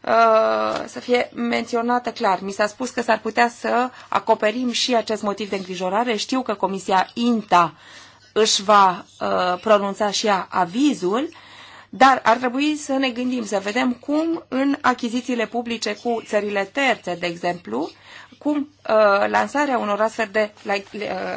uh, să fie menționată clar. Mi s-a spus că s-ar putea să acoperim și acest motiv de îngrijorare. Știu că Comisia INTA își va uh, pronunța și ea avizul, dar ar trebui să ne gândim, să vedem cum în achizițiile publice cu țările terțe, de exemplu, cum uh, lansarea unor astfel de uh,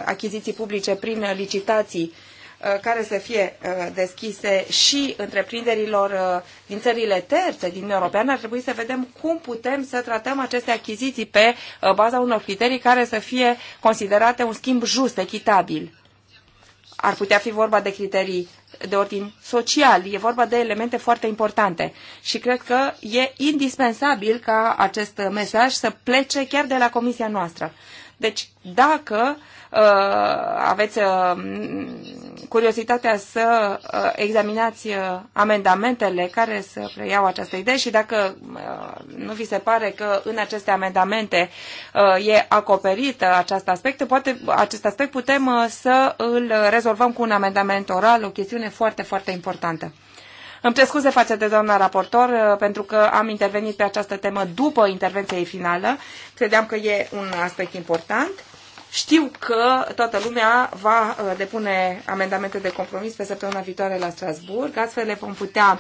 achiziții publice prin licitații uh, care să fie uh, deschise și întreprinderilor din țările terțe din Europeană, ar trebui să vedem cum putem să tratăm aceste achiziții pe baza unor criterii care să fie considerate un schimb just, echitabil. Ar putea fi vorba de criterii de ordin social, e vorba de elemente foarte importante și cred că e indispensabil ca acest mesaj să plece chiar de la comisia noastră. Deci, dacă uh, aveți uh, curiozitatea să uh, examinați uh, amendamentele care să preiau această idee și dacă uh, nu vi se pare că în aceste amendamente uh, e acoperit acest aspect, poate, acest aspect putem uh, să îl rezolvăm cu un amendament oral, o chestiune foarte, foarte importantă. Îmi cer scuze față de doamna raportor uh, pentru că am intervenit pe această temă după intervenția ei finală. Credeam că e un aspect important. Știu că toată lumea va uh, depune amendamente de compromis pe săptămâna viitoare la Strasburg, astfel le vom putea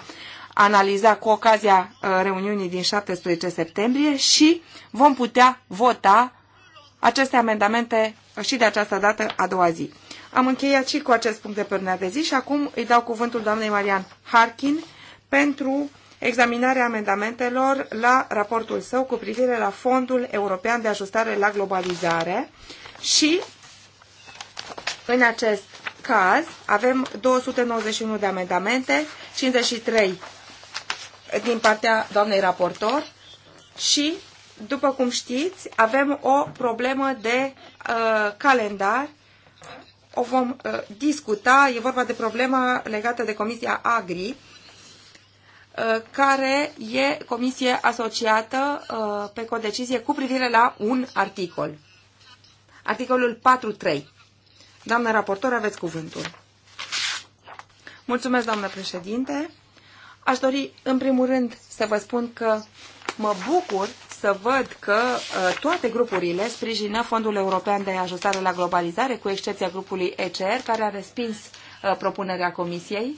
analiza cu ocazia uh, reuniunii din 17 septembrie și vom putea vota aceste amendamente și de această dată a doua zi. Am încheiat și cu acest punct de pârnea de zi și acum îi dau cuvântul doamnei Marian Harkin pentru examinarea amendamentelor la raportul său cu privire la Fondul European de Ajustare la Globalizare și în acest caz avem 291 de amendamente, 53 din partea doamnei raportor și, după cum știți, avem o problemă de uh, calendar o vom uh, discuta. E vorba de problema legată de Comisia Agri, uh, care e comisie asociată uh, pe codecizie cu privire la un articol. Articolul 4.3. Doamnă raportor, aveți cuvântul. Mulțumesc, doamnă președinte. Aș dori, în primul rând, să vă spun că mă bucur să văd că uh, toate grupurile sprijină Fondul European de Ajustare la Globalizare, cu excepția grupului ECR, care a respins uh, propunerea Comisiei.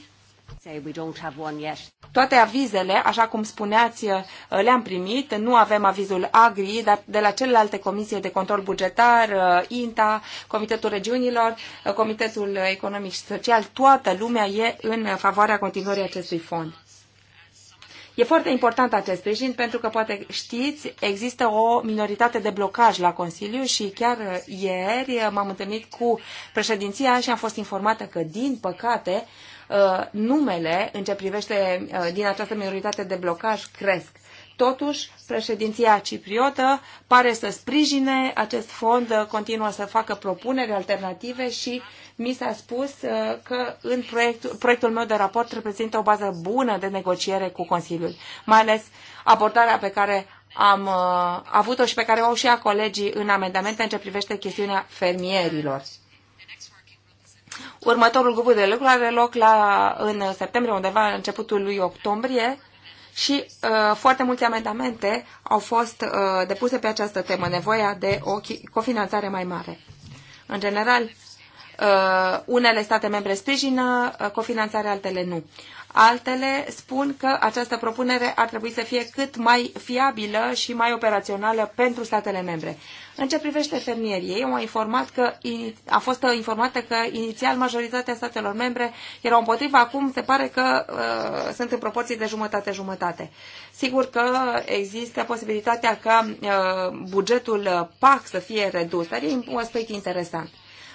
Toate avizele, așa cum spuneați, uh, le-am primit. Nu avem avizul AGRI, dar de la celelalte comisii de control bugetar, INTA, Comitetul Regiunilor, Comitetul Economic și Social, toată lumea e în favoarea continuării acestui fond. E foarte important acest sprijin pentru că, poate știți, există o minoritate de blocaj la Consiliu și chiar ieri m-am întâlnit cu președinția și am fost informată că, din păcate, uh, numele în ce privește uh, din această minoritate de blocaj cresc. Totuși, președinția cipriotă pare să sprijine acest fond, continuă să facă propuneri alternative și mi s-a spus uh, că în proiectul, proiectul meu de raport reprezintă o bază bună de negociere cu Consiliul, mai ales abordarea pe care am uh, avut-o și pe care o au și a colegii în amendamente în ce privește chestiunea fermierilor. Următorul grup de lucru are loc la, în septembrie, undeva la începutul lui octombrie, și uh, foarte multe amendamente au fost uh, depuse pe această temă, nevoia de o cofinanțare mai mare. În general, uh, unele state membre sprijină uh, cofinanțarea, altele nu. Altele spun că această propunere ar trebui să fie cât mai fiabilă și mai operațională pentru statele membre. În ce privește fermierii, ei au informat că, a fost informată că inițial majoritatea statelor membre erau împotriva, acum se pare că uh, sunt în proporții de jumătate-jumătate. Sigur că există posibilitatea ca uh, bugetul uh, PAC să fie redus, dar e un aspect interesant.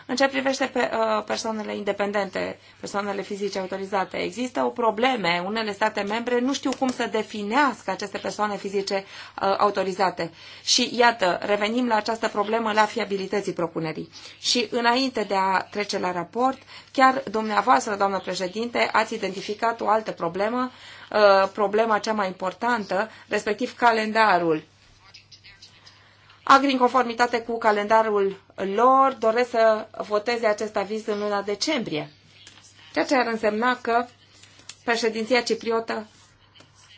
În ce privește pe, uh, persoanele independente, persoanele fizice autorizate, există o probleme. Unele state membre nu știu cum să definească aceste persoane fizice uh, autorizate. Și iată, revenim la această problemă la fiabilității propunerii. Și înainte de a trece la raport, chiar dumneavoastră, doamnă președinte, ați identificat o altă problemă, uh, problema cea mai importantă, respectiv calendarul Agri, în conformitate cu calendarul lor, doresc să voteze acest aviz în luna decembrie. Ceea ce ar însemna că președinția cipriotă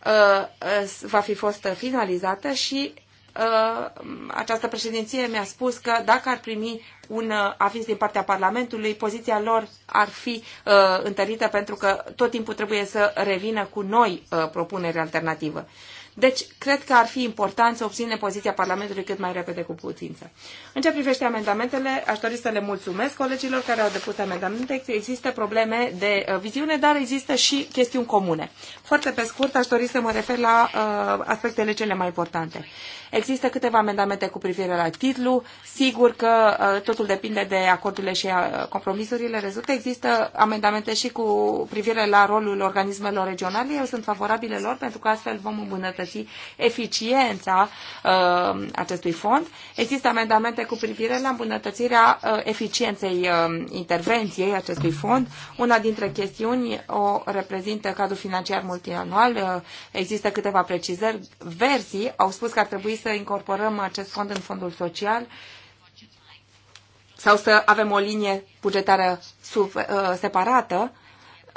uh, va fi fost finalizată și uh, această președinție mi-a spus că dacă ar primi un uh, aviz din partea Parlamentului, poziția lor ar fi uh, întărită pentru că tot timpul trebuie să revină cu noi uh, propuneri alternativă. Deci, cred că ar fi important să obținem poziția Parlamentului cât mai repede cu putință. În ce privește amendamentele, aș dori să le mulțumesc colegilor care au depus amendamente. Există probleme de uh, viziune, dar există și chestiuni comune. Foarte pe scurt, aș dori să mă refer la uh, aspectele cele mai importante. Există câteva amendamente cu privire la titlu. Sigur că uh, totul depinde de acordurile și uh, compromisurile rezultă. Există amendamente și cu privire la rolul organismelor regionale. Eu sunt favorabile lor pentru că astfel vom îmbunătăți și eficiența uh, acestui fond. Există amendamente cu privire la îmbunătățirea uh, eficienței uh, intervenției acestui fond. Una dintre chestiuni o reprezintă cadrul financiar multianual. Uh, există câteva precizări. Versii au spus că ar trebui să incorporăm acest fond în fondul social sau să avem o linie bugetară sub, uh, separată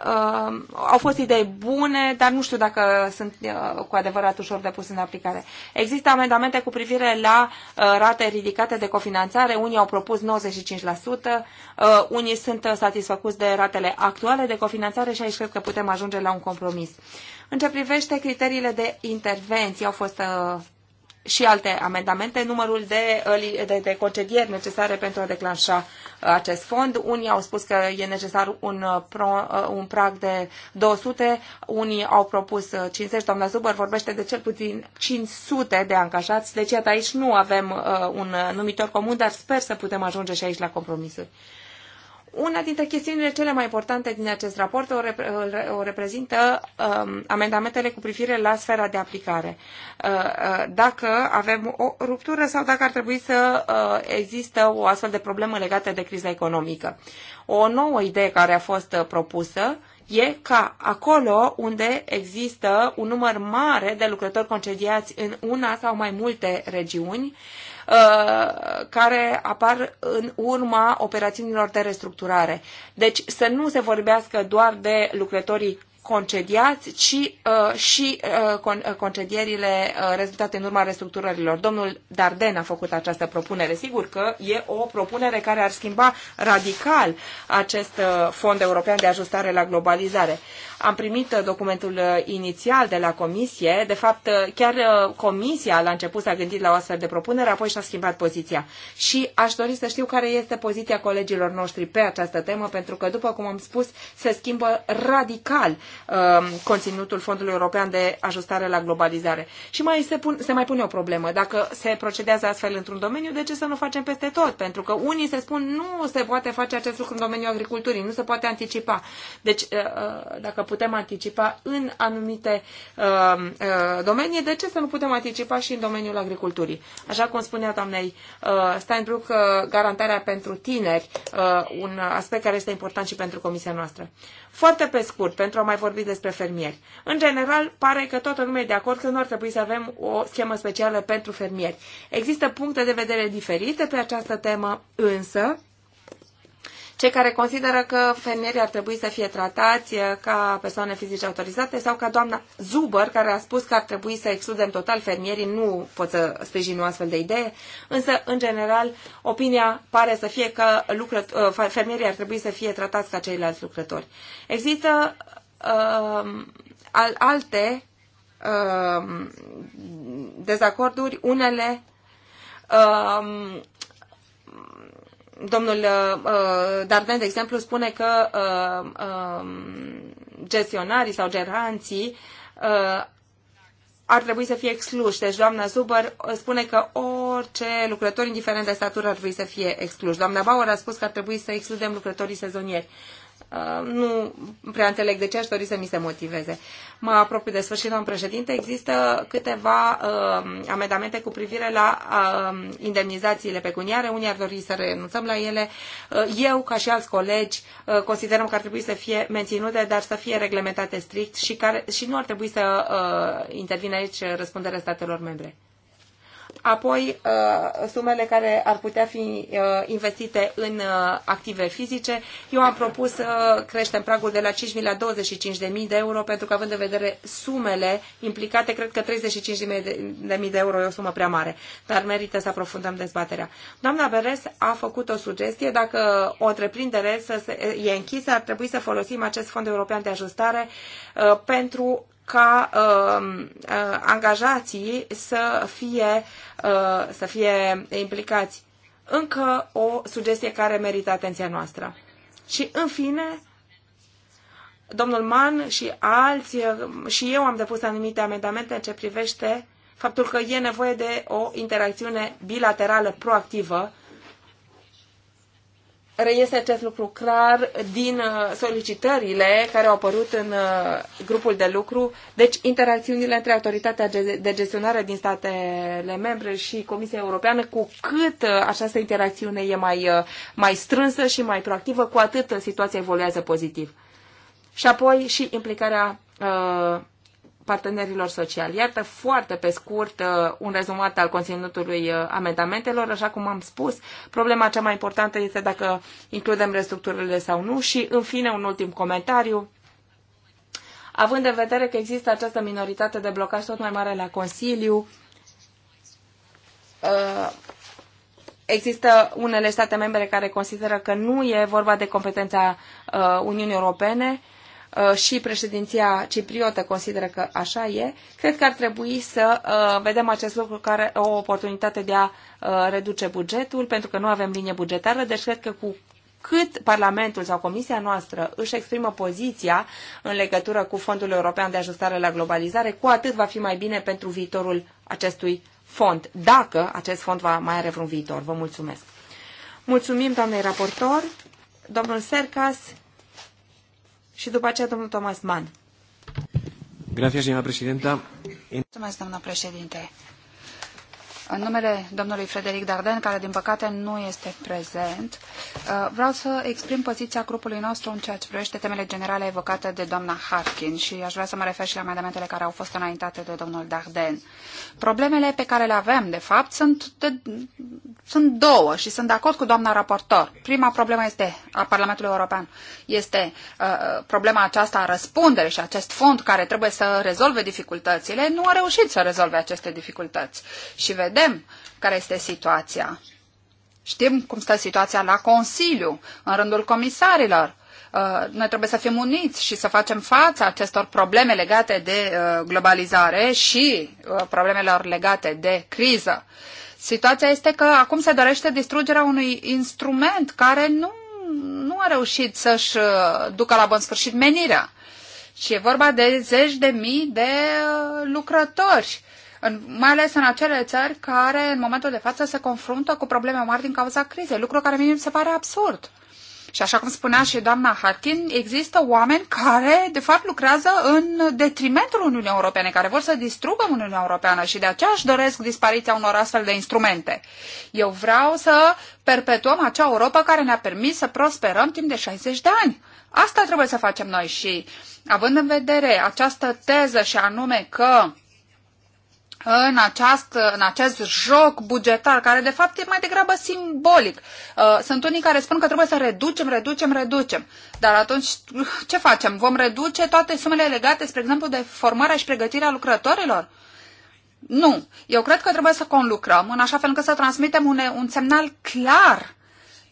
uh, au fost idei bune, dar nu știu dacă sunt uh, cu adevărat ușor de pus în aplicare. Există amendamente cu privire la uh, rate ridicate de cofinanțare. Unii au propus 95%, uh, unii sunt uh, satisfăcuți de ratele actuale de cofinanțare și aici cred că putem ajunge la un compromis. În ce privește criteriile de intervenție, au fost uh, și alte amendamente, numărul de, de, de concedieri necesare pentru a declanșa uh, acest fond. Unii au spus că e necesar un, uh, pro, uh, un prag de 200, unii au propus 50. Doamna Zubăr vorbește de cel puțin 500 de angajați, deci iată aici nu avem un numitor comun, dar sper să putem ajunge și aici la compromisuri. Una dintre chestiunile cele mai importante din acest raport o, o reprezintă um, amendamentele cu privire la sfera de aplicare. Uh, uh, dacă avem o ruptură sau dacă ar trebui să uh, există o astfel de problemă legată de criza economică. O nouă idee care a fost uh, propusă e ca acolo unde există un număr mare de lucrători concediați în una sau mai multe regiuni, uh, Uh, care apar în urma operațiunilor de restructurare. Deci să nu se vorbească doar de lucrătorii concediați, ci uh, și uh, con uh, concedierile uh, rezultate în urma restructurărilor. Domnul Darden a făcut această propunere. Sigur că e o propunere care ar schimba radical acest uh, fond european de ajustare la globalizare. Am primit uh, documentul uh, inițial de la comisie. De fapt, uh, chiar comisia la început s-a gândit la o astfel de propunere, apoi și-a schimbat poziția. Și aș dori să știu care este poziția colegilor noștri pe această temă, pentru că, după cum am spus, se schimbă radical uh, conținutul Fondului European de Ajustare la Globalizare. Și mai se, pun, se mai pune o problemă. Dacă se procedează astfel într-un domeniu, de ce să nu facem peste tot? Pentru că unii se spun nu se poate face acest lucru în domeniul agriculturii, nu se poate anticipa. Deci, uh, dacă putem anticipa în anumite uh, uh, domenii, de ce să nu putem anticipa și în domeniul agriculturii? Așa cum spunea doamnei uh, Steinbruck, uh, garantarea pentru tineri, uh, un aspect care este important și pentru comisia noastră. Foarte pe scurt, pentru a mai vorbi despre fermieri. În general, pare că toată lumea e de acord că nu ar trebui să avem o schemă specială pentru fermieri. Există puncte de vedere diferite pe această temă, însă cei care consideră că fermierii ar trebui să fie tratați eh, ca persoane fizice autorizate sau ca doamna Zuber, care a spus că ar trebui să excludem total fermierii, nu pot să sprijin o astfel de idee, însă, în general, opinia pare să fie că lucră eh, fermierii ar trebui să fie tratați ca ceilalți lucrători. Există uh, alte uh, dezacorduri, unele ehm, Domnul uh, uh, Darden, de exemplu, spune că uh, uh, gestionarii sau geranții uh, ar trebui să fie excluși. Deci doamna Zuber spune că orice lucrător, indiferent de statură, ar trebui să fie excluși. Doamna Bauer a spus că ar trebui să excludem lucrătorii sezonieri. Uh, nu prea înțeleg de ce aș dori să mi se motiveze. Mă apropiu de sfârșit, domn președinte. Există câteva uh, amendamente cu privire la uh, indemnizațiile pecuniare. Unii ar dori să renunțăm la ele. Uh, eu, ca și alți colegi, uh, considerăm că ar trebui să fie menținute, dar să fie reglementate strict și, care, și nu ar trebui să uh, intervine aici răspunderea statelor membre apoi uh, sumele care ar putea fi uh, investite în uh, active fizice. Eu am propus să creștem pragul de la 5.000 la 25.000 de euro, pentru că având în vedere sumele implicate, cred că 35.000 de euro e o sumă prea mare, dar merită să aprofundăm dezbaterea. Doamna Beres a făcut o sugestie, dacă o întreprindere să se, e închisă, ar trebui să folosim acest fond european de ajustare pentru ca uh, uh, angajații să fie, uh, să fie implicați. Încă o sugestie care merită atenția noastră. Și, în fine, domnul Mann și alții, uh, și eu am depus anumite amendamente în ce privește faptul că e nevoie de o interacțiune bilaterală proactivă reiese acest lucru clar din uh, solicitările care au apărut în uh, grupul de lucru, deci interacțiunile între autoritatea de gestionare din statele membre și Comisia Europeană, cu cât uh, această interacțiune e mai, mai strânsă și mai proactivă, cu atât situația evoluează pozitiv. Și apoi și implicarea uh, partenerilor sociali. Iată foarte pe scurt uh, un rezumat al conținutului uh, amendamentelor. Așa cum am spus, problema cea mai importantă este dacă includem restructurile sau nu și, în fine, un ultim comentariu. Având în vedere că există această minoritate de blocaj tot mai mare la Consiliu, uh, există unele state membre care consideră că nu e vorba de competența Uniunii Europene, Uh, și președinția cipriotă consideră că așa e, cred că ar trebui să uh, vedem acest lucru ca o oportunitate de a uh, reduce bugetul, pentru că nu avem linie bugetară, deci cred că cu cât Parlamentul sau Comisia noastră își exprimă poziția în legătură cu Fondul European de Ajustare la Globalizare, cu atât va fi mai bine pentru viitorul acestui fond, dacă acest fond va mai are vreun viitor. Vă mulțumesc. Mulțumim, doamnei raportor. Domnul Sercas și după aceea domnul Thomas Mann. Gracias, doamna președintă. Mulțumesc, doamna președinte în numele domnului Frederic Darden, care din păcate nu este prezent, uh, vreau să exprim poziția grupului nostru în ceea ce privește temele generale evocate de doamna Harkin și aș vrea să mă refer și la amendamentele care au fost înaintate de domnul Darden. Problemele pe care le avem, de fapt, sunt, de, sunt două și sunt de acord cu doamna raportor. Prima problemă este a Parlamentului European, este uh, problema aceasta a răspundere și acest fond care trebuie să rezolve dificultățile, nu a reușit să rezolve aceste dificultăți. Și vedem vedem care este situația. Știm cum stă situația la Consiliu, în rândul comisarilor. Uh, noi trebuie să fim uniți și să facem față acestor probleme legate de uh, globalizare și uh, problemelor legate de criză. Situația este că acum se dorește distrugerea unui instrument care nu, nu a reușit să-și ducă la bun sfârșit menirea. Și e vorba de zeci de mii de lucrători în, mai ales în acele țări care în momentul de față se confruntă cu probleme mari din cauza crizei, lucru care mie mi se pare absurd. Și așa cum spunea și doamna Harkin, există oameni care, de fapt, lucrează în detrimentul Uniunii Europene, care vor să distrugă Uniunea Europeană și de aceea își doresc dispariția unor astfel de instrumente. Eu vreau să perpetuăm acea Europa care ne-a permis să prosperăm timp de 60 de ani. Asta trebuie să facem noi și, având în vedere această teză și anume că în, aceast, în acest joc bugetar, care de fapt e mai degrabă simbolic. Uh, sunt unii care spun că trebuie să reducem, reducem, reducem. Dar atunci ce facem? Vom reduce toate sumele legate, spre exemplu, de formarea și pregătirea lucrătorilor? Nu. Eu cred că trebuie să conlucrăm în așa fel încât să transmitem un, un semnal clar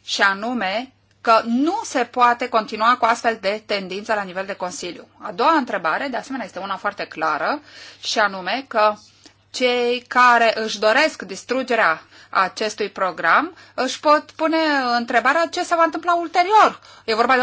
și anume că nu se poate continua cu astfel de tendință la nivel de Consiliu. A doua întrebare, de asemenea, este una foarte clară și anume că cei care își doresc distrugerea acestui program își pot pune întrebarea ce se va întâmpla ulterior. E vorba de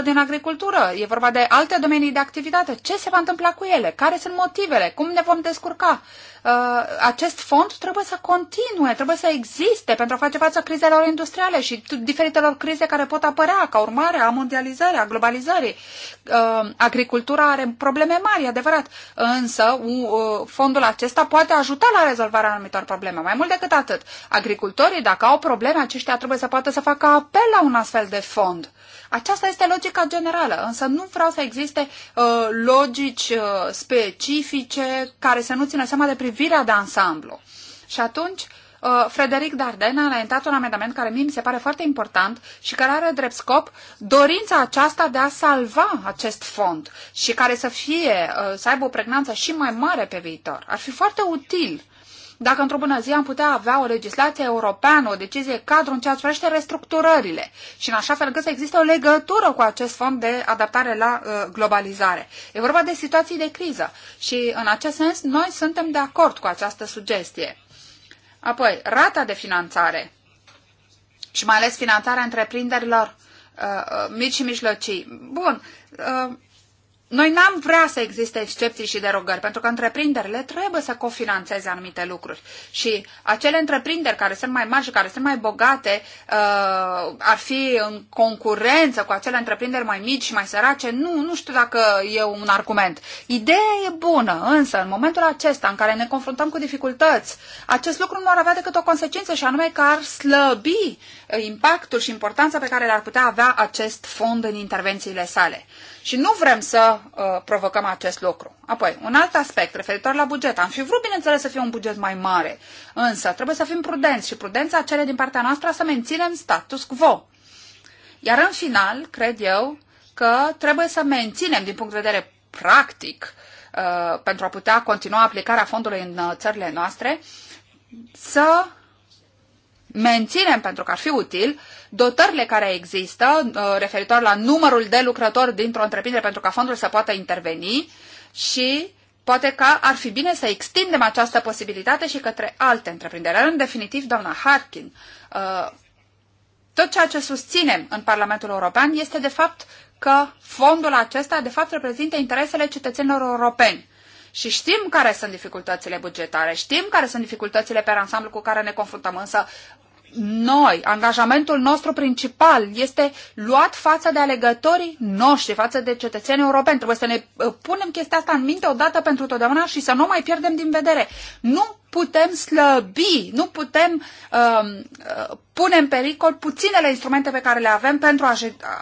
80% din agricultură, e vorba de alte domenii de activitate. Ce se va întâmpla cu ele? Care sunt motivele? Cum ne vom descurca? Uh, acest fond trebuie să continue, trebuie să existe pentru a face față crizelor industriale și diferitelor crize care pot apărea ca urmare a mondializării, a globalizării. Uh, agricultura are probleme mari, e adevărat, însă uh, fondul acesta poate ajuta la rezolvarea anumitor probleme. Mai mult decât atât, agricultorii, dacă au probleme, aceștia trebuie să poată să facă apel la un astfel de fond. Aceasta este logica generală, însă nu vreau să existe uh, logici uh, specifice care să nu țină seama de privirea de ansamblu. Și atunci, uh, Frederic Darden a înaintat un amendament care mie mi se pare foarte important și care are drept scop dorința aceasta de a salva acest fond și care să fie, uh, să aibă o pregnanță și mai mare pe viitor. Ar fi foarte util uh, dacă într-o bună zi am putea avea o legislație europeană, o decizie cadru în ceea ce privește restructurările și în așa fel că să există o legătură cu acest fond de adaptare la uh, globalizare. E vorba de situații de criză și în acest sens noi suntem de acord cu această sugestie. Apoi, rata de finanțare și mai ales finanțarea întreprinderilor uh, uh mici și mijlocii. Bun, uh, noi n-am vrea să existe excepții și derogări, pentru că întreprinderile trebuie să cofinanțeze anumite lucruri. Și acele întreprinderi care sunt mai mari și care sunt mai bogate uh, ar fi în concurență cu acele întreprinderi mai mici și mai sărace. Nu, nu știu dacă e un argument. Ideea e bună, însă în momentul acesta în care ne confruntăm cu dificultăți, acest lucru nu ar avea decât o consecință și anume că ar slăbi uh, impactul și importanța pe care le-ar putea avea acest fond în intervențiile sale. Și nu vrem să uh, provocăm acest lucru. Apoi, un alt aspect referitor la buget. Am fi vrut, bineînțeles, să fie un buget mai mare, însă trebuie să fim prudenți și prudența cere din partea noastră să menținem status quo. Iar în final, cred eu că trebuie să menținem, din punct de vedere practic, uh, pentru a putea continua aplicarea fondului în uh, țările noastre, să menținem, pentru că ar fi util, dotările care există uh, referitor la numărul de lucrători dintr-o întreprindere pentru ca fondul să poată interveni și poate că ar fi bine să extindem această posibilitate și către alte întreprinderi. În definitiv, doamna Harkin, uh, tot ceea ce susținem în Parlamentul European este de fapt că fondul acesta de fapt reprezintă interesele cetățenilor europeni. Și știm care sunt dificultățile bugetare, știm care sunt dificultățile pe ansamblu cu care ne confruntăm, însă noi, angajamentul nostru principal este luat față de alegătorii noștri, față de cetățenii europeni. Trebuie să ne uh, punem chestia asta în minte odată pentru totdeauna și să nu mai pierdem din vedere. Nu putem slăbi, nu putem uh, pune în pericol puținele instrumente pe care le avem pentru a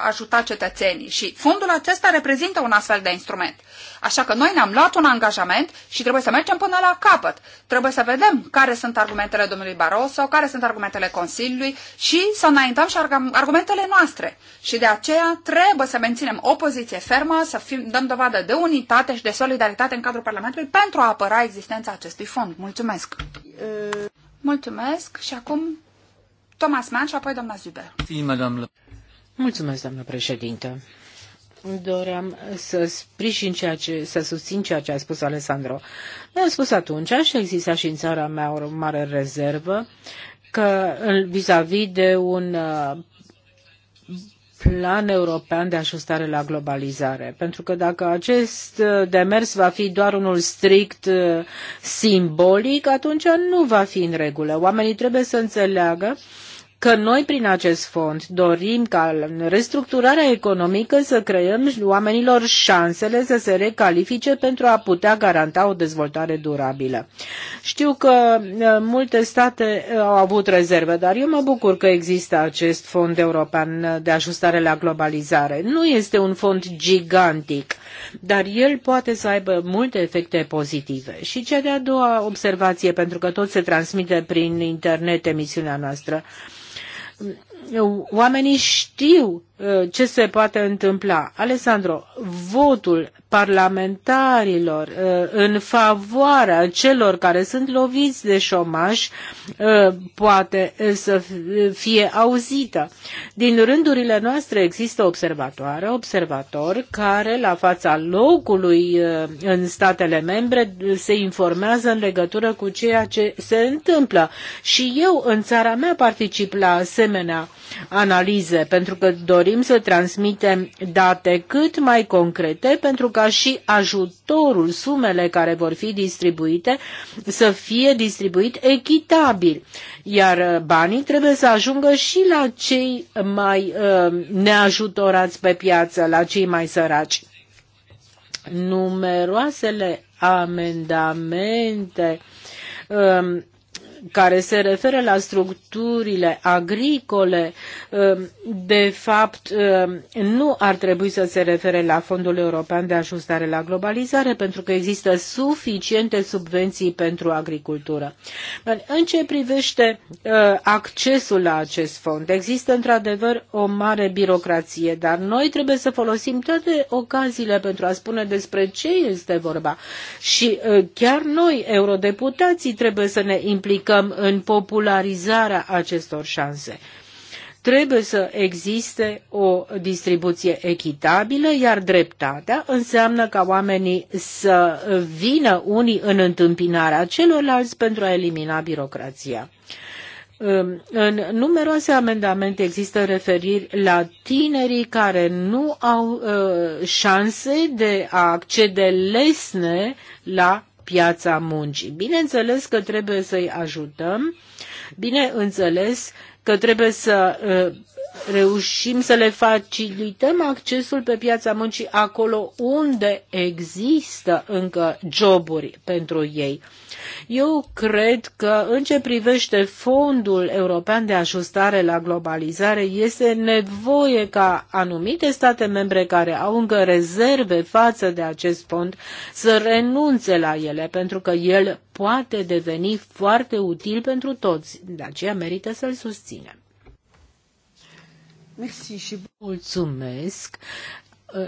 ajuta cetățenii. Și fondul acesta reprezintă un astfel de instrument. Așa că noi ne-am luat un angajament și trebuie să mergem până la capăt. Trebuie să vedem care sunt argumentele domnului Barroso, care sunt argumentele Consiliului și să înaintăm și argumentele noastre. Și de aceea trebuie să menținem o poziție fermă, să fim, dăm dovadă de unitate și de solidaritate în cadrul Parlamentului pentru a apăra existența acestui fond. Mulțumesc! Mulțumesc! Mulțumesc și acum Thomas Mann și apoi doamna Zuber. Mulțumesc, doamnă președintă. Doream să sprijin ceea ce, să susțin ceea ce a spus Alessandro. Mi-a spus atunci, și exista și în țara mea o mare rezervă, că vis-a-vis de un uh, plan european de ajustare la globalizare. Pentru că dacă acest uh, demers va fi doar unul strict uh, simbolic, atunci nu va fi în regulă. Oamenii trebuie să înțeleagă uh, că noi prin acest fond dorim ca în restructurarea economică să creăm oamenilor șansele să se recalifice pentru a putea garanta o dezvoltare durabilă. Știu că multe state au avut rezerve, dar eu mă bucur că există acest fond european de ajustare la globalizare. Nu este un fond gigantic, dar el poate să aibă multe efecte pozitive. Și cea de-a doua observație, pentru că tot se transmite prin internet emisiunea noastră, oamenii știu Uh, ce se poate întâmpla. Alessandro, votul parlamentarilor uh, în favoarea celor care sunt loviți de șomaj uh, poate să fie auzită. Din rândurile noastre există observatoare, observatori care la fața locului în statele membre se informează în legătură cu ceea ce se întâmplă. Și eu în țara mea particip la asemenea analize, pentru că dorim să transmitem date cât mai concrete pentru ca și ajutorul, sumele care vor fi distribuite, să fie distribuit echitabil. Iar uh, banii trebuie să ajungă și la cei mai uh, neajutorați pe piață, la cei mai săraci. Numeroasele amendamente um, care se referă la structurile agricole, um, de fapt um, nu ar trebui să se refere la Fondul European de Ajustare la Globalizare, pentru că există suficiente subvenții pentru agricultură. În ce privește uh, accesul la acest fond, există într-adevăr o mare birocrație, dar noi trebuie să folosim toate ocaziile pentru a spune despre ce este vorba. Și uh, chiar noi, eurodeputații, trebuie să ne implicăm implicăm în popularizarea acestor șanse. Trebuie să existe o distribuție echitabilă, iar dreptatea înseamnă ca oamenii să vină unii în întâmpinarea celorlalți pentru a elimina birocrația. În numeroase amendamente există referiri la tinerii care nu au uh, șanse de a accede lesne la piața muncii. Bineînțeles că trebuie să-i ajutăm, bineînțeles că trebuie să reușim să le facilităm accesul pe piața muncii acolo unde există încă joburi pentru ei. Eu cred că în ce privește Fondul European de Ajustare la Globalizare este nevoie ca anumite state membre care au încă rezerve față de acest fond să renunțe la ele pentru că el poate deveni foarte util pentru toți. De aceea merită să-l susținem. Merci și mulțumesc.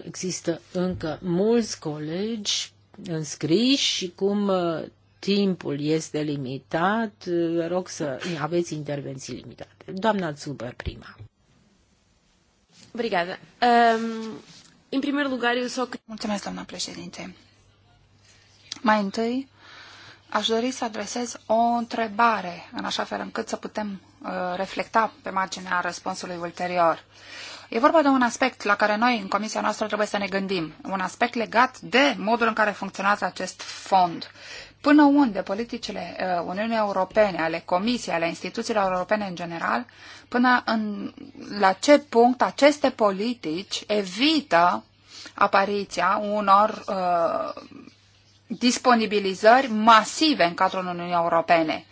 Există încă mulți colegi înscriși și cum uh, timpul este limitat, uh, vă rog să aveți intervenții limitate. Doamna Zuber, prima. Obrigada. Um, în primul lugar, eu sunt... Mulțumesc, doamna președinte. Mai întâi, aș dori să adresez o întrebare, în așa fel încât să putem Uh, reflecta pe marginea răspunsului ulterior. E vorba de un aspect la care noi, în comisia noastră, trebuie să ne gândim. Un aspect legat de modul în care funcționează acest fond. Până unde politicile uh, Uniunii Europene, ale Comisiei, ale instituțiilor europene în general, până în, la ce punct aceste politici evită apariția unor uh, disponibilizări masive în cadrul Uniunii Europene.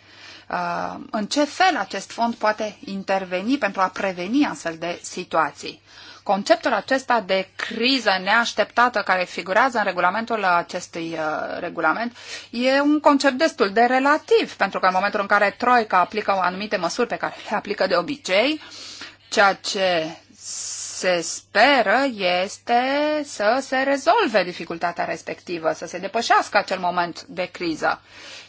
Uh, în ce fel acest fond poate interveni pentru a preveni astfel de situații. Conceptul acesta de criză neașteptată care figurează în regulamentul acestui uh, regulament e un concept destul de relativ, pentru că în momentul în care Troica aplică anumite măsuri pe care le aplică de obicei, ceea ce se speră este să se rezolve dificultatea respectivă, să se depășească acel moment de criză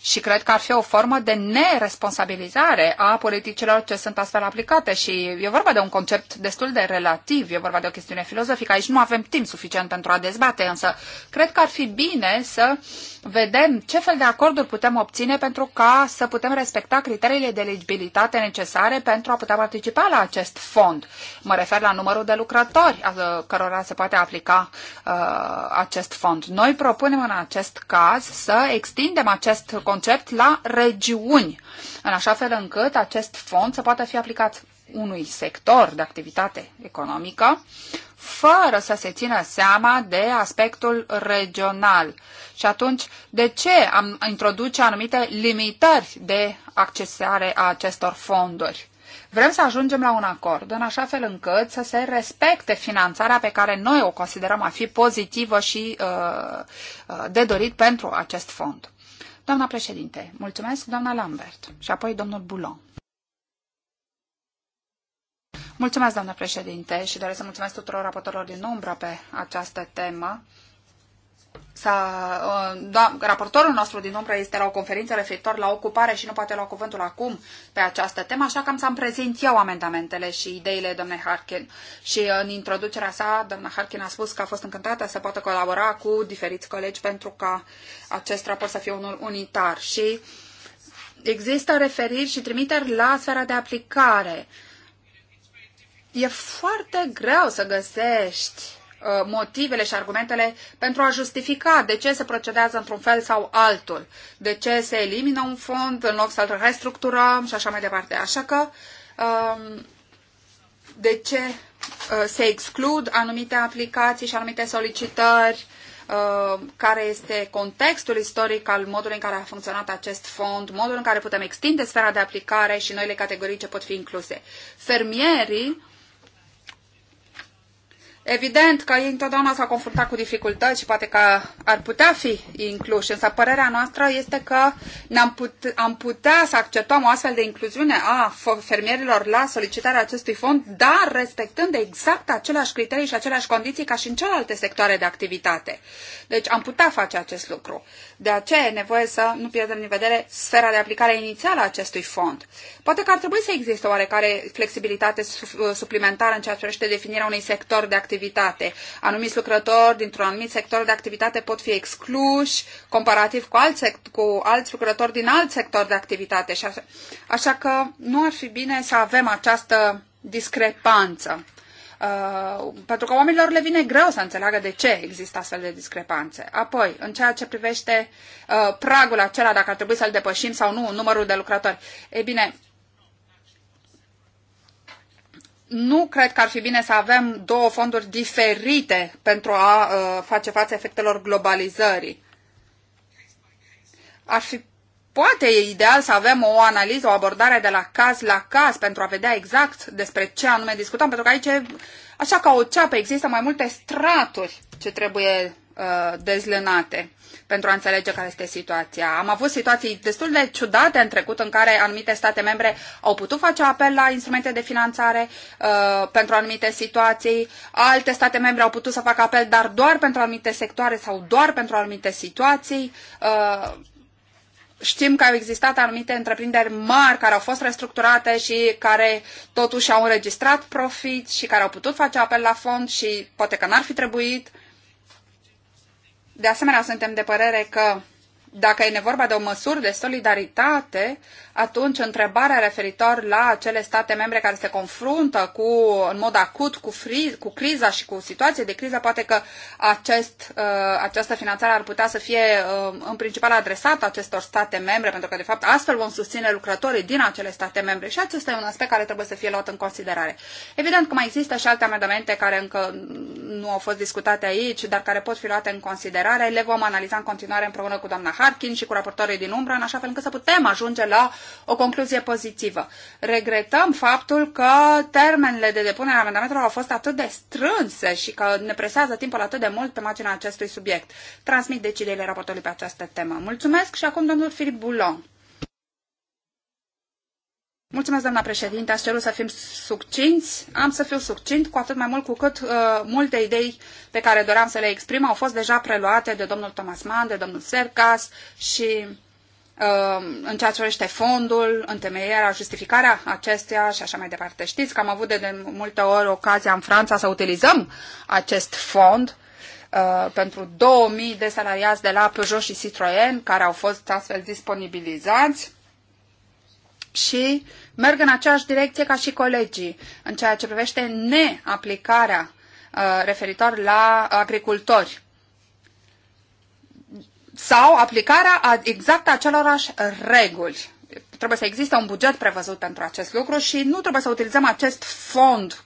și cred că ar fi o formă de neresponsabilizare a politicilor ce sunt astfel aplicate și e vorba de un concept destul de relativ, e vorba de o chestiune filozofică. Aici nu avem timp suficient pentru a dezbate, însă cred că ar fi bine să vedem ce fel de acorduri putem obține pentru ca să putem respecta criteriile de eligibilitate necesare pentru a putea participa la acest fond. Mă refer la numărul de lucrători cărora se poate aplica uh, acest fond. Noi propunem în acest caz să extindem acest concept concept la regiuni, în așa fel încât acest fond să poată fi aplicat unui sector de activitate economică, fără să se țină seama de aspectul regional. Și atunci, de ce am introduce anumite limitări de accesare a acestor fonduri? Vrem să ajungem la un acord, în așa fel încât să se respecte finanțarea pe care noi o considerăm a fi pozitivă și uh, uh de dorit pentru acest fond. Doamna președinte, mulțumesc, doamna Lambert și apoi domnul Boulon. Mulțumesc, doamna președinte, și doresc să mulțumesc tuturor raportorilor din umbră pe această temă. S-a, da, raportorul nostru din umbră este la o conferință referitor la ocupare și nu poate lua cuvântul acum pe această temă, așa că am să-mi prezint eu amendamentele și ideile domnului Harkin. Și în introducerea sa, doamna Harkin a spus că a fost încântată să poată colabora cu diferiți colegi pentru ca acest raport să fie unul unitar. Și există referiri și trimiteri la sfera de aplicare. E foarte greu să găsești Uh, motivele și argumentele pentru a justifica de ce se procedează într-un fel sau altul, de ce se elimină un fond în loc să-l restructurăm și așa mai departe. Așa că um, de ce uh, se exclud anumite aplicații și anumite solicitări, uh, care este contextul istoric al modului în care a funcționat acest fond, modul în care putem extinde sfera de aplicare și noile categorii ce pot fi incluse. Fermierii Evident că ei întotdeauna s-au confruntat cu dificultăți și poate că ar putea fi incluși, însă părerea noastră este că ne-am put- am putea să acceptăm o astfel de incluziune a fermierilor la solicitarea acestui fond, dar respectând exact aceleași criterii și aceleași condiții ca și în celelalte sectoare de activitate. Deci am putea face acest lucru. De aceea e nevoie să nu pierdem din vedere sfera de aplicare inițială a acestui fond. Poate că ar trebui să existe oarecare flexibilitate suplimentară în ceea ce privește definirea unui sector de activitate activitate. Anumiți lucrători dintr-un anumit sector de activitate pot fi excluși comparativ cu alți, cu alți lucrători din alt sector de activitate. Și așa, așa că nu ar fi bine să avem această discrepanță. Uh, pentru că oamenilor le vine greu să înțeleagă de ce există astfel de discrepanțe. Apoi, în ceea ce privește uh, pragul acela, dacă ar trebui să-l depășim sau nu, numărul de lucrători. Ei bine, nu cred că ar fi bine să avem două fonduri diferite pentru a uh, face față efectelor globalizării. Ar fi poate e ideal să avem o analiză, o abordare de la caz la caz pentru a vedea exact despre ce anume discutăm, pentru că aici, așa ca o ceapă, există mai multe straturi ce trebuie Uh, dezlânate pentru a înțelege care este situația. Am avut situații destul de ciudate în trecut în care anumite state membre au putut face apel la instrumente de finanțare uh, pentru anumite situații, alte state membre au putut să facă apel, dar doar pentru anumite sectoare sau doar pentru anumite situații. Uh, Știm că au existat anumite întreprinderi mari care au fost restructurate și care totuși au înregistrat profit și care au putut face apel la fond și poate că n-ar fi trebuit uh, de asemenea, suntem de părere că dacă e vorba de o măsură de solidaritate, atunci întrebarea referitor la acele state membre care se confruntă cu, în mod acut cu, friz, cu criza și cu situație de criză, poate că acest, uh, această finanțare ar putea să fie uh, în principal adresată acestor state membre, pentru că, de fapt, astfel vom susține lucrătorii din acele state membre și acesta e un aspect care trebuie să fie luat în considerare. Evident că mai există și alte amendamente care încă nu au fost discutate aici, dar care pot fi luate în considerare. Le vom analiza în continuare împreună cu doamna Hart Harkin și cu raportorii din umbră, în așa fel încât să putem ajunge la o concluzie pozitivă. Regretăm faptul că termenele de depunere a amendamentelor au fost atât de strânse și că ne presează timpul atât de mult pe marginea acestui subiect. Transmit deciziile raportorului pe această temă. Mulțumesc și acum domnul Filip Boulon. Mulțumesc, doamna președinte. Ați cerut să fim succinți. Am să fiu succint, cu atât mai mult cu cât uh, multe idei pe care doream să le exprim au fost deja preluate de domnul Thomas Mann, de domnul Sercas și uh, în ceea ce vrește fondul, întemeierea, justificarea acesteia și așa mai departe. Știți că am avut de, de multe ori ocazia în Franța să utilizăm acest fond uh, pentru 2000 de salariați de la Peugeot și Citroën care au fost astfel disponibilizați și merg în aceeași direcție ca și colegii în ceea ce privește neaplicarea uh, referitor la agricultori sau aplicarea exact a exact acelorași reguli. Trebuie să existe un buget prevăzut pentru acest lucru și nu trebuie să utilizăm acest fond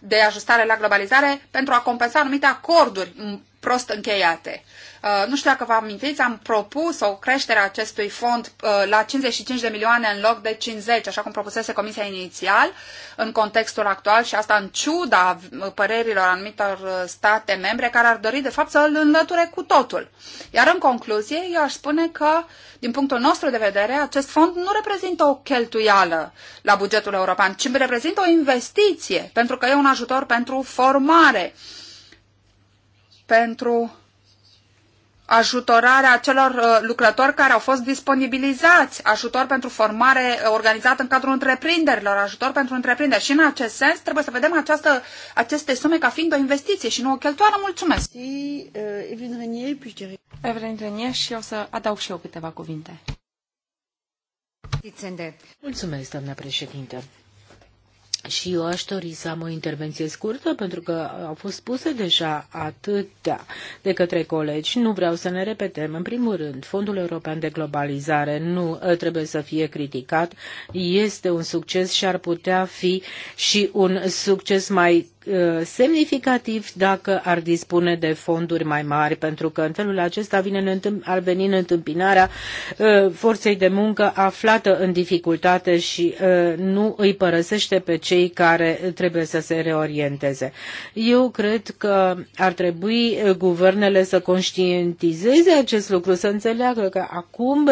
de ajustare la globalizare pentru a compensa anumite acorduri prost încheiate. Uh, nu știu dacă vă amintiți, am propus o creștere a acestui fond uh, la 55 de milioane în loc de 50, așa cum propusese Comisia inițial, în contextul actual și asta în ciuda uh, părerilor anumitor state membre care ar dori, de fapt, să îl înlăture cu totul. Iar în concluzie, eu aș spune că, din punctul nostru de vedere, acest fond nu reprezintă o cheltuială la bugetul european, ci reprezintă o investiție, pentru că e un ajutor pentru formare, pentru ajutorarea celor uh, lucrători care au fost disponibilizați, ajutor pentru formare uh, organizată în cadrul întreprinderilor, ajutor pentru întreprinderi. Și în acest sens trebuie să vedem această, aceste sume ca fiind o investiție și nu o cheltuială. Mulțumesc! Uh, Evelyn Renier și eu să adaug și eu câteva cuvinte. Mulțumesc, doamna președintă. Și eu aș dori să am o intervenție scurtă, pentru că au fost spuse deja atâtea de către colegi. Nu vreau să ne repetem. În primul rând, Fondul European de Globalizare nu ă, trebuie să fie criticat. Este un succes și ar putea fi și un succes mai Uh, semnificativ dacă ar dispune de fonduri mai mari, pentru că în felul acesta vine în ar veni în întâmpinarea uh, forței de muncă aflată în dificultate și uh, nu îi părăsește pe cei care trebuie să se reorienteze. Eu cred că ar trebui guvernele să conștientizeze acest lucru, să înțeleagă că acum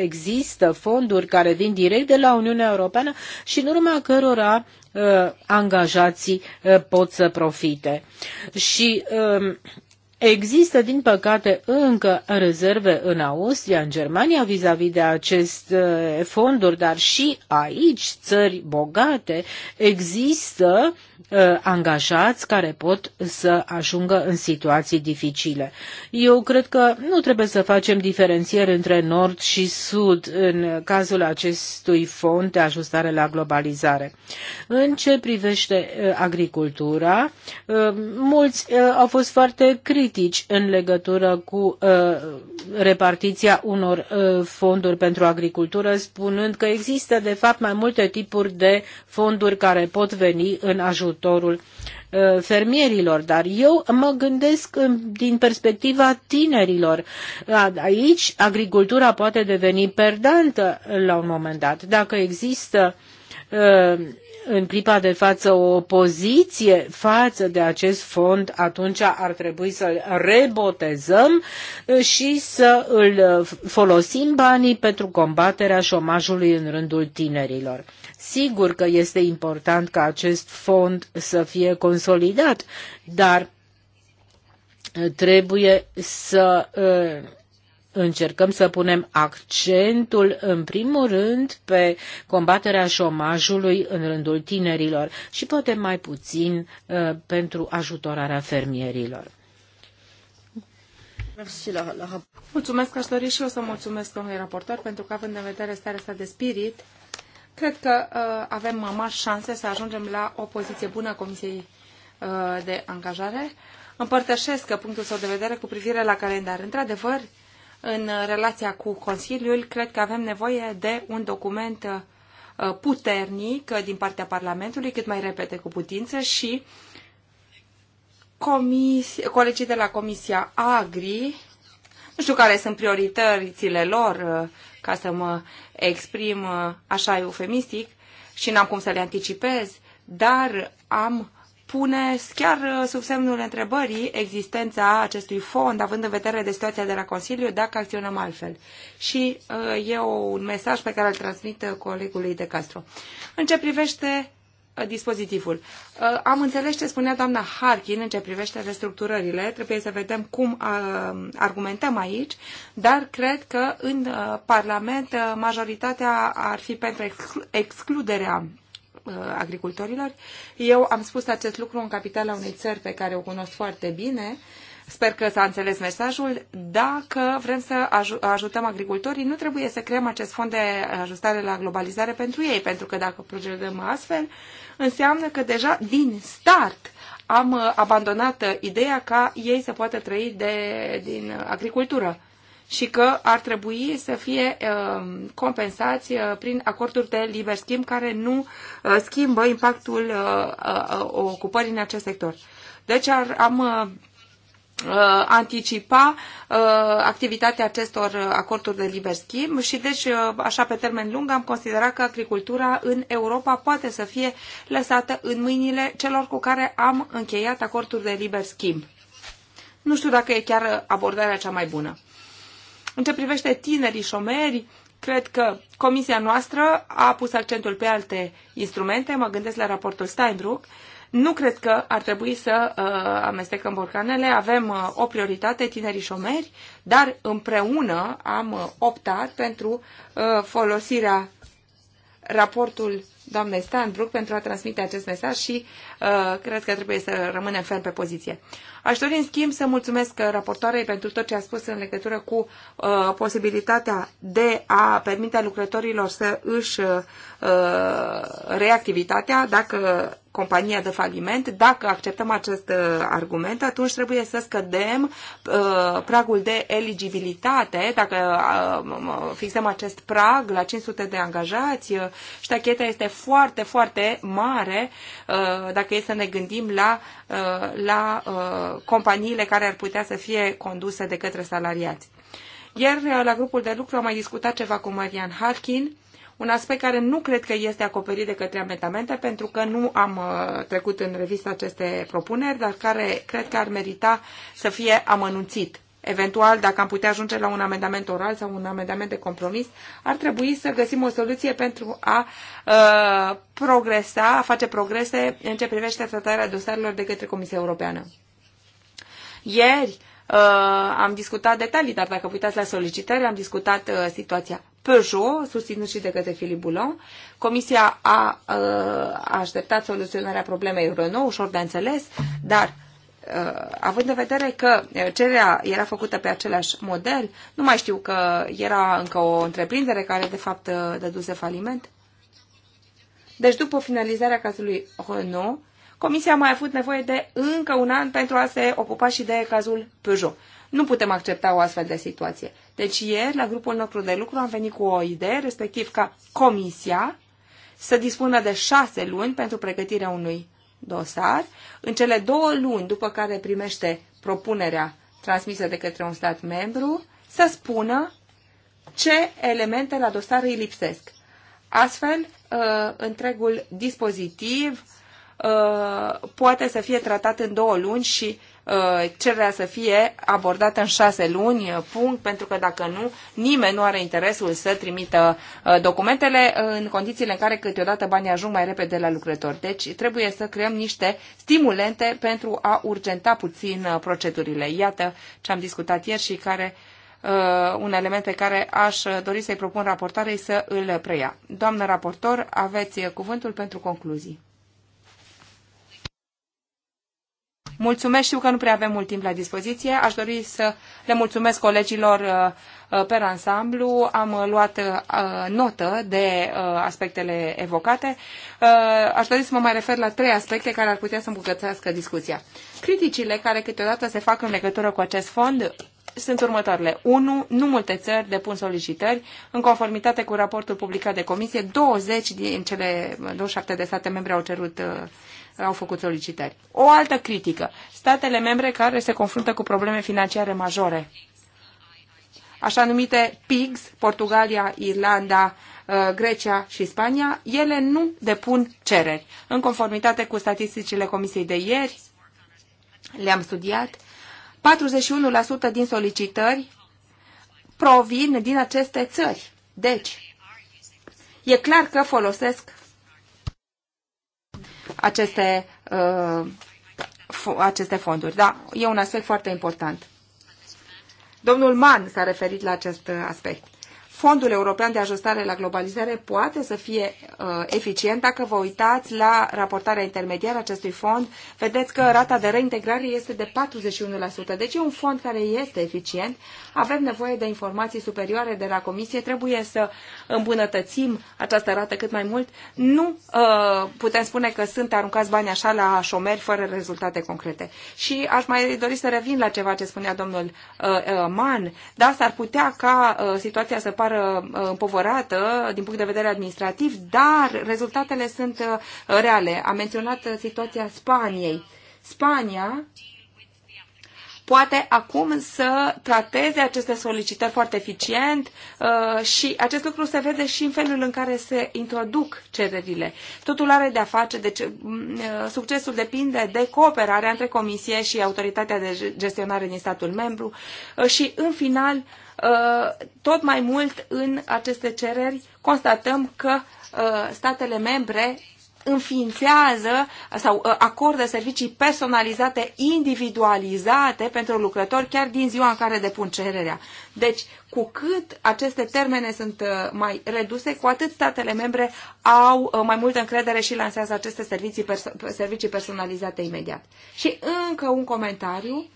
există fonduri care vin direct de la Uniunea Europeană și în urma cărora Uh, angajații uh, pot să profite. Și um, Există, din păcate, încă rezerve în Austria, în Germania, vis-a-vis -vis de aceste uh, fonduri, dar și aici, țări bogate, există Uh, angajați care pot să ajungă în situații dificile. Eu cred că nu trebuie să facem diferențieri între nord și sud în cazul acestui fond de ajustare la globalizare. În ce privește uh, agricultura, uh, mulți au fost foarte critici în legătură cu repartiția unor fonduri pentru agricultură, spunând că există de fapt mai multe tipuri de fonduri care pot veni în ajutor ajutorul uh, fermierilor, dar eu mă gândesc uh, din perspectiva tinerilor. Aici agricultura poate deveni perdantă la un moment dat. Dacă există uh, în clipa de față o opoziție față de acest fond, atunci ar trebui să-l rebotezăm uh, și să îl uh, folosim banii pentru combaterea șomajului în rândul tinerilor. Sigur că este important ca acest fond să fie consolidat, dar uh, trebuie să încercăm să punem accentul, în primul rând, pe combaterea șomajului în rândul tinerilor și poate mai puțin uh, pentru ajutorarea fermierilor. Mulțumesc, aș dori și eu să mulțumesc domnului raportor pentru că, având în vedere starea asta de spirit, cred că uh, avem mari șanse să ajungem la o poziție bună a Comisiei uh, de Angajare. Împărtășesc punctul său de vedere cu privire la calendar. Într-adevăr, în relația cu Consiliul, cred că avem nevoie de un document uh, puternic din partea Parlamentului, cât mai repede cu putință și comisi- colegii de la Comisia Agri, nu știu care sunt prioritățile lor, uh, ca să mă exprim uh, așa eufemistic, și n-am cum să le anticipez, dar am pune chiar uh, sub semnul întrebării existența acestui fond, având în vedere de situația de la Consiliu, dacă acționăm altfel. Și uh, e un mesaj pe care îl transmit uh, colegului de Castro. În ce privește dispozitivul. Am înțeles ce spunea doamna Harkin în ce privește restructurările. Trebuie să vedem cum argumentăm aici, dar cred că în Parlament majoritatea ar fi pentru excluderea Uh, agricultorilor. Eu am spus acest lucru în capitala unei țări pe care o cunosc foarte bine. Sper că s-a înțeles mesajul. Dacă vrem să aj ajutăm agricultorii, nu trebuie să creăm acest fond de ajustare la globalizare pentru ei, pentru că dacă procedăm astfel, înseamnă că deja din start am abandonat ideea ca ei să poată trăi de, din agricultură și că ar trebui să fie um, compensați uh, prin acorduri de liber schimb care nu uh, schimbă impactul uh, ocupării în acest sector. Deci ar, am anticipa activitatea acestor acorduri de liber schimb și deci, așa pe termen lung, am considerat că agricultura în Europa poate să fie lăsată în mâinile celor cu care am încheiat acorduri de liber schimb. Nu știu dacă e chiar abordarea cea mai bună. În ce privește tinerii șomeri, cred că comisia noastră a pus accentul pe alte instrumente, mă gândesc la raportul Steinbrück, nu cred că ar trebui să uh, amestecăm borcanele, avem uh, o prioritate, tinerii șomeri, dar împreună am uh, optat pentru uh, folosirea raportul doamnei Stanbrook pentru a transmite acest mesaj și uh, cred că trebuie să rămânem ferm pe poziție. Aș dori, în schimb, să mulțumesc raportoarei pentru tot ce a spus în legătură cu uh, posibilitatea de a permite lucrătorilor să își uh, reactivitatea dacă compania de faliment, dacă acceptăm acest uh, argument, atunci trebuie să scădem uh, pragul de eligibilitate, dacă uh, fixăm acest prag la 500 de angajați, uh, ștacheta este foarte, foarte mare uh, dacă e să ne gândim la, uh, la uh, companiile care ar putea să fie conduse de către salariați. Ieri, la grupul de lucru, am mai discutat ceva cu Marian Harkin, un aspect care nu cred că este acoperit de către amendamente, pentru că nu am trecut în revistă aceste propuneri, dar care cred că ar merita să fie amănunțit eventual, dacă am putea ajunge la un amendament oral sau un amendament de compromis, ar trebui să găsim o soluție pentru a uh, progresa, a face progrese în ce privește tratarea dosarelor de către Comisia Europeană. Ieri uh, am discutat detalii, dar dacă uitați la solicitări, am discutat uh, situația Peugeot, susținut și de către Philippe Boulon. Comisia a uh, așteptat soluționarea problemei Renault, ușor de înțeles, dar uh, Uh, având în vedere că uh, cererea era făcută pe același model, nu mai știu că era încă o întreprindere care de fapt uh, dăduse faliment. Deci după finalizarea cazului Renault, Comisia a mai avut nevoie de încă un an pentru a se ocupa și de cazul Peugeot. Nu putem accepta o astfel de situație. Deci ieri, la grupul nostru de lucru, am venit cu o idee, respectiv ca Comisia să dispună de șase luni pentru pregătirea unui dosar, în cele două luni după care primește propunerea transmisă de către un stat membru, să spună ce elemente la dosar îi lipsesc. Astfel, uh, întregul dispozitiv uh, poate să fie tratat în două luni și Uh, cererea să fie abordată în șase luni, uh, punct, pentru că dacă nu, nimeni nu are interesul să trimită uh, documentele în condițiile în care câteodată banii ajung mai repede la lucrători. Deci trebuie să creăm niște stimulente pentru a urgenta puțin procedurile. Iată ce am discutat ieri și care un element pe care aș dori să-i propun raportarei să îl preia. Doamnă raportor, aveți cuvântul pentru concluzii. Mulțumesc, știu că nu prea avem mult timp la dispoziție. Aș dori să le mulțumesc colegilor uh, uh, pe ansamblu. Am uh, luat notă de aspectele evocate. Aș dori să mă mai refer la trei aspecte care ar putea să îmbucățească discuția. Criticile care câteodată se fac în legătură cu acest fond sunt următoarele. 1. Nu multe țări depun solicitări. În conformitate cu raportul publicat de comisie, 20 din cele 27 de state membre au cerut au făcut solicitări. O altă critică. Statele membre care se confruntă cu probleme financiare majore. Așa numite PIGS, Portugalia, Irlanda, uh, Grecia și Spania, ele nu depun cereri. În conformitate cu statisticile Comisiei de ieri, le-am studiat, 41% din solicitări provin din aceste țări. Deci, e clar că folosesc aceste, uh, aceste fonduri. Da, e un aspect foarte important. Domnul Mann s-a referit la acest aspect. Fondul European de Ajustare la Globalizare poate să fie uh, eficient. Dacă vă uitați la raportarea intermediară acestui fond, vedeți că rata de reintegrare este de 41%. Deci e un fond care este eficient. Avem nevoie de informații superioare de la Comisie. Trebuie să îmbunătățim această rată cât mai mult. Nu uh, putem spune că sunt aruncați bani așa la șomeri fără rezultate concrete. Și aș mai dori să revin la ceva ce spunea domnul uh, uh, Man. Da, s-ar putea ca uh, situația să pară țară uh, împovărată din punct de vedere administrativ, dar rezultatele sunt uh, reale. Am menționat uh, situația Spaniei. Spania poate acum să trateze aceste solicitări foarte eficient și acest lucru se vede și în felul în care se introduc cererile. Totul are de-a face, deci succesul depinde de cooperarea între Comisie și Autoritatea de Gestionare din statul membru și, în final, Uh, tot mai mult în aceste cereri constatăm că uh, statele membre înființează sau uh, acordă servicii personalizate, individualizate pentru lucrători chiar din ziua în care depun cererea. Deci, cu cât aceste termene sunt mai reduse, cu atât statele membre au mai multă încredere și lansează aceste servicii, perso- servicii personalizate imediat. Și încă un comentariu.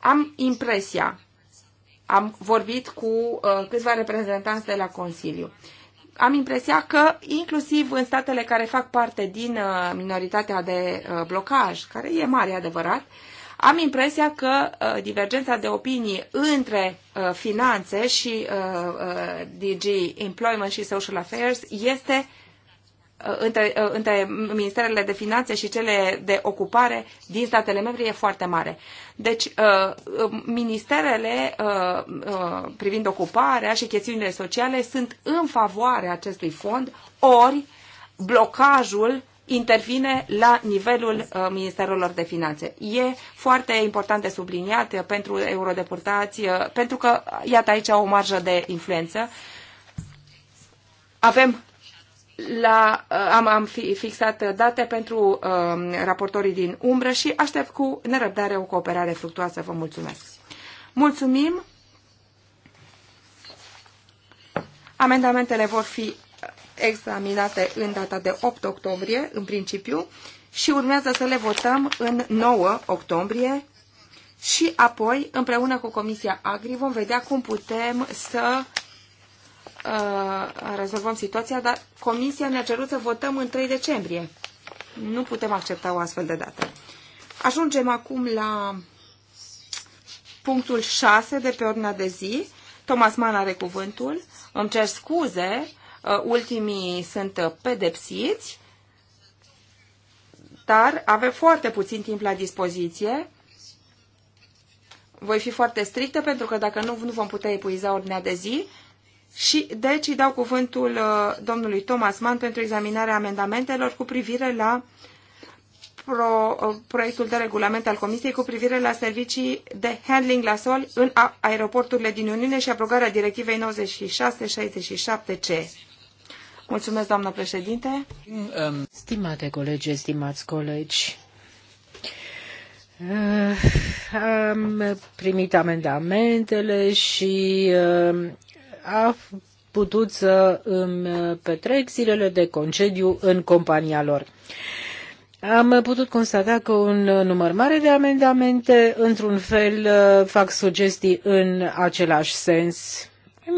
Am impresia am vorbit cu uh, câțiva reprezentanți de la Consiliu. Am impresia că, inclusiv în statele care fac parte din uh, minoritatea de uh, blocaj, care e mare adevărat, am impresia că uh, divergența de opinii între uh, finanțe și uh, DG Employment și Social Affairs este între, uh, între ministerele de finanțe și cele de ocupare din statele membre e foarte mare. Deci, uh, uh, ministerele privind ocuparea și chestiunile sociale sunt în favoarea acestui fond, ori blocajul intervine la nivelul Ministerelor de Finanțe. E foarte important de subliniat pentru eurodeputați, pentru că, iată aici, o marjă de influență. Avem la, uh, am, am fi fixat date pentru uh, raportorii din umbră și aștept cu nerăbdare o cooperare fructuoasă. Vă mulțumesc! Mulțumim! Amendamentele vor fi examinate în data de 8 octombrie, în principiu, și urmează să le votăm în 9 octombrie și apoi, împreună cu Comisia Agri, vom vedea cum putem să Uh, rezolvăm situația, dar Comisia ne-a cerut să votăm în 3 decembrie. Nu putem accepta o astfel de dată. Ajungem acum la punctul 6 de pe ordinea de zi. Thomas Mann are cuvântul. Îmi cer scuze, uh, ultimii sunt pedepsiți, dar avem foarte puțin timp la dispoziție. Voi fi foarte strictă pentru că dacă nu, nu vom putea epuiza ordinea de zi. Și deci îi dau cuvântul uh, domnului Thomas Mann pentru examinarea amendamentelor cu privire la pro, uh, proiectul de regulament al Comisiei cu privire la servicii de handling la sol în aeroporturile din Uniune și aprobarea directivei 96-67C. Mulțumesc, doamnă președinte. Um, Stimate colegi, stimați colegi, uh, am primit amendamentele și a putut să îmi petrec zilele de concediu în compania lor. Am putut constata că un număr mare de amendamente, într-un fel, fac sugestii în același sens.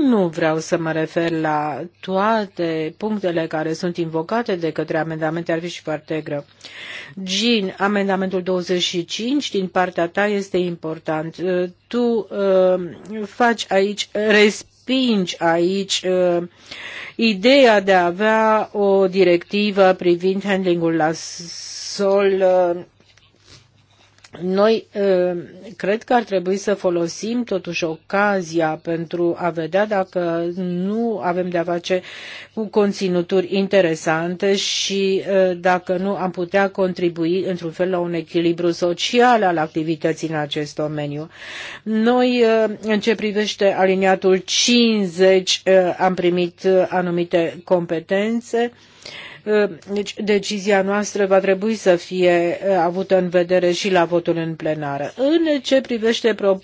Nu vreau să mă refer la toate punctele care sunt invocate de către amendamente, ar fi și foarte greu. Gin, amendamentul 25 din partea ta este important. Tu uh, faci aici, resp- respingi aici uh, ideea de a avea o directivă privind handlingul la sol uh, noi cred că ar trebui să folosim totuși ocazia pentru a vedea dacă nu avem de-a face cu conținuturi interesante și dacă nu am putea contribui într-un fel la un echilibru social al activității în acest domeniu. Noi, în ce privește aliniatul 50, am primit anumite competențe Ă, deci, decizia noastră va trebui să fie ă, avută în vedere și la votul în plenară. În ce privește pro ă,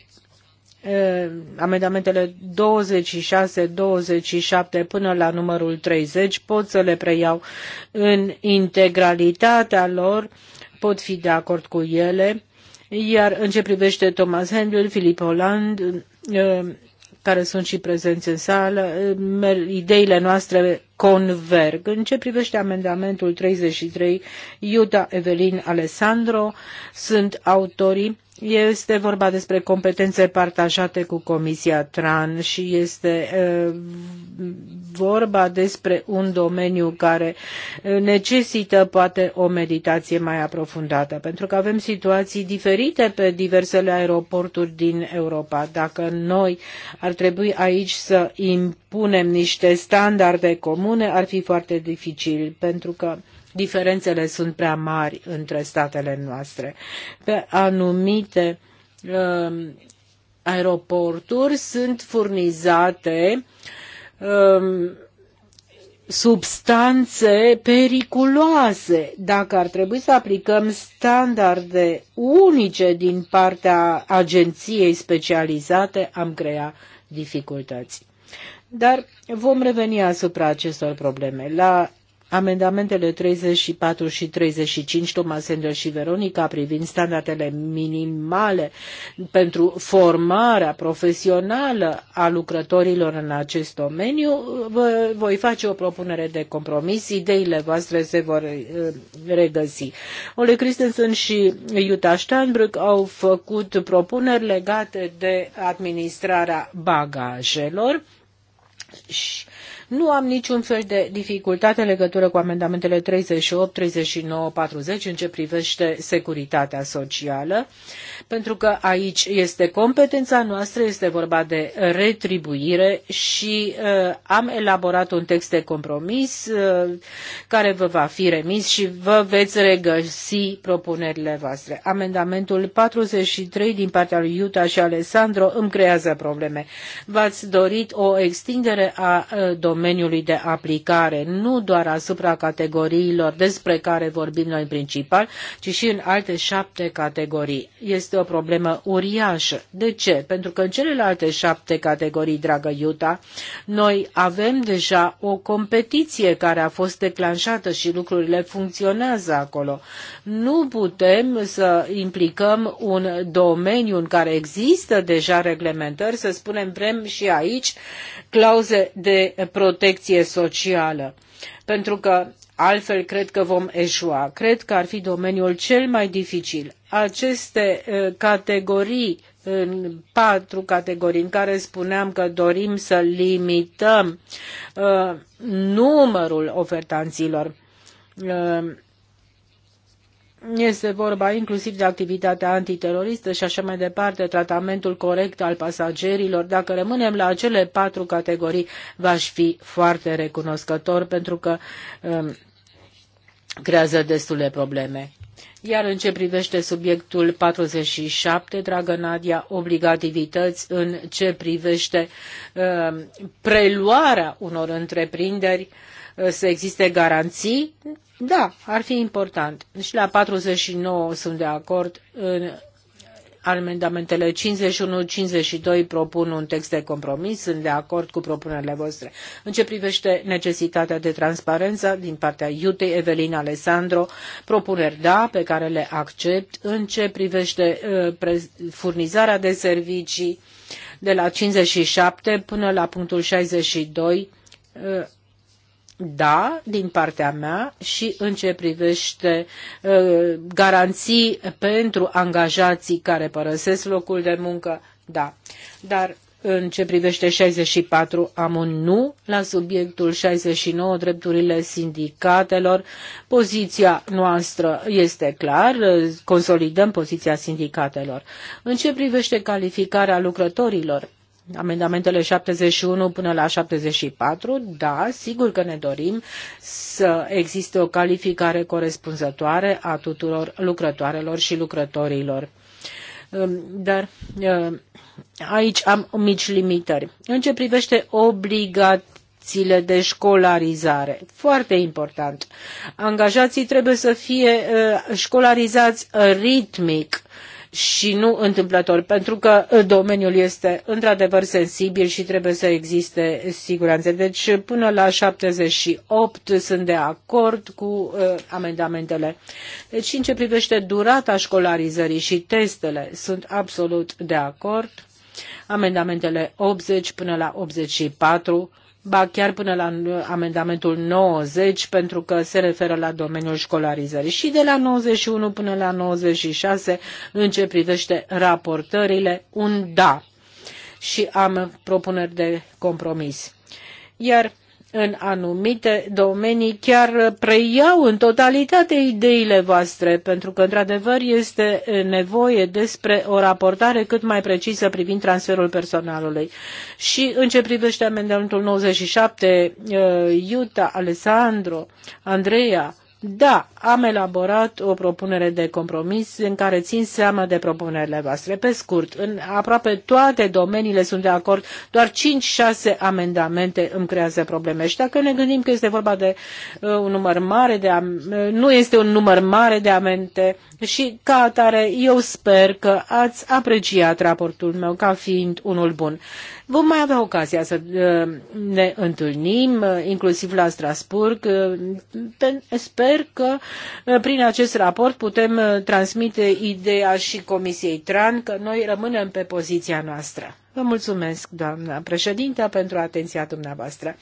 amendamentele 26, 27 până la numărul 30 pot să le preiau în integralitatea lor, pot fi de acord cu ele, iar în ce privește Thomas Handel, Filip Holland, care sunt și prezenți în sală, ideile noastre converg. În ce privește amendamentul 33, Iuda Evelin Alessandro sunt autorii este vorba despre competențe partajate cu Comisia TRAN și este vorba despre un domeniu care necesită poate o meditație mai aprofundată, pentru că avem situații diferite pe diversele aeroporturi din Europa. Dacă noi ar trebui aici să impunem niște standarde comune, ar fi foarte dificil, pentru că diferențele sunt prea mari între statele noastre. Pe anumite uh, aeroporturi sunt furnizate uh, substanțe periculoase. Dacă ar trebui să aplicăm standarde unice din partea agenției specializate, am crea dificultăți. Dar vom reveni asupra acestor probleme. La Amendamentele 34 și 35, Thomas Hendel și Veronica, privind standardele minimale pentru formarea profesională a lucrătorilor în acest domeniu, vă voi face o propunere de compromis. Ideile voastre se vor uh, regăsi. Ole Christensen și Jutta Steinbrück au făcut propuneri legate de administrarea bagajelor și nu am niciun fel de dificultate în legătură cu amendamentele 38, 39, 40 în ce privește securitatea socială pentru că aici este competența noastră, este vorba de retribuire și uh, am elaborat un text de compromis uh, care vă va fi remis și vă veți regăsi propunerile voastre. Amendamentul 43 din partea lui Iuta și Alessandro îmi creează probleme. V-ați dorit o extindere a uh, domeniului de aplicare, nu doar asupra categoriilor despre care vorbim noi în principal, ci și în alte șapte categorii. Este o problemă uriașă. De ce? Pentru că în celelalte șapte categorii, dragă Iuta, noi avem deja o competiție care a fost declanșată și lucrurile funcționează acolo. Nu putem să implicăm un domeniu în care există deja reglementări, să spunem vrem și aici clauze de protecție socială. Pentru că Altfel, cred că vom eșua. Cred că ar fi domeniul cel mai dificil. Aceste categorii, în patru categorii în care spuneam că dorim să limităm numărul ofertanților, este vorba inclusiv de activitatea antiteroristă și așa mai departe, tratamentul corect al pasagerilor. Dacă rămânem la acele patru categorii, v-aș fi foarte recunoscător pentru că creează destule probleme. Iar în ce privește subiectul 47, dragă Nadia, obligativități în ce privește uh, preluarea unor întreprinderi, uh, să existe garanții, da, ar fi important. Și la 49 sunt de acord în amendamentele 51-52 propun un text de compromis, sunt de acord cu propunerile voastre. În ce privește necesitatea de transparență din partea Iutei, Evelin Alessandro, propuneri da, pe care le accept. În ce privește uh, furnizarea de servicii de la 57 până la punctul 62, doi uh, da din partea mea și în ce privește uh, garanții pentru angajații care părăsesc locul de muncă, da. Dar în ce privește 64 am un nu la subiectul 69 drepturile sindicatelor. Poziția noastră este clar, consolidăm poziția sindicatelor. În ce privește calificarea lucrătorilor, amendamentele 71 până la 74, da, sigur că ne dorim să existe o calificare corespunzătoare a tuturor lucrătoarelor și lucrătorilor. Dar aici am mici limitări. În ce privește obligat de școlarizare. Foarte important. Angajații trebuie să fie școlarizați ritmic și nu întâmplător, pentru că uh, domeniul este într-adevăr sensibil și trebuie să existe siguranțe. Deci până la 78 sunt de acord cu uh, amendamentele. Deci și în ce privește durata școlarizării și testele, sunt absolut de acord. Amendamentele 80 până la 84 ba chiar până la uh, amendamentul 90, pentru că se referă la domeniul școlarizării. Și de la 91 până la 96, în ce privește raportările, un da. Și am propuneri de compromis. Iar în anumite domenii chiar preiau în totalitate ideile voastre, pentru că, într-adevăr, este nevoie despre o raportare cât mai precisă privind transferul personalului. Și în ce privește amendamentul 97, eh, Iuta, Alessandro, Andreea, da, am elaborat o propunere de compromis în care țin seama de propunerile voastre. Pe scurt, în aproape toate domeniile sunt de acord, doar 5-6 amendamente îmi creează probleme. Și dacă ne gândim că este vorba de uh, un număr mare de am- uh, nu este un număr mare de amende și ca atare eu sper că ați apreciat raportul meu ca fiind unul bun. Vom mai avea ocazia să uh, ne întâlnim, uh, inclusiv la Strasburg. Uh, sper că prin acest raport putem transmite ideea și Comisiei TRAN că noi rămânem pe poziția noastră. Vă mulțumesc, doamna președintă, pentru atenția dumneavoastră.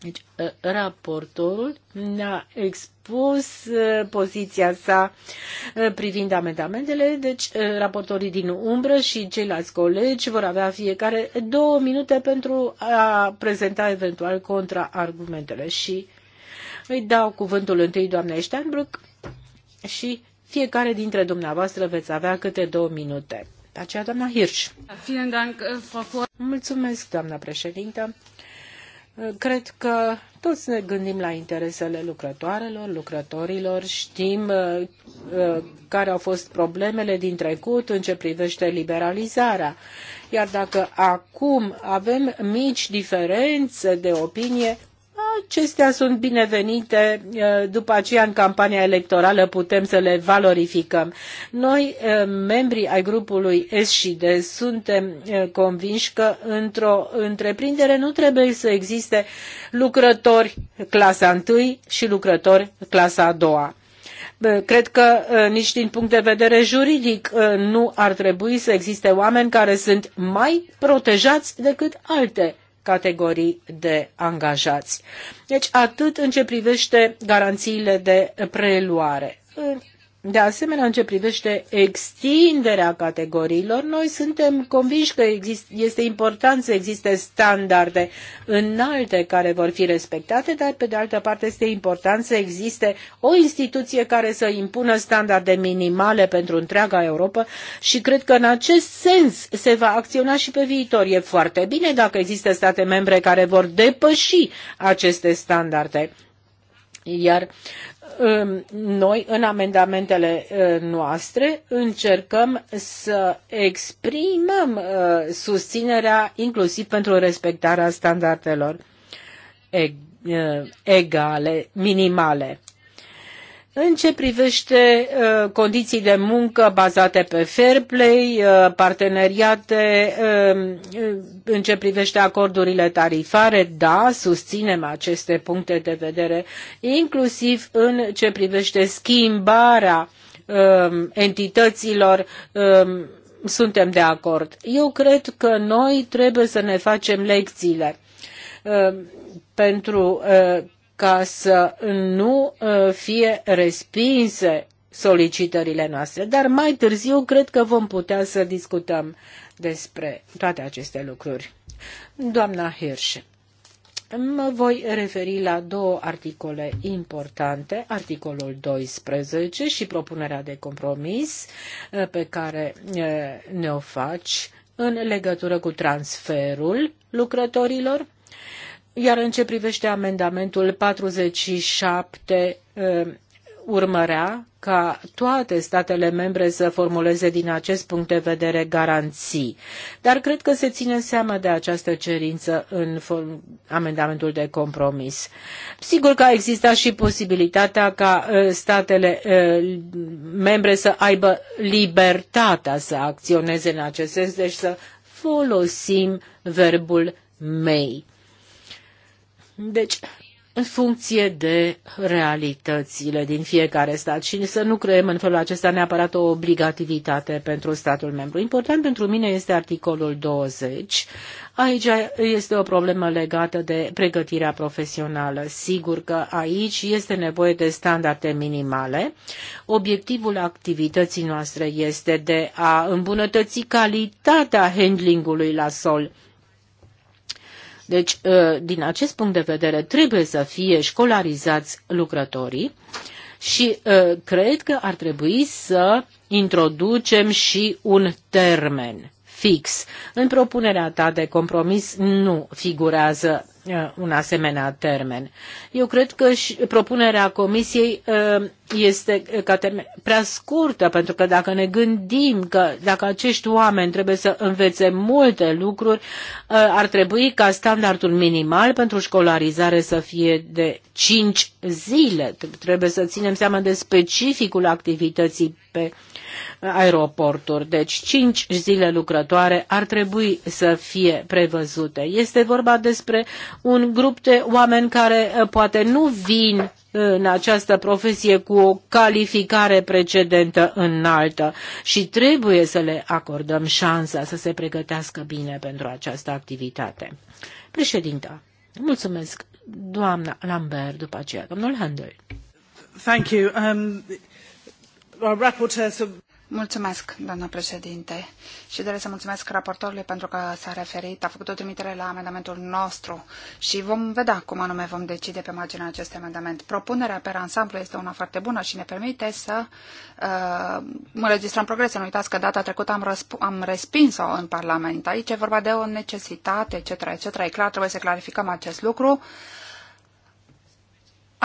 Deci, raportorul ne-a expus expus uh, poziția sa uh, privind amendamentele, deci uh, raportorii din umbră și ceilalți colegi vor avea fiecare două minute pentru a prezenta eventual contraargumentele și îi dau cuvântul întâi doamnei Steinbrück și fiecare dintre dumneavoastră veți avea câte două minute. Pe aceea, doamna Hirsch. Äh, Mulțumesc, doamna președintă. Cred că toți ne gândim la interesele lucrătoarelor, lucrătorilor, știm uh, uh, care au fost problemele din trecut în ce privește liberalizarea. Iar dacă acum avem mici diferențe de opinie, Acestea sunt binevenite, după aceea în campania electorală putem să le valorificăm. Noi, membrii ai grupului S și D, suntem convinși că într-o întreprindere nu trebuie să existe lucrători clasa 1 și lucrători clasa a doua. Cred că nici din punct de vedere juridic nu ar trebui să existe oameni care sunt mai protejați decât alte categorii de angajați. Deci atât în ce privește garanțiile de preluare. De asemenea, în ce privește extinderea categoriilor, noi suntem convinși că exist, este important să existe standarde înalte care vor fi respectate, dar pe de altă parte este important să existe o instituție care să impună standarde minimale pentru întreaga Europa și cred că în acest sens se va acționa și pe viitor. E foarte bine dacă există state membre care vor depăși aceste standarde. Iar noi, în amendamentele noastre, încercăm să exprimăm susținerea inclusiv pentru respectarea standardelor egale, minimale. În ce privește uh, condiții de muncă bazate pe fair play, uh, parteneriate, uh, în ce privește acordurile tarifare, da, susținem aceste puncte de vedere, inclusiv în ce privește schimbarea um, entităților um, suntem de acord. Eu cred că noi trebuie să ne facem lecțiile pentru uh, ca să nu uh, fie respinse solicitările noastre. Dar mai târziu cred că vom putea să discutăm despre toate aceste lucruri. Doamna Hirsch, mă voi referi la două articole importante, articolul 12 și propunerea de compromis uh, pe care uh, ne-o faci în legătură cu transferul lucrătorilor iar în ce privește amendamentul 47, urmărea ca toate statele membre să formuleze din acest punct de vedere garanții. Dar cred că se ține seama de această cerință în amendamentul de compromis. Sigur că a existat și posibilitatea ca statele membre să aibă libertatea să acționeze în acest sens, deci să folosim verbul mei. Deci, în funcție de realitățile din fiecare stat și să nu creăm în felul acesta neapărat o obligativitate pentru statul membru. Important pentru mine este articolul 20. Aici este o problemă legată de pregătirea profesională. Sigur că aici este nevoie de standarde minimale. Obiectivul activității noastre este de a îmbunătăți calitatea handlingului la sol deci, ă, din acest punct de vedere, trebuie să fie școlarizați lucrătorii și ă, cred că ar trebui să introducem și un termen fix. În propunerea ta de compromis nu figurează ă, un asemenea termen. Eu cred că și propunerea Comisiei este ca termen prea scurtă, pentru că dacă ne gândim că dacă acești oameni trebuie să învețe multe lucruri, ar trebui ca standardul minimal pentru școlarizare să fie de 5 zile. Trebuie să ținem seama de specificul activității pe aeroporturi. Deci 5 zile lucrătoare ar trebui să fie prevăzute. Este vorba despre un grup de oameni care poate nu vin în această profesie cu o calificare precedentă înaltă și trebuie să le acordăm șansa să se pregătească bine pentru această activitate. Președinta, mulțumesc, doamna Lambert, după aceea, domnul Handel. Thank you. Um, our Mulțumesc, doamnă președinte, și doresc să mulțumesc raportorului pentru că s-a referit, a făcut o trimitere la amendamentul nostru și vom vedea cum anume vom decide pe marginea acestui amendament. Propunerea pe ansamblu este una foarte bună și ne permite să uh, înregistrăm progrese. Nu uitați că data trecută am, am respins-o în Parlament. Aici e vorba de o necesitate, etc., etc. E clar, trebuie să clarificăm acest lucru. Uh,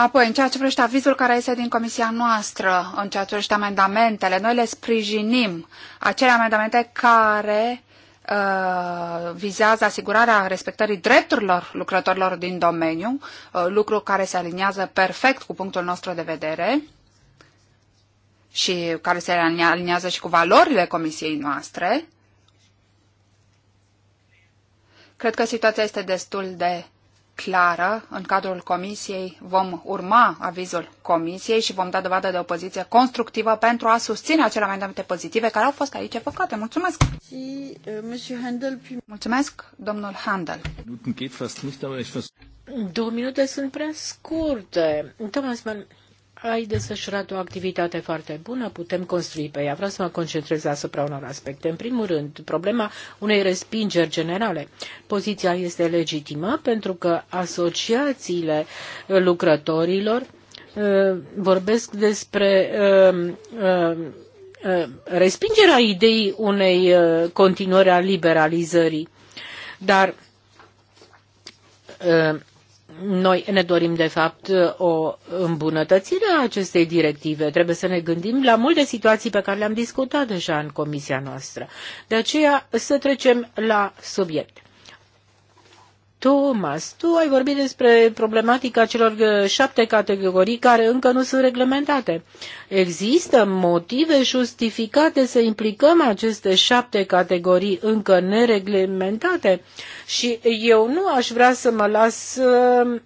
Apoi, în ceea ce privește avizul care este din comisia noastră, în ceea ce privește amendamentele, noi le sprijinim acele amendamente care uh, vizează asigurarea respectării drepturilor lucrătorilor din domeniu, uh, lucru care se aliniază perfect cu punctul nostru de vedere și care se aliniază și cu valorile comisiei noastre. Cred că situația este destul de clară în cadrul comisiei. Vom urma avizul comisiei și vom da dovadă de o poziție constructivă pentru a susține acele amendamente pozitive care au fost aici făcute. Mulțumesc! Uh, Mulțumesc, domnul Handel. Două minute sunt prea scurte. Thomas ai desfășurat o activitate foarte bună, putem construi pe ea. Vreau să mă concentrez asupra unor aspecte. În primul rând, problema unei respingeri generale. Poziția este legitimă pentru că asociațiile lucrătorilor uh, vorbesc despre uh, uh, uh respingerea ideii unei uh, continuări a liberalizării. Dar uh, noi ne dorim, de fapt, o îmbunătățire a acestei directive. Trebuie să ne gândim la multe situații pe care le-am discutat deja în comisia noastră. De aceea să trecem la subiect. Thomas, tu ai vorbit despre problematica celor uh, șapte categorii care încă nu sunt reglementate. Există motive justificate să implicăm aceste șapte categorii încă nereglementate și eu nu aș vrea să mă las uh,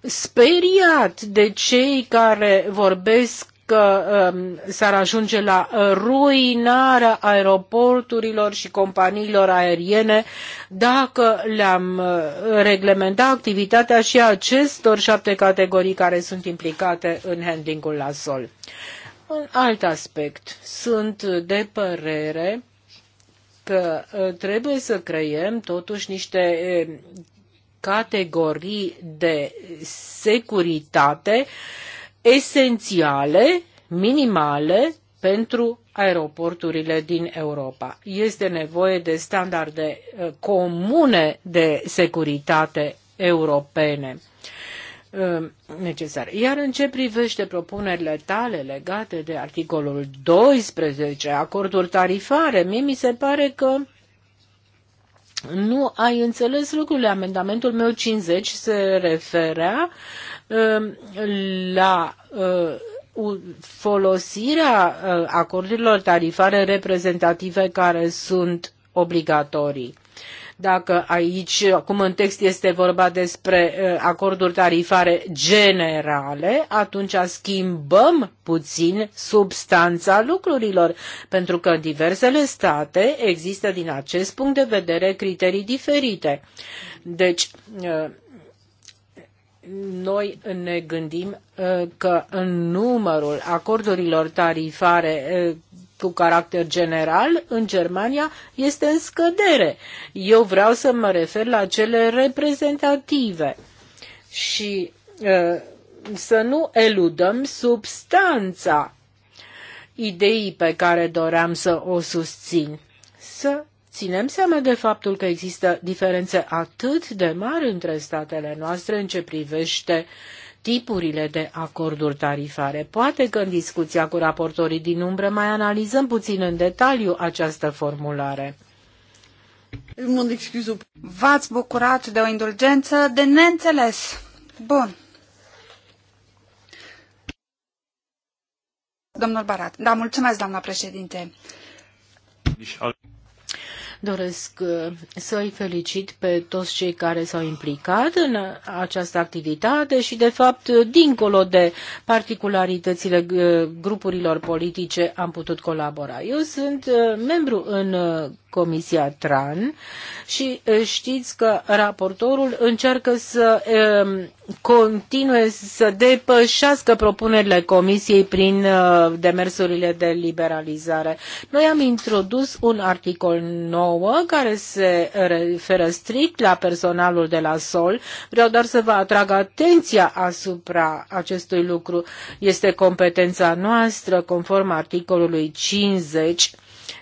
speriat de cei care vorbesc că um, s-ar ajunge la uh, ruinarea aeroporturilor și companiilor aeriene dacă le-am uh, reglementa activitatea și acestor șapte categorii care sunt implicate în handlingul la sol. Un alt aspect. Sunt de părere că uh, trebuie să creăm totuși niște um, categorii de securitate uh, esențiale, minimale, pentru aeroporturile din Europa. Este nevoie de standarde eh, comune de securitate europene eh, necesar. Iar în ce privește propunerile tale legate de articolul 12, acordul tarifare, mie mi se pare că nu ai înțeles lucrurile. Amendamentul meu 50 se referea Ehm, la eh, folosirea eh, acordurilor tarifare reprezentative care sunt obligatorii. Dacă aici, acum în text este vorba despre eh, acorduri tarifare generale, atunci schimbăm puțin substanța lucrurilor, pentru că în diversele state există din acest punct de vedere criterii diferite. Deci, noi ne gândim uh, că în numărul acordurilor tarifare uh, cu caracter general în Germania este în scădere. Eu vreau să mă refer la cele reprezentative și uh, să nu eludăm substanța ideii pe care doream să o susțin. Să ținem seama de faptul că există diferențe atât de mari între statele noastre în ce privește tipurile de acorduri tarifare. Poate că în discuția cu raportorii din umbră mai analizăm puțin în detaliu această formulare. V-ați bucurat de o indulgență de neînțeles. Bun. Domnul Barat. Da, mulțumesc, doamna președinte. Doresc uh, să-i felicit pe toți cei care s-au implicat în această activitate și, de fapt, dincolo de particularitățile uh, grupurilor politice, am putut colabora. Eu sunt uh, membru în Comisia TRAN și știți că raportorul încearcă să continue să depășească propunerile Comisiei prin demersurile de liberalizare. Noi am introdus un articol 9 care se referă strict la personalul de la sol. Vreau doar să vă atrag atenția asupra acestui lucru. Este competența noastră conform articolului 50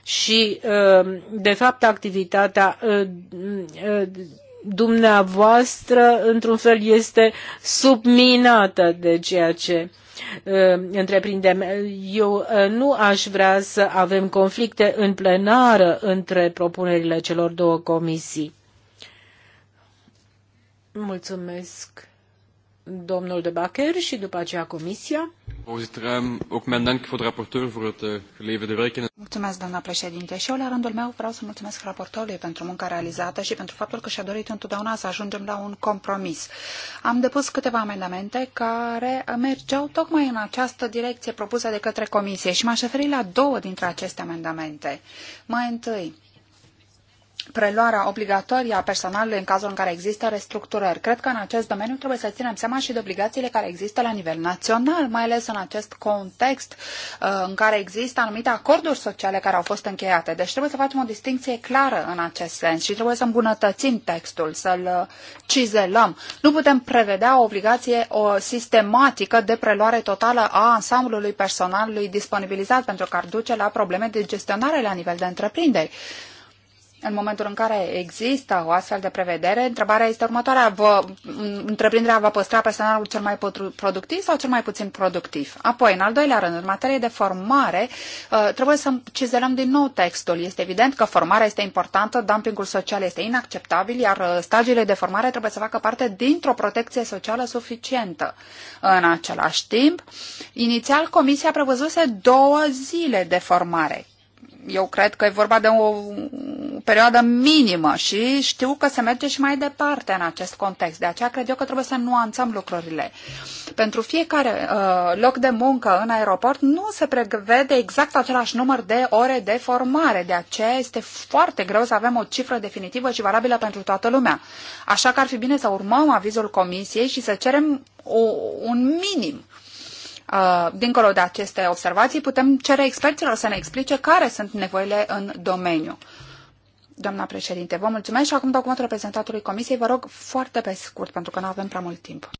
și, uh, de fapt, activitatea uh, uh, dumneavoastră, într-un fel, este subminată de ceea ce întreprindem. Eu nu aș vrea să avem conflicte în plenară între propunerile celor două comisii. Mulțumesc domnul de Bacher și după aceea comisia. Mulțumesc, doamna președinte. Și eu, la rândul meu, vreau să mulțumesc raportorului pentru munca realizată și pentru faptul că și-a dorit întotdeauna să ajungem la un compromis. Am depus câteva amendamente care mergeau tocmai în această direcție propusă de către Comisie și m-aș referi la două dintre aceste amendamente. Mai întâi, preluarea obligatorie a personalului în cazul în care există restructurări. Cred că în acest domeniu trebuie să ținem seama și de obligațiile care există la nivel național, mai ales în acest context uh, în care există anumite acorduri sociale care au fost încheiate. Deci trebuie să facem o distinție clară în acest sens și trebuie să îmbunătățim textul, să-l uh, cizelăm. Nu putem prevedea o obligație o sistematică de preluare totală a ansamblului personalului disponibilizat pentru că ar duce la probleme de gestionare la nivel de întreprinderi în momentul în care există o astfel de prevedere, întrebarea este următoarea. Vă, întreprinderea va păstra personalul cel mai productiv sau cel mai puțin productiv? Apoi, în al doilea rând, în materie de formare, uh, trebuie să cizelăm din nou textul. Este evident că formarea este importantă, dumpingul social este inacceptabil, iar uh, stagiile de formare trebuie să facă parte dintr-o protecție socială suficientă. În același timp, inițial, Comisia prevăzuse două zile de formare eu cred că e vorba de o perioadă minimă și știu că se merge și mai departe în acest context. De aceea cred eu că trebuie să nuanțăm lucrurile. Pentru fiecare uh, loc de muncă în aeroport nu se prevede exact același număr de ore de formare. De aceea este foarte greu să avem o cifră definitivă și valabilă pentru toată lumea. Așa că ar fi bine să urmăm avizul comisiei și să cerem o, un minim uh, Uh, dincolo de aceste observații, putem cere experților să ne explice care sunt nevoile în domeniu. Doamna președinte, vă mulțumesc și acum dau cuvântul reprezentantului Comisiei. Vă rog foarte pe scurt, pentru că nu avem prea mult timp.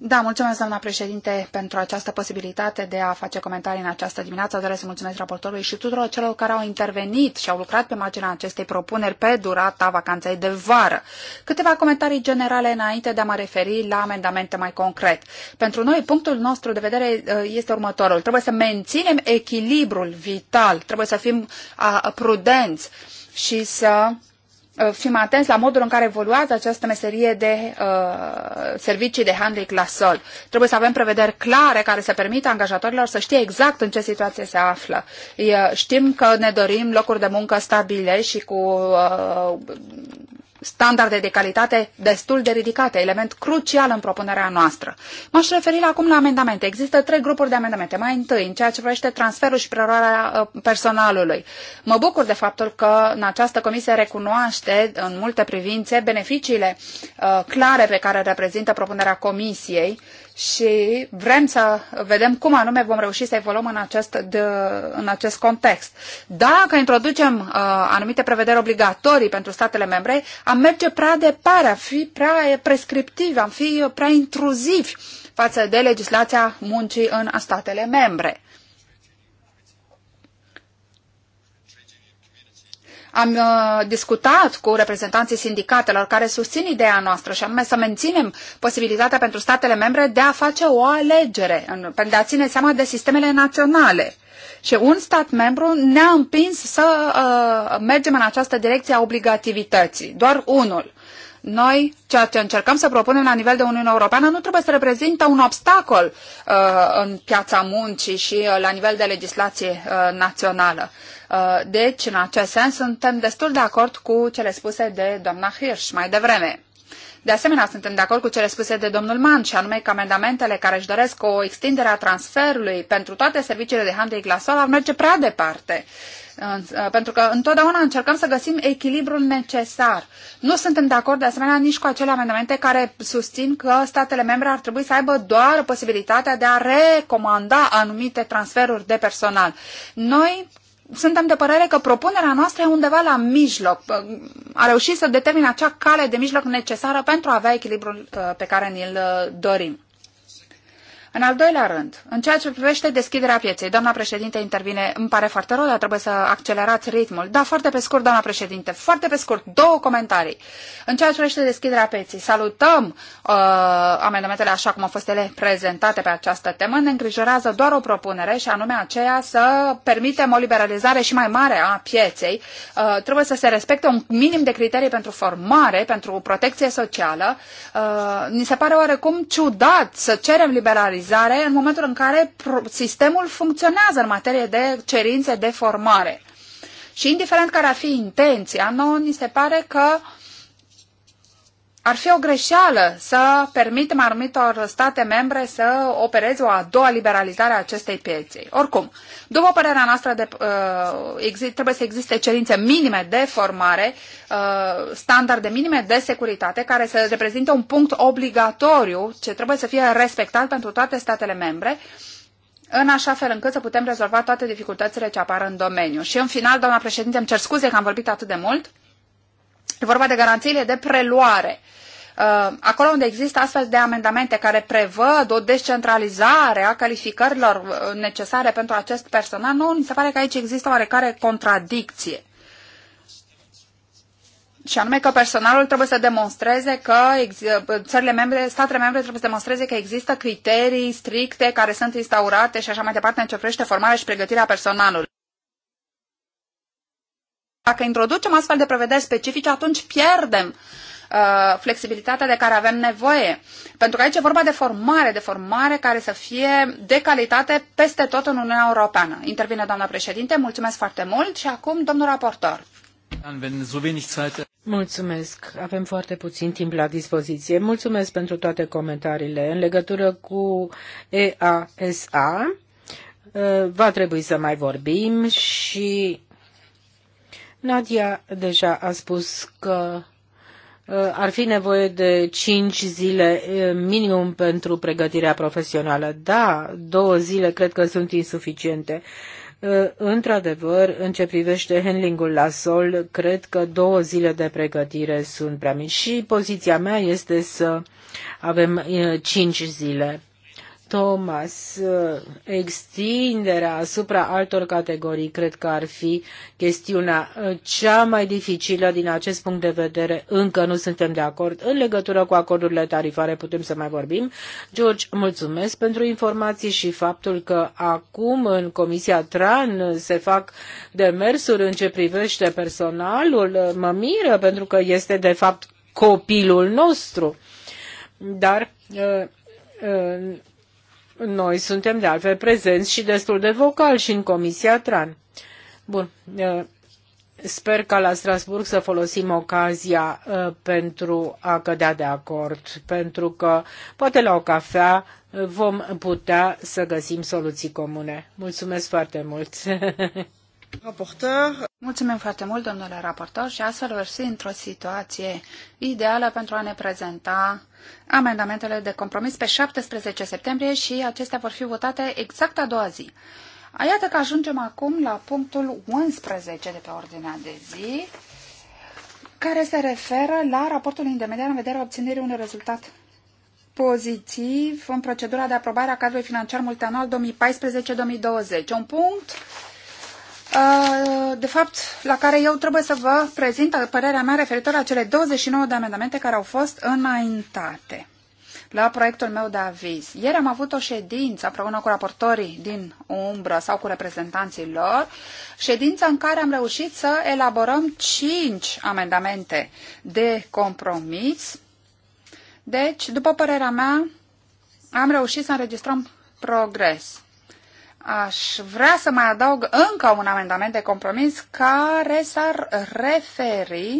Da, mulțumesc, doamna președinte, pentru această posibilitate de a face comentarii în această dimineață. Doresc să mulțumesc raportorului și tuturor celor care au intervenit și au lucrat pe marginea acestei propuneri pe durata vacanței de vară. Câteva comentarii generale înainte de a mă referi la amendamente mai concret. Pentru noi, punctul nostru de vedere uh, este următorul. Trebuie să menținem echilibrul vital, trebuie să fim uh, prudenți și să Uh, fim atenți la modul în care evoluează această meserie de uh, servicii de handling la sol. Trebuie să avem prevederi clare care să permită angajatorilor să știe exact în ce situație se află. Știm că ne dorim locuri de muncă stabile și cu uh, standarde de calitate destul de ridicate, element crucial în propunerea noastră. M-aș referi acum la amendamente. Există trei grupuri de amendamente. Mai întâi, în ceea ce privește transferul și preluarea uh, personalului. Mă bucur de faptul că în această comisie recunoaște în multe privințe beneficiile uh, clare pe care reprezintă propunerea comisiei și vrem să vedem cum anume vom reuși să evoluăm în acest, de, în acest context. Dacă introducem uh, anumite prevederi obligatorii pentru statele membre, am merge prea departe, am fi prea prescriptivi, am fi prea intruzivi față de legislația muncii în statele membre. am uh, discutat cu reprezentanții sindicatelor care susțin ideea noastră și anume să menținem posibilitatea pentru statele membre de a face o alegere, de a ține seama de sistemele naționale. Și un stat membru ne-a împins să uh, mergem în această direcție a obligativității, doar unul noi ceea ce încercăm să propunem la nivel de Uniunea Europeană nu trebuie să reprezintă un obstacol uh, în piața muncii și uh, la nivel de legislație uh, națională. Uh, deci, în acest sens, suntem destul de acord cu cele spuse de doamna Hirsch mai devreme. De asemenea, suntem de acord cu cele spuse de domnul Man, și anume că amendamentele care își doresc o extindere a transferului pentru toate serviciile de handling la sol ar merge prea departe. Uh, pentru că întotdeauna încercăm să găsim echilibrul necesar. Nu suntem de acord de asemenea nici cu acele amendamente care susțin că statele membre ar trebui să aibă doar posibilitatea de a recomanda anumite transferuri de personal. Noi suntem de părere că propunerea noastră e undeva la mijloc. A reușit să determine acea cale de mijloc necesară pentru a avea echilibrul uh, pe care ni-l uh, dorim. În al doilea rând, în ceea ce privește deschiderea pieței, doamna președinte intervine, îmi pare foarte rău, dar trebuie să accelerați ritmul. Da, foarte pe scurt, doamna președinte, foarte pe scurt, două comentarii. În ceea ce privește deschiderea pieței, salutăm uh, amendamentele așa cum au fost ele prezentate pe această temă, ne îngrijorează doar o propunere și anume aceea să permitem o liberalizare și mai mare a pieței. Uh, trebuie să se respecte un minim de criterii pentru formare, pentru protecție socială. Uh, ni se pare oarecum ciudat să cerem liberalizare specializare în momentul în care sistemul funcționează în materie de cerințe de formare. Și indiferent care ar fi intenția, nouă ni se pare că uh, ar fi o greșeală să permitem anumitor state membre să opereze o a doua liberalizare a acestei pieței. Oricum, după părerea noastră, de, uh, trebuie să existe cerințe minime de formare, uh, standarde minime de securitate, care să reprezinte un punct obligatoriu ce trebuie să fie respectat pentru toate statele membre, în așa fel încât să putem rezolva toate dificultățile ce apar în domeniu. Și în final, doamna președinte, îmi cer scuze că am vorbit atât de mult. E vorba de garanțiile de preluare. Uh, acolo unde există astfel de amendamente care prevăd o descentralizare a calificărilor uh, necesare pentru acest personal, nu, mi se pare că aici există oarecare contradicție și anume că personalul trebuie să demonstreze că țările membre, statele membre trebuie să demonstreze că există criterii stricte care sunt instaurate și așa mai departe în ce privește formarea și pregătirea personalului. Dacă introducem astfel de prevederi specifice, atunci pierdem uh, flexibilitatea de care avem nevoie. Pentru că aici e vorba de formare, de formare care să fie de calitate peste tot în Uniunea Europeană. Intervine doamna președinte, mulțumesc foarte mult și acum domnul raportor. Mulțumesc. Avem foarte puțin timp la dispoziție. Mulțumesc pentru toate comentariile. În legătură cu EASA, uh, va trebui să mai vorbim și Nadia deja a spus că uh, ar fi nevoie de cinci zile uh, minimum pentru pregătirea profesională. Da, două zile cred că sunt insuficiente. Uh, într-adevăr, în ce privește handlingul la sol, cred că două zile de pregătire sunt prea mici și poziția mea este să avem cinci zile. Thomas, uh, extinderea asupra altor categorii cred că ar fi chestiunea uh, cea mai dificilă din acest punct de vedere. Încă nu suntem de acord. În legătură cu acordurile tarifare putem să mai vorbim. George, mulțumesc pentru informații și faptul că acum în Comisia TRAN se fac demersuri în ce privește personalul. Mă miră pentru că este de fapt copilul nostru. Dar uh, noi suntem de altfel prezenți și destul de vocal și în Comisia TRAN. Bun. Eh, sper ca la Strasburg să folosim ocazia eh, pentru a cădea de acord, pentru că poate la o cafea eh, vom putea să găsim soluții comune. Mulțumesc foarte mult! <laughs> Raportor. Mulțumim foarte mult, domnule raportor, și astfel vor fi într-o situație ideală pentru a ne prezenta amendamentele de compromis pe 17 septembrie și acestea vor fi votate exact a doua zi. Iată că ajungem acum la punctul 11 de pe ordinea de zi, care se referă la raportul intermediar în vederea obținerii unui rezultat pozitiv în procedura de aprobare a cadrului financiar multianual 2014-2020. Un punct Uh, de fapt, la care eu trebuie să vă prezint părerea mea referitor la cele 29 de amendamente care au fost înaintate la proiectul meu de aviz. Ieri am avut o ședință împreună cu raportorii din umbră sau cu reprezentanții lor, ședință în care am reușit să elaborăm 5 amendamente de compromis. Deci, după părerea mea, am reușit să înregistrăm progres aș vrea să mai adaug încă un amendament de compromis care s-ar referi,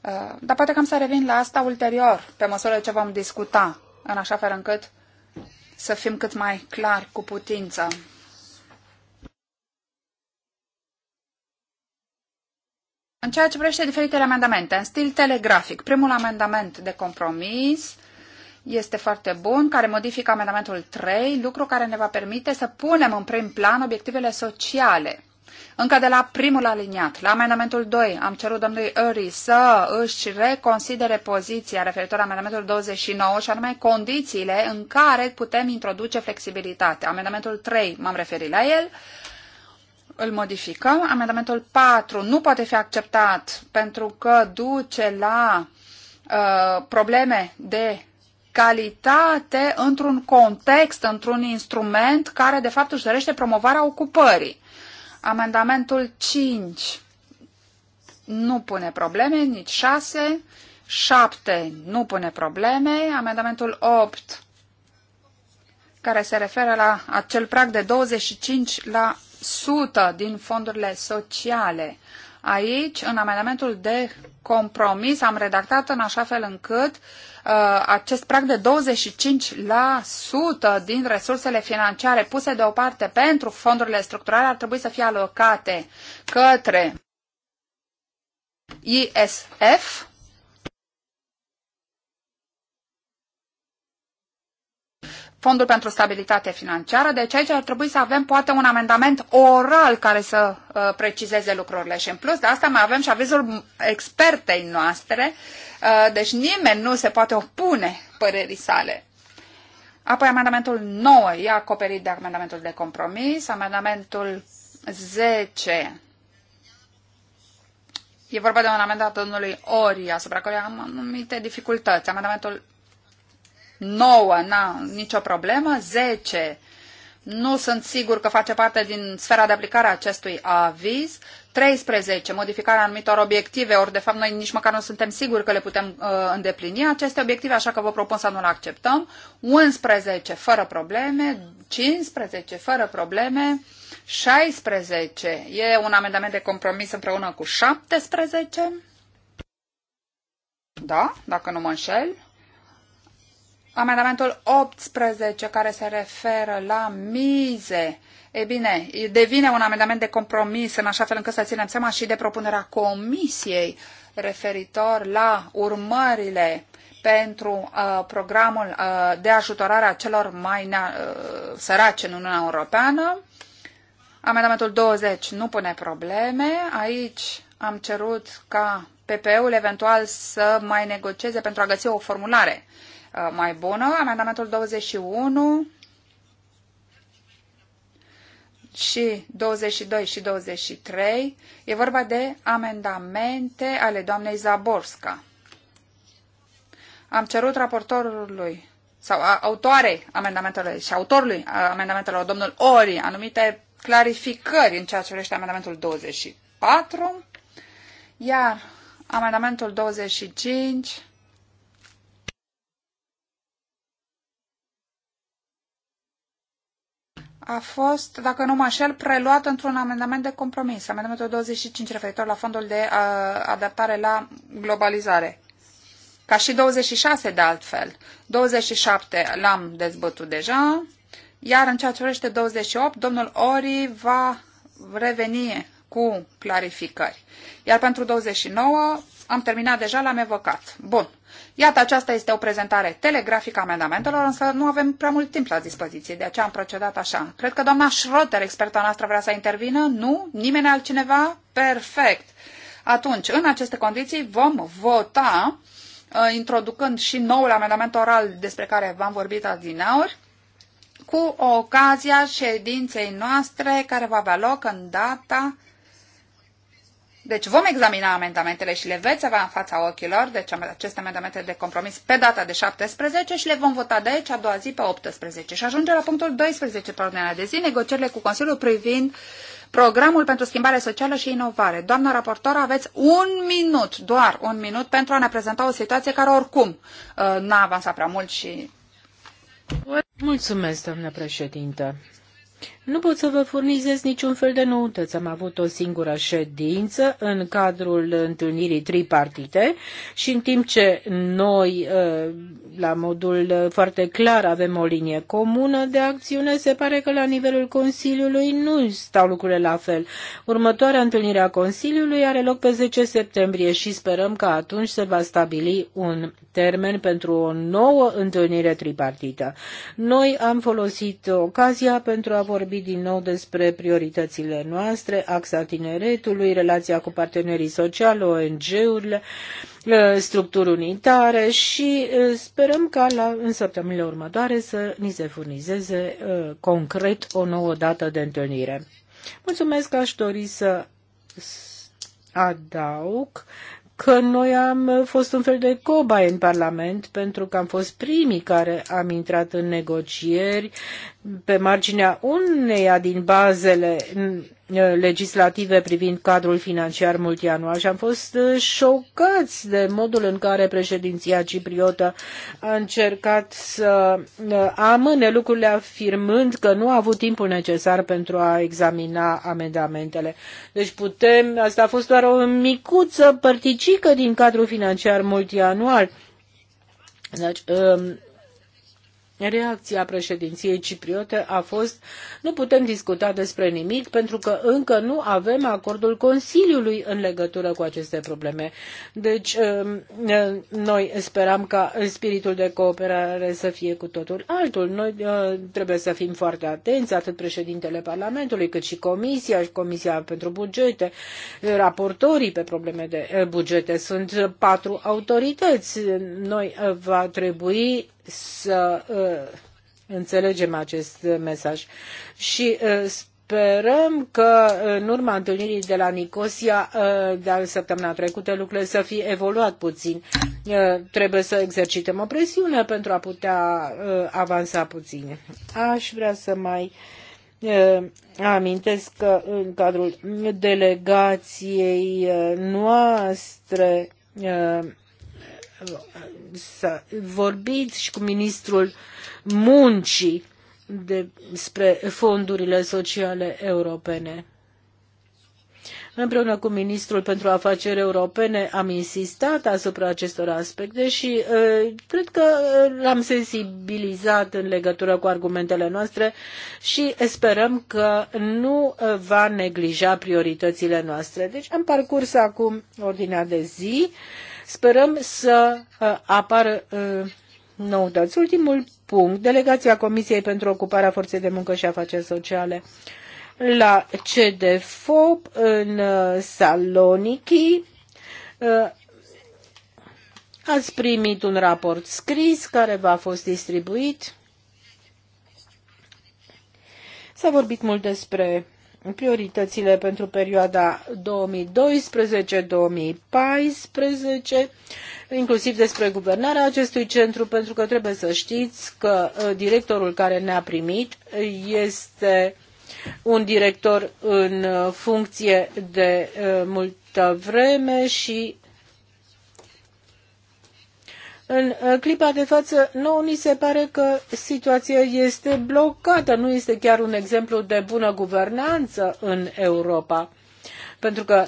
uh, dar poate că am să revin la asta ulterior, pe măsură ce vom discuta, în așa fel încât să fim cât mai clar cu putință. În ceea ce privește diferitele amendamente, în stil telegrafic, primul amendament de compromis este foarte bun, care modifică amendamentul 3, lucru care ne va permite să punem în prim plan obiectivele sociale. Încă de la primul aliniat, la amendamentul 2, am cerut domnului Uri să își reconsidere poziția referitor la amendamentul 29 și anume condițiile în care putem introduce flexibilitate. Amendamentul 3, m-am referit la el, îl modificăm. Amendamentul 4 nu poate fi acceptat pentru că duce la uh, probleme de calitate într-un context, într-un instrument care de fapt își dorește promovarea ocupării. Amendamentul 5 nu pune probleme, nici 6, 7 nu pune probleme, amendamentul 8 care se referă la acel prag de 25 la din fondurile sociale. Aici, în amendamentul de compromis am redactat în așa fel încât uh, acest prag de 25% din resursele financiare puse deoparte pentru fondurile structurale ar trebui să fie alocate către ISF, Fondul pentru Stabilitate Financiară, deci aici ar trebui să avem poate un amendament oral care să uh, precizeze lucrurile și în plus de asta mai avem și avizul expertei noastre, uh, deci nimeni nu se poate opune părerii sale. Apoi amendamentul 9 e acoperit de amendamentul de compromis, amendamentul 10 e vorba de un amendat domnului Ori asupra care am anumite dificultăți, amendamentul 9, na, nicio problemă. 10, nu sunt sigur că face parte din sfera de aplicare a acestui aviz. 13. Modificarea anumitor obiective, ori de fapt noi nici măcar nu suntem siguri că le putem uh, îndeplini aceste obiective, așa că vă propun să nu le acceptăm. 11. Fără probleme. 15. Fără probleme. 16. E un amendament de compromis împreună cu 17. Da, dacă nu mă înșel. Amendamentul 18 care se referă la mize. E bine, devine un amendament de compromis în așa fel încât să ținem seama și de propunerea comisiei referitor la urmările pentru uh, programul uh, de ajutorare a celor mai uh, săraci în Uniunea Europeană. Amendamentul 20 nu pune probleme. Aici am cerut ca ppe ul eventual să mai negocieze pentru a găsi o formulare Uh, mai bună, amendamentul 21 și 22 și 23, e vorba de amendamente ale doamnei Zaborska. Am cerut raportorului sau autoarei amendamentelor și autorului amendamentelor, domnul Ori, anumite clarificări în ceea ce vrește amendamentul 24, iar amendamentul 25 a fost, dacă nu mă înșel, preluat într-un amendament de compromis, amendamentul 25 referitor la fondul de uh, adaptare la globalizare. Ca și 26 de altfel. 27 l-am dezbătut deja, iar în ceea ce privește 28, domnul Ori va reveni cu clarificări. Iar pentru 29 am terminat deja, l-am evocat. Bun. Iată, aceasta este o prezentare telegrafică a amendamentelor, însă nu avem prea mult timp la dispoziție, de aceea am procedat așa. Cred că doamna Schroeder, experta noastră, vrea să intervină? Nu? Nimeni altcineva? Perfect! Atunci, în aceste condiții, vom vota, uh, introducând și noul amendament oral despre care v-am vorbit aur, cu ocazia ședinței noastre care va avea loc în data deci vom examina amendamentele și le veți avea în fața ochilor, deci aceste amendamente de compromis pe data de 17 și le vom vota de aici a doua zi pe 18. Și ajunge la punctul 12 pe ordinea de zi, negocierile cu Consiliul privind programul pentru schimbare socială și inovare. Doamna raportor, aveți un minut, doar un minut, pentru a ne prezenta o situație care oricum uh, n-a avansat prea mult și... Mulțumesc, doamnă președintă. Nu pot să vă furnizez niciun fel de noutăți. Am avut o singură ședință în cadrul întâlnirii tripartite și în timp ce noi, uh, la modul foarte clar, avem o linie comună de acțiune, se pare că la nivelul Consiliului nu stau lucrurile la fel. Următoarea întâlnire a Consiliului are loc pe 10 septembrie și sperăm că atunci se va stabili un termen pentru o nouă întâlnire tripartită. Noi am folosit ocazia pentru a vorbi vorbit din nou despre prioritățile noastre, axa tineretului, relația cu partenerii sociali, ONG-urile, uh, structuri unitare și uh, sperăm ca la, în săptămânile următoare să ni se furnizeze uh, concret o nouă dată de întâlnire. Mulțumesc, aș dori să adaug că noi am fost un fel de cobai în Parlament, pentru că am fost primii care am intrat în negocieri pe marginea uneia din bazele Eh, legislative privind cadrul financiar multianual și am fost eh, șocați de modul în care președinția cipriotă a încercat să eh, amâne lucrurile afirmând că nu a avut timpul necesar pentru a examina amendamentele. Deci putem, asta a fost doar o micuță părticică din cadrul financiar multianual. Deci, ehm, Reacția președinției cipriote a fost nu putem discuta despre nimic pentru că încă nu avem acordul Consiliului în legătură cu aceste probleme. Deci um, uh, noi speram ca spiritul de cooperare să fie cu totul altul. Noi uh, trebuie să fim foarte atenți, atât președintele Parlamentului cât și Comisia și Comisia pentru Bugete, raportorii pe probleme de uh, bugete. Sunt patru autorități. Noi va trebui să uh, înțelegem acest mesaj. Și uh, sperăm că uh, în urma întâlnirii de la Nicosia de săptămâna trecută lucrurile să fie evoluat puțin. Trebuie să exercităm o presiune pentru a putea avansa puțin. Aș vrea să mai amintesc că în cadrul delegației noastre să vorbiți și cu ministrul muncii despre fondurile sociale europene. Împreună cu ministrul pentru afaceri europene am insistat asupra acestor aspecte și uh, cred că l-am sensibilizat în legătură cu argumentele noastre și sperăm că nu uh, va neglija prioritățile noastre. Deci am parcurs acum ordinea de zi. Sperăm să uh, apară uh, noutăți. Ultimul punct, delegația Comisiei pentru Ocuparea Forței de Muncă și Afaceri Sociale la CDFOP în uh, Saloniki. Ați primit un raport scris care v-a fost distribuit. S-a vorbit mult despre prioritățile pentru perioada 2012-2014, inclusiv despre guvernarea acestui centru, pentru că trebuie să știți că uh, directorul care ne-a primit este un director în uh, funcție de uh, multă vreme și în clipa de față, nouă ni se pare că situația este blocată, nu este chiar un exemplu de bună guvernanță în Europa. Pentru că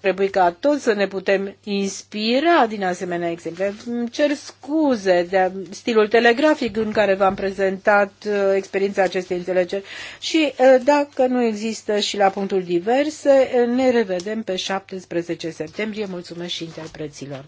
trebuie ca toți să ne putem inspira din asemenea exemple. Îmi cer scuze de stilul telegrafic în care v-am prezentat uh, experiența acestei înțelegeri și uh, dacă nu există și la punctul diverse, uh, ne revedem pe 17 septembrie. Mulțumesc și interpreților!